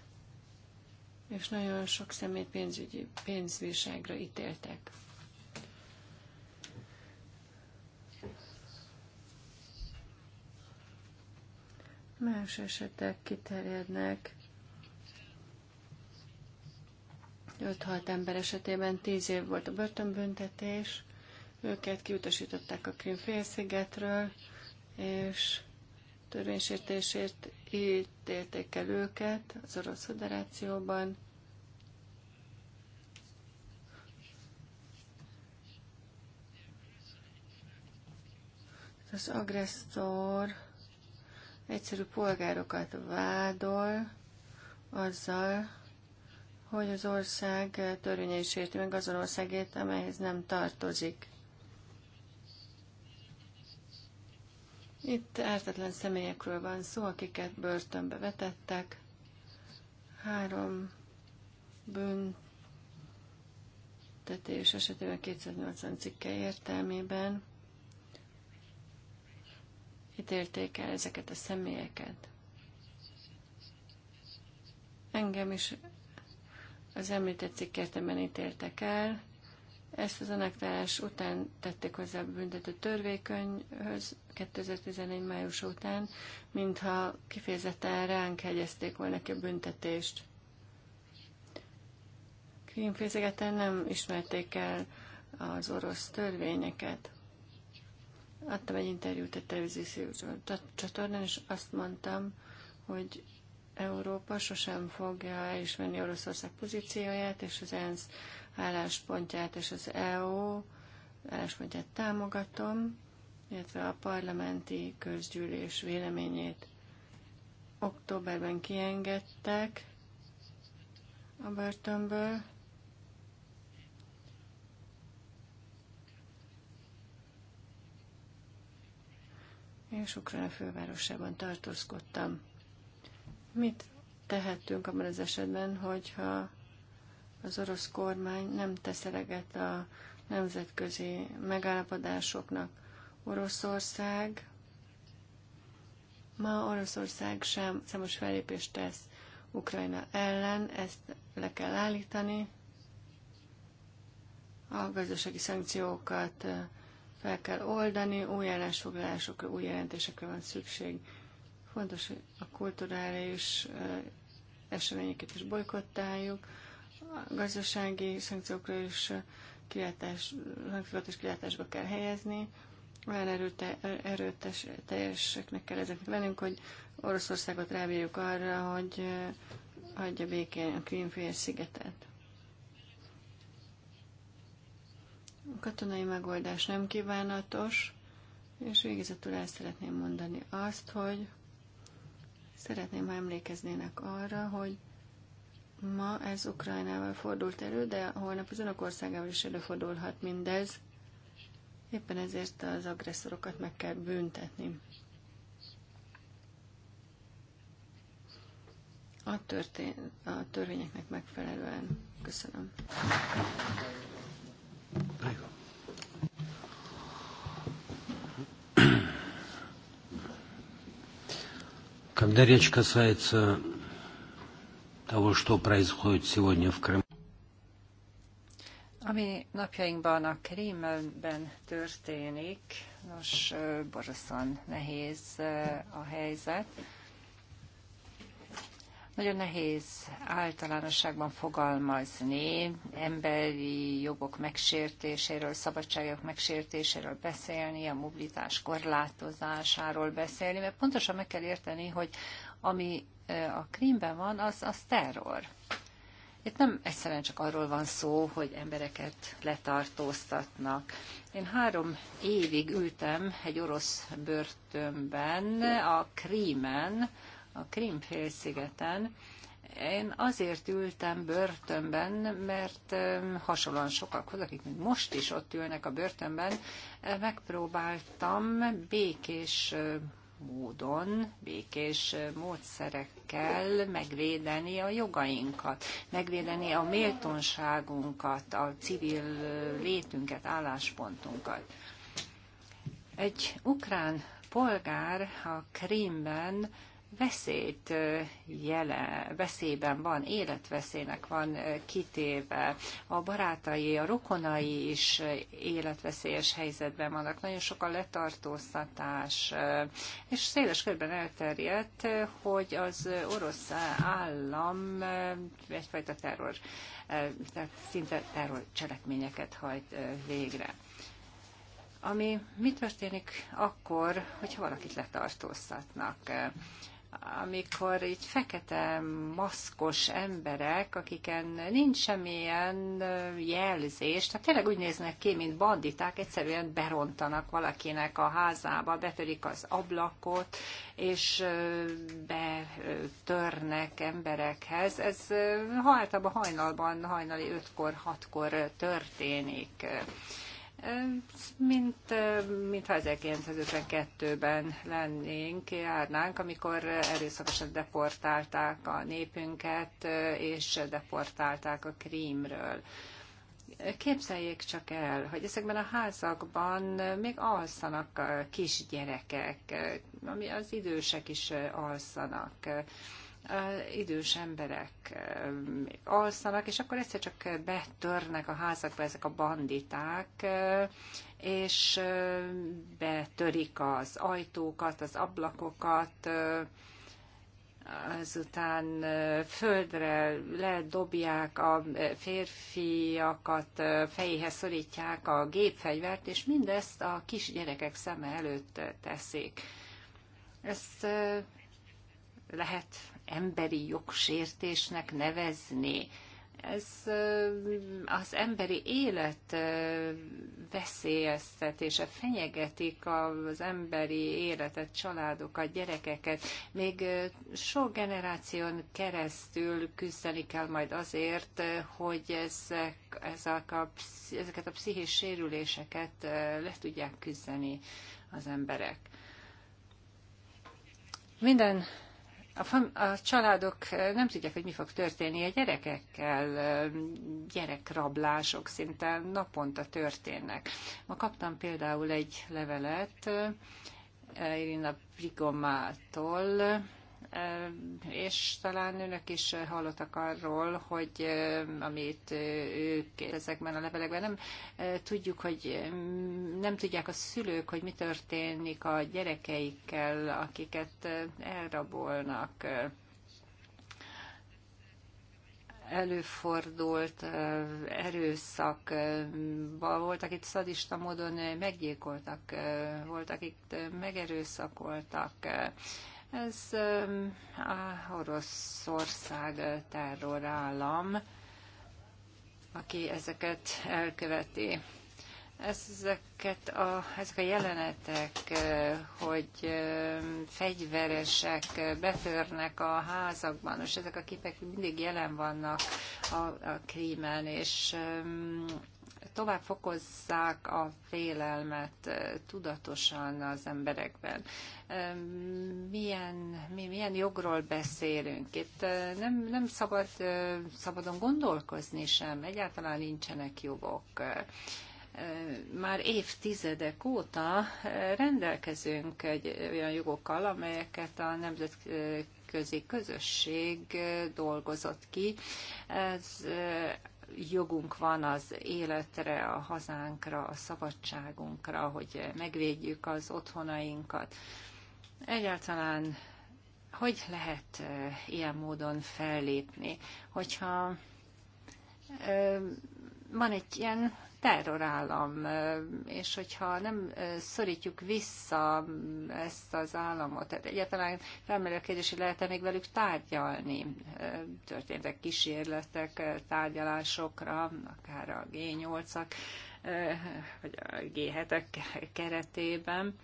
Speaker 2: és nagyon sok szemét pénzügyi, pénzbírságra ítéltek. Más esetek kiterjednek. 5-6 ember esetében 10 év volt a börtönbüntetés, őket kiutasították a Krim félszigetről, és törvénysértésért ítélték el őket az Orosz Federációban. Az agresszor egyszerű polgárokat vádol azzal, hogy az ország törvényei sérti meg azon országét, amelyhez nem tartozik. Itt ártatlan személyekről van szó, akiket börtönbe vetettek. Három bűn tetés esetében 280 cikke értelmében ítélték el ezeket a személyeket. Engem is az említett cikkertemben ítéltek el, ezt az annektálás után tették hozzá a büntető törvékönyvhöz 2011. május után, mintha kifejezetten ránk hegyezték volna ki a büntetést. Krímfészegeten nem ismerték el az orosz törvényeket. Adtam egy interjút egy televíziós csatornán, és azt mondtam, hogy Európa sosem fogja elismerni Oroszország pozícióját, és az ENSZ álláspontját és az EO álláspontját támogatom, illetve a parlamenti közgyűlés véleményét októberben kiengedtek a börtönből. És Ukrajna fővárosában tartózkodtam. Mit tehetünk abban az esetben, hogyha az orosz kormány nem tesz eleget a nemzetközi megállapodásoknak. Oroszország ma Oroszország sem számos felépést tesz Ukrajna ellen, ezt le kell állítani. A gazdasági szankciókat fel kell oldani, új állásfoglalásokra, új jelentésekre van szükség. Fontos, hogy a kulturális eseményeket is bolykottáljuk a gazdasági szankciókra is kilátás, szankciókat kilátásba kell helyezni. Olyan erőteljeseknek teljeseknek kell ezeknek lennünk, hogy Oroszországot rábírjuk arra, hogy hagyja békén a Krímfél szigetet. A katonai megoldás nem kívánatos, és végezetül el szeretném mondani azt, hogy szeretném, ha emlékeznének arra, hogy Ma ez Ukrajnával fordult elő, de holnap az önök országával is előfordulhat mindez. Éppen ezért az agresszorokat meg kell büntetni. A, történ- a törvényeknek megfelelően. Köszönöm. Когда речь касается того, что происходит сегодня в Крыму.
Speaker 3: Ami napjainkban a Krímben történik, nos, borzasztóan nehéz a helyzet. Nagyon nehéz általánosságban fogalmazni, emberi jogok megsértéséről, szabadságok megsértéséről beszélni, a mobilitás korlátozásáról beszélni, mert pontosan meg kell érteni, hogy ami a krímben van, az, az terror. Itt nem egyszerűen csak arról van szó, hogy embereket letartóztatnak. Én három évig ültem egy orosz börtönben, a Krímen, a félszigeten. Én azért ültem börtönben, mert hasonlóan sokakhoz, akik még most is ott ülnek a börtönben, megpróbáltam békés módon, békés módszerekkel megvédeni a jogainkat, megvédeni a méltonságunkat, a civil létünket, álláspontunkat. Egy ukrán polgár a Krímben veszélyt jele, veszélyben van, életveszélynek van kitéve. A barátai, a rokonai is életveszélyes helyzetben vannak. Nagyon sok a letartóztatás, és széles körben elterjedt, hogy az orosz állam egyfajta terror, tehát szinte terror cselekményeket hajt végre ami mi történik akkor, hogyha valakit letartóztatnak amikor így fekete maszkos emberek, akiken nincs semmilyen jelzés, tehát tényleg úgy néznek ki, mint banditák, egyszerűen berontanak valakinek a házába, betörik az ablakot, és betörnek emberekhez. Ez általában hajnalban, hajnali 5-kor, 6-kor történik mint, mintha 1952-ben lennénk, járnánk, amikor erőszakosan deportálták a népünket, és deportálták a Krímről. Képzeljék csak el, hogy ezekben a házakban még alszanak kisgyerekek, ami az idősek is alszanak idős emberek alszanak, és akkor egyszer csak betörnek a házakba ezek a banditák, és betörik az ajtókat, az ablakokat, azután földre ledobják a férfiakat, fejéhez szorítják a gépfegyvert, és mindezt a kisgyerekek szeme előtt teszik. Ezt lehet emberi jogsértésnek nevezni. Ez az emberi élet veszélyeztetése, fenyegetik az emberi életet, családokat, gyerekeket. Még sok generáción keresztül küzdeni kell majd azért, hogy ezek, ezek a, ezeket a pszichés sérüléseket le tudják küzdeni az emberek. Minden a, fam, a családok nem tudják, hogy mi fog történni a gyerekekkel. Gyerekrablások szinte naponta történnek. Ma kaptam például egy levelet Irina Brigomától, és talán önök is hallottak arról, hogy amit ők ezekben a levelekben nem tudjuk, hogy nem tudják a szülők, hogy mi történik a gyerekeikkel, akiket elrabolnak előfordult erőszak, voltak itt szadista módon meggyilkoltak, voltak itt megerőszakoltak, ez a Oroszország terrorállam, aki ezeket elköveti. Ezeket a, ezek a jelenetek, hogy fegyveresek betörnek a házakban, és ezek a képek mindig jelen vannak a, a krímen, és tovább fokozzák a félelmet eh, tudatosan az emberekben. Eh, milyen, mi, milyen jogról beszélünk? Itt eh, nem, nem szabad szabadon gondolkozni sem, egyáltalán nincsenek jogok már évtizedek óta rendelkezünk egy olyan jogokkal, amelyeket a nemzetközi közösség dolgozott ki. Ez jogunk van az életre, a hazánkra, a szabadságunkra, hogy megvédjük az otthonainkat. Egyáltalán hogy lehet ilyen módon fellépni, hogyha van egy ilyen terrorállam, és hogyha nem szorítjuk vissza ezt az államot, tehát egyáltalán felmerül a kérdés, hogy lehet-e még velük tárgyalni. Történtek kísérletek tárgyalásokra, akár a G8-ak, vagy a G7-ek keretében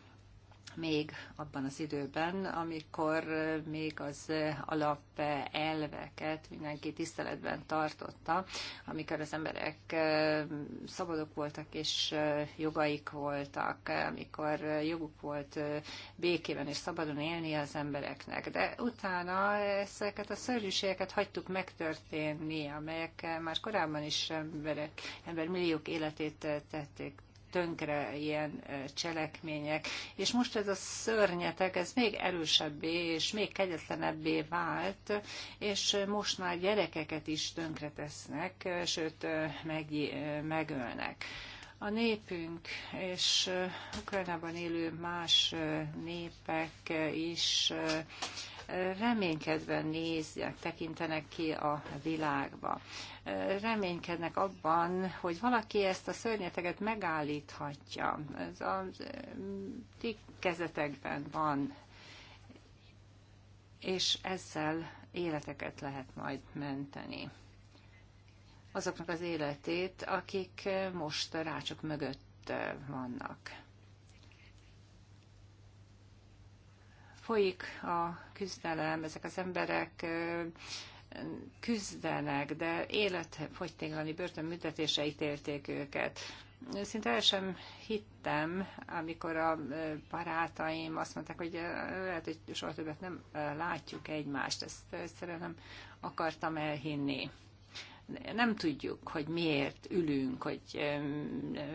Speaker 3: még abban az időben, amikor még az alapelveket mindenki tiszteletben tartotta, amikor az emberek szabadok voltak és jogaik voltak, amikor joguk volt békében és szabadon élni az embereknek. De utána ezeket a szörnyűségeket hagytuk megtörténni, amelyek már korábban is emberek, embermilliók életét tették tönkre ilyen cselekmények. És most ez a szörnyeteg, ez még erősebbé és még kegyetlenebbé vált, és most már gyerekeket is tönkretesznek, sőt meg, megölnek a népünk és Ukrajnában élő más népek is reménykedve néznek, tekintenek ki a világba. Reménykednek abban, hogy valaki ezt a szörnyeteget megállíthatja. Ez a mm, ti kezetekben van, és ezzel életeket lehet majd menteni. Azoknak az életét, akik most rácsok mögött vannak. folyik a küzdelem, ezek az emberek küzdenek, de életfogytéglani börtönbüntetése ítélték őket. Szinte el sem hittem, amikor a barátaim azt mondták, hogy lehet, hogy soha többet nem látjuk egymást. Ezt egyszerűen nem akartam elhinni nem tudjuk, hogy miért ülünk, hogy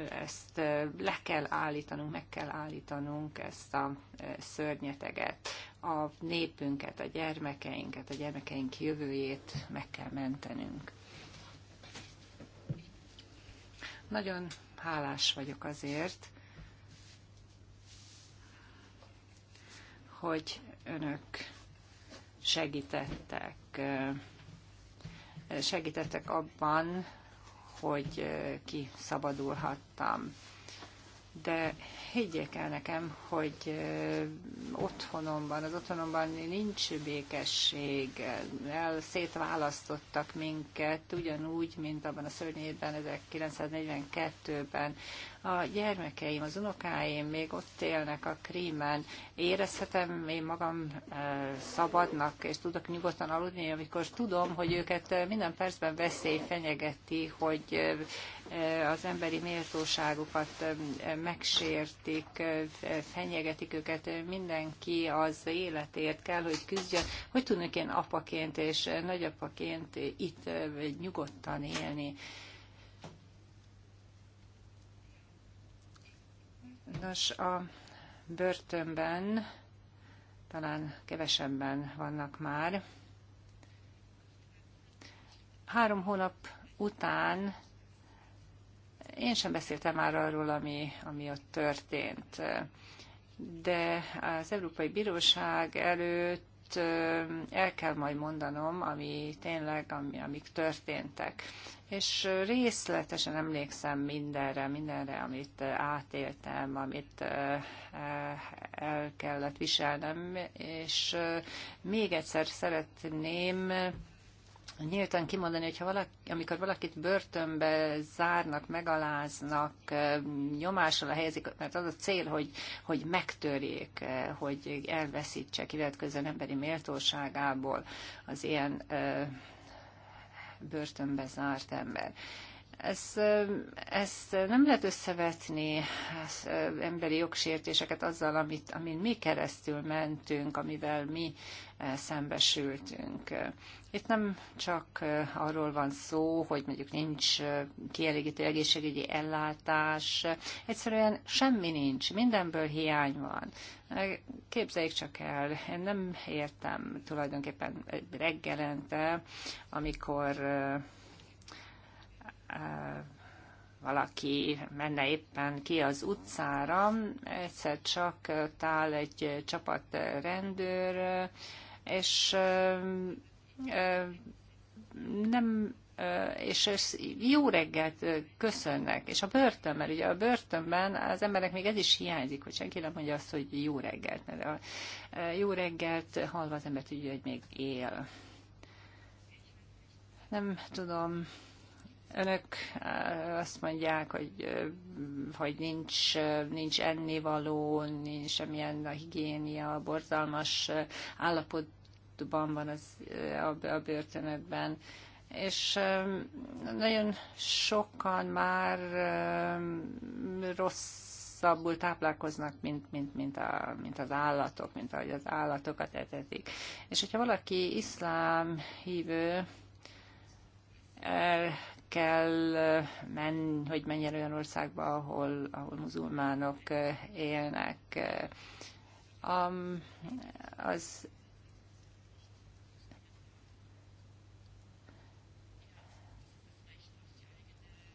Speaker 3: ezt eh, le kell állítanunk, meg kell állítanunk ezt a eh, szörnyeteget, a népünket, a gyermekeinket, a gyermekeink jövőjét meg kell mentenünk. Nagyon hálás vagyok azért, hogy önök segítettek eh, segítettek abban, hogy kiszabadulhattam. De higgyék el nekem, hogy otthonomban, az otthonomban nincs békesség, el szétválasztottak minket, ugyanúgy, mint abban a szörnyében 1942-ben, a gyermekeim, az unokáim még ott élnek a krímen. Érezhetem én magam eh, szabadnak, és tudok nyugodtan aludni, amikor tudom, hogy őket eh, minden percben veszély fenyegeti, hogy eh, az emberi méltóságukat megsértik, fenyegetik őket, mindenki az életért kell, hogy küzdjön. Hogy tudnék én apaként és nagyapaként itt nyugodtan élni? Nos, a börtönben talán kevesebben vannak már. Három hónap után én sem beszéltem már arról, ami, ami ott történt. De az Európai Bíróság előtt el kell majd mondanom, ami tényleg, ami, amik történtek. És részletesen emlékszem mindenre, mindenre, amit átéltem, amit e, el kellett viselnem, és még egyszer szeretném nyíltan kimondani, hogyha valaki, amikor valakit börtönbe zárnak, megaláznak, nyomásra helyezik, mert az a cél, hogy, hogy megtörjék, hogy elveszítse, kivetkezzen emberi méltóságából az ilyen börtönbe zárt ember. Ez, ezt nem lehet összevetni az emberi jogsértéseket azzal, amit, amin mi keresztül mentünk, amivel mi szembesültünk. Itt nem csak arról van szó, hogy mondjuk nincs kielégítő egészségügyi ellátás, egyszerűen semmi nincs, mindenből hiány van. Képzeljék csak el, én nem értem tulajdonképpen reggelente, amikor valaki menne éppen ki az utcára, egyszer csak tál egy csapat rendőr, és nem és, jó reggelt köszönnek, és a mert ugye a börtönben az emberek még ez is hiányzik, hogy senki nem mondja azt, hogy jó reggelt, mert a jó reggelt hallva az ember tudja, hogy még él. Nem tudom, Önök azt mondják, hogy, hogy nincs, nincs ennivaló, nincs semmilyen a higiénia, borzalmas állapotban van az, a, a börtönökben és nagyon sokan már rosszabbul táplálkoznak, mint, mint, mint, a, mint az állatok, mint ahogy az állatokat etetik. És hogyha valaki iszlám hívő, kell eh, menni, hogy menjen olyan országba, ahol, ahol muzulmánok eh, élnek. Um, az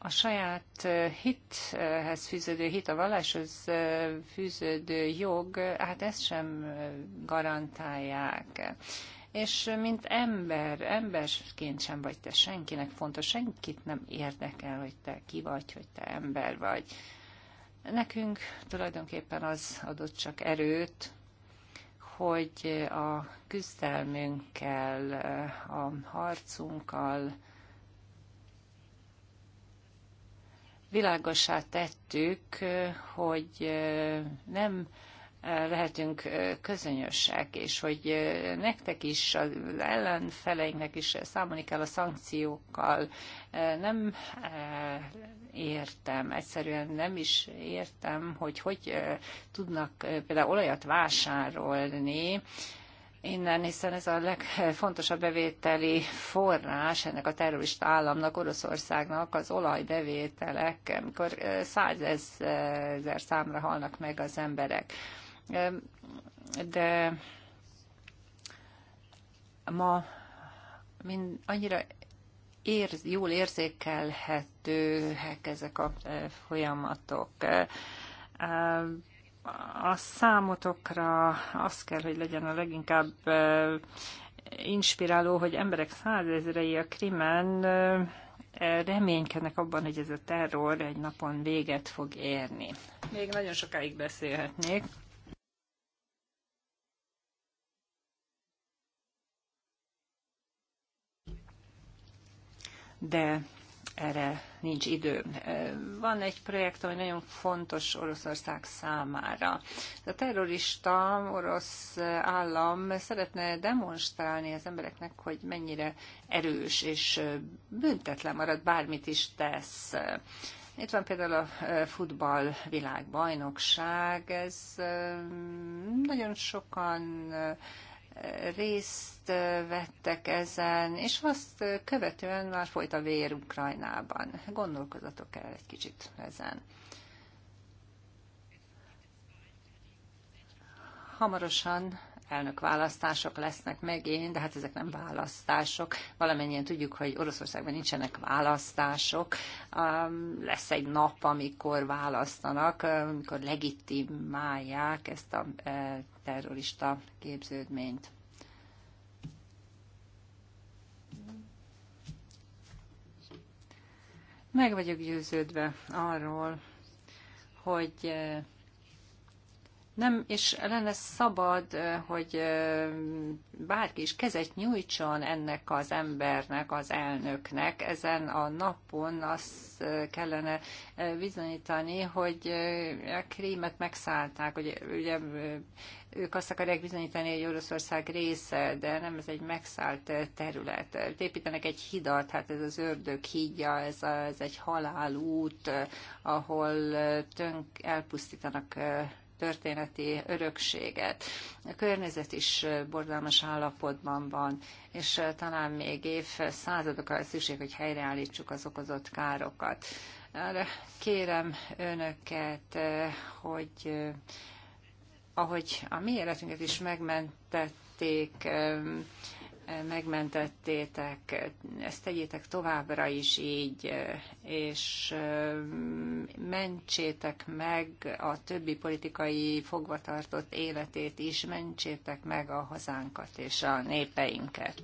Speaker 3: a saját hithez fűződő hit, a valláshoz fűződő jog, hát ezt sem garantálják és mint ember, emberként sem vagy te senkinek fontos, senkit nem érdekel, hogy te ki vagy, hogy te ember vagy. Nekünk tulajdonképpen az adott csak erőt, hogy a küzdelmünkkel, a harcunkkal világosá tettük, hogy nem lehetünk közönösek, és hogy nektek is, az ellenfeleinknek is számolni kell a szankciókkal. Nem értem, egyszerűen nem is értem, hogy hogy tudnak például olajat vásárolni, innen, hiszen ez a legfontosabb bevételi forrás ennek a terrorista államnak, Oroszországnak az olajbevételek, amikor százezer számra halnak meg az emberek de ma mind, annyira érz, jól érzékelhetőek ezek a e, folyamatok. E, e, a számotokra az kell, hogy legyen a leginkább inspiráló, hogy emberek százezrei a krimen reménykednek abban, hogy ez a terror egy napon véget fog érni. Még nagyon sokáig beszélhetnék. de erre nincs idő. Van egy projekt, ami nagyon fontos Oroszország számára. A terrorista orosz állam szeretne demonstrálni az embereknek, hogy mennyire erős és büntetlen marad, bármit is tesz. Itt van például a futball világbajnokság, ez nagyon sokan részt vettek ezen, és azt követően már folyt a vér Ukrajnában. Gondolkozatok el egy kicsit ezen. Hamarosan választások lesznek megint, de hát ezek nem választások. Valamennyien tudjuk, hogy Oroszországban nincsenek választások. Lesz egy nap, amikor választanak, amikor legitimálják ezt a e, terrorista képződményt. Meg vagyok győződve arról, hogy e, nem, és lenne szabad, hogy bárki is kezet nyújtson ennek az embernek, az elnöknek. Ezen a napon azt kellene bizonyítani, hogy a krémet megszállták, hogy ugye ők azt akarják bizonyítani, hogy Oroszország része, de nem ez egy megszállt terület. Építenek egy hidat, hát ez az ördög hídja, ez, a, ez egy halálút, ahol tönk elpusztítanak történeti örökséget. A környezet is borzalmas állapotban van, és eh, talán még év századokkal szükség, hogy helyreállítsuk az okozott károkat. kérem önöket, eh, hogy eh, ahogy a mi életünket is megmentették, megmentettétek, ezt tegyétek továbbra is így, és mentsétek meg a többi politikai fogvatartott életét is, mentsétek meg a hazánkat és a népeinket.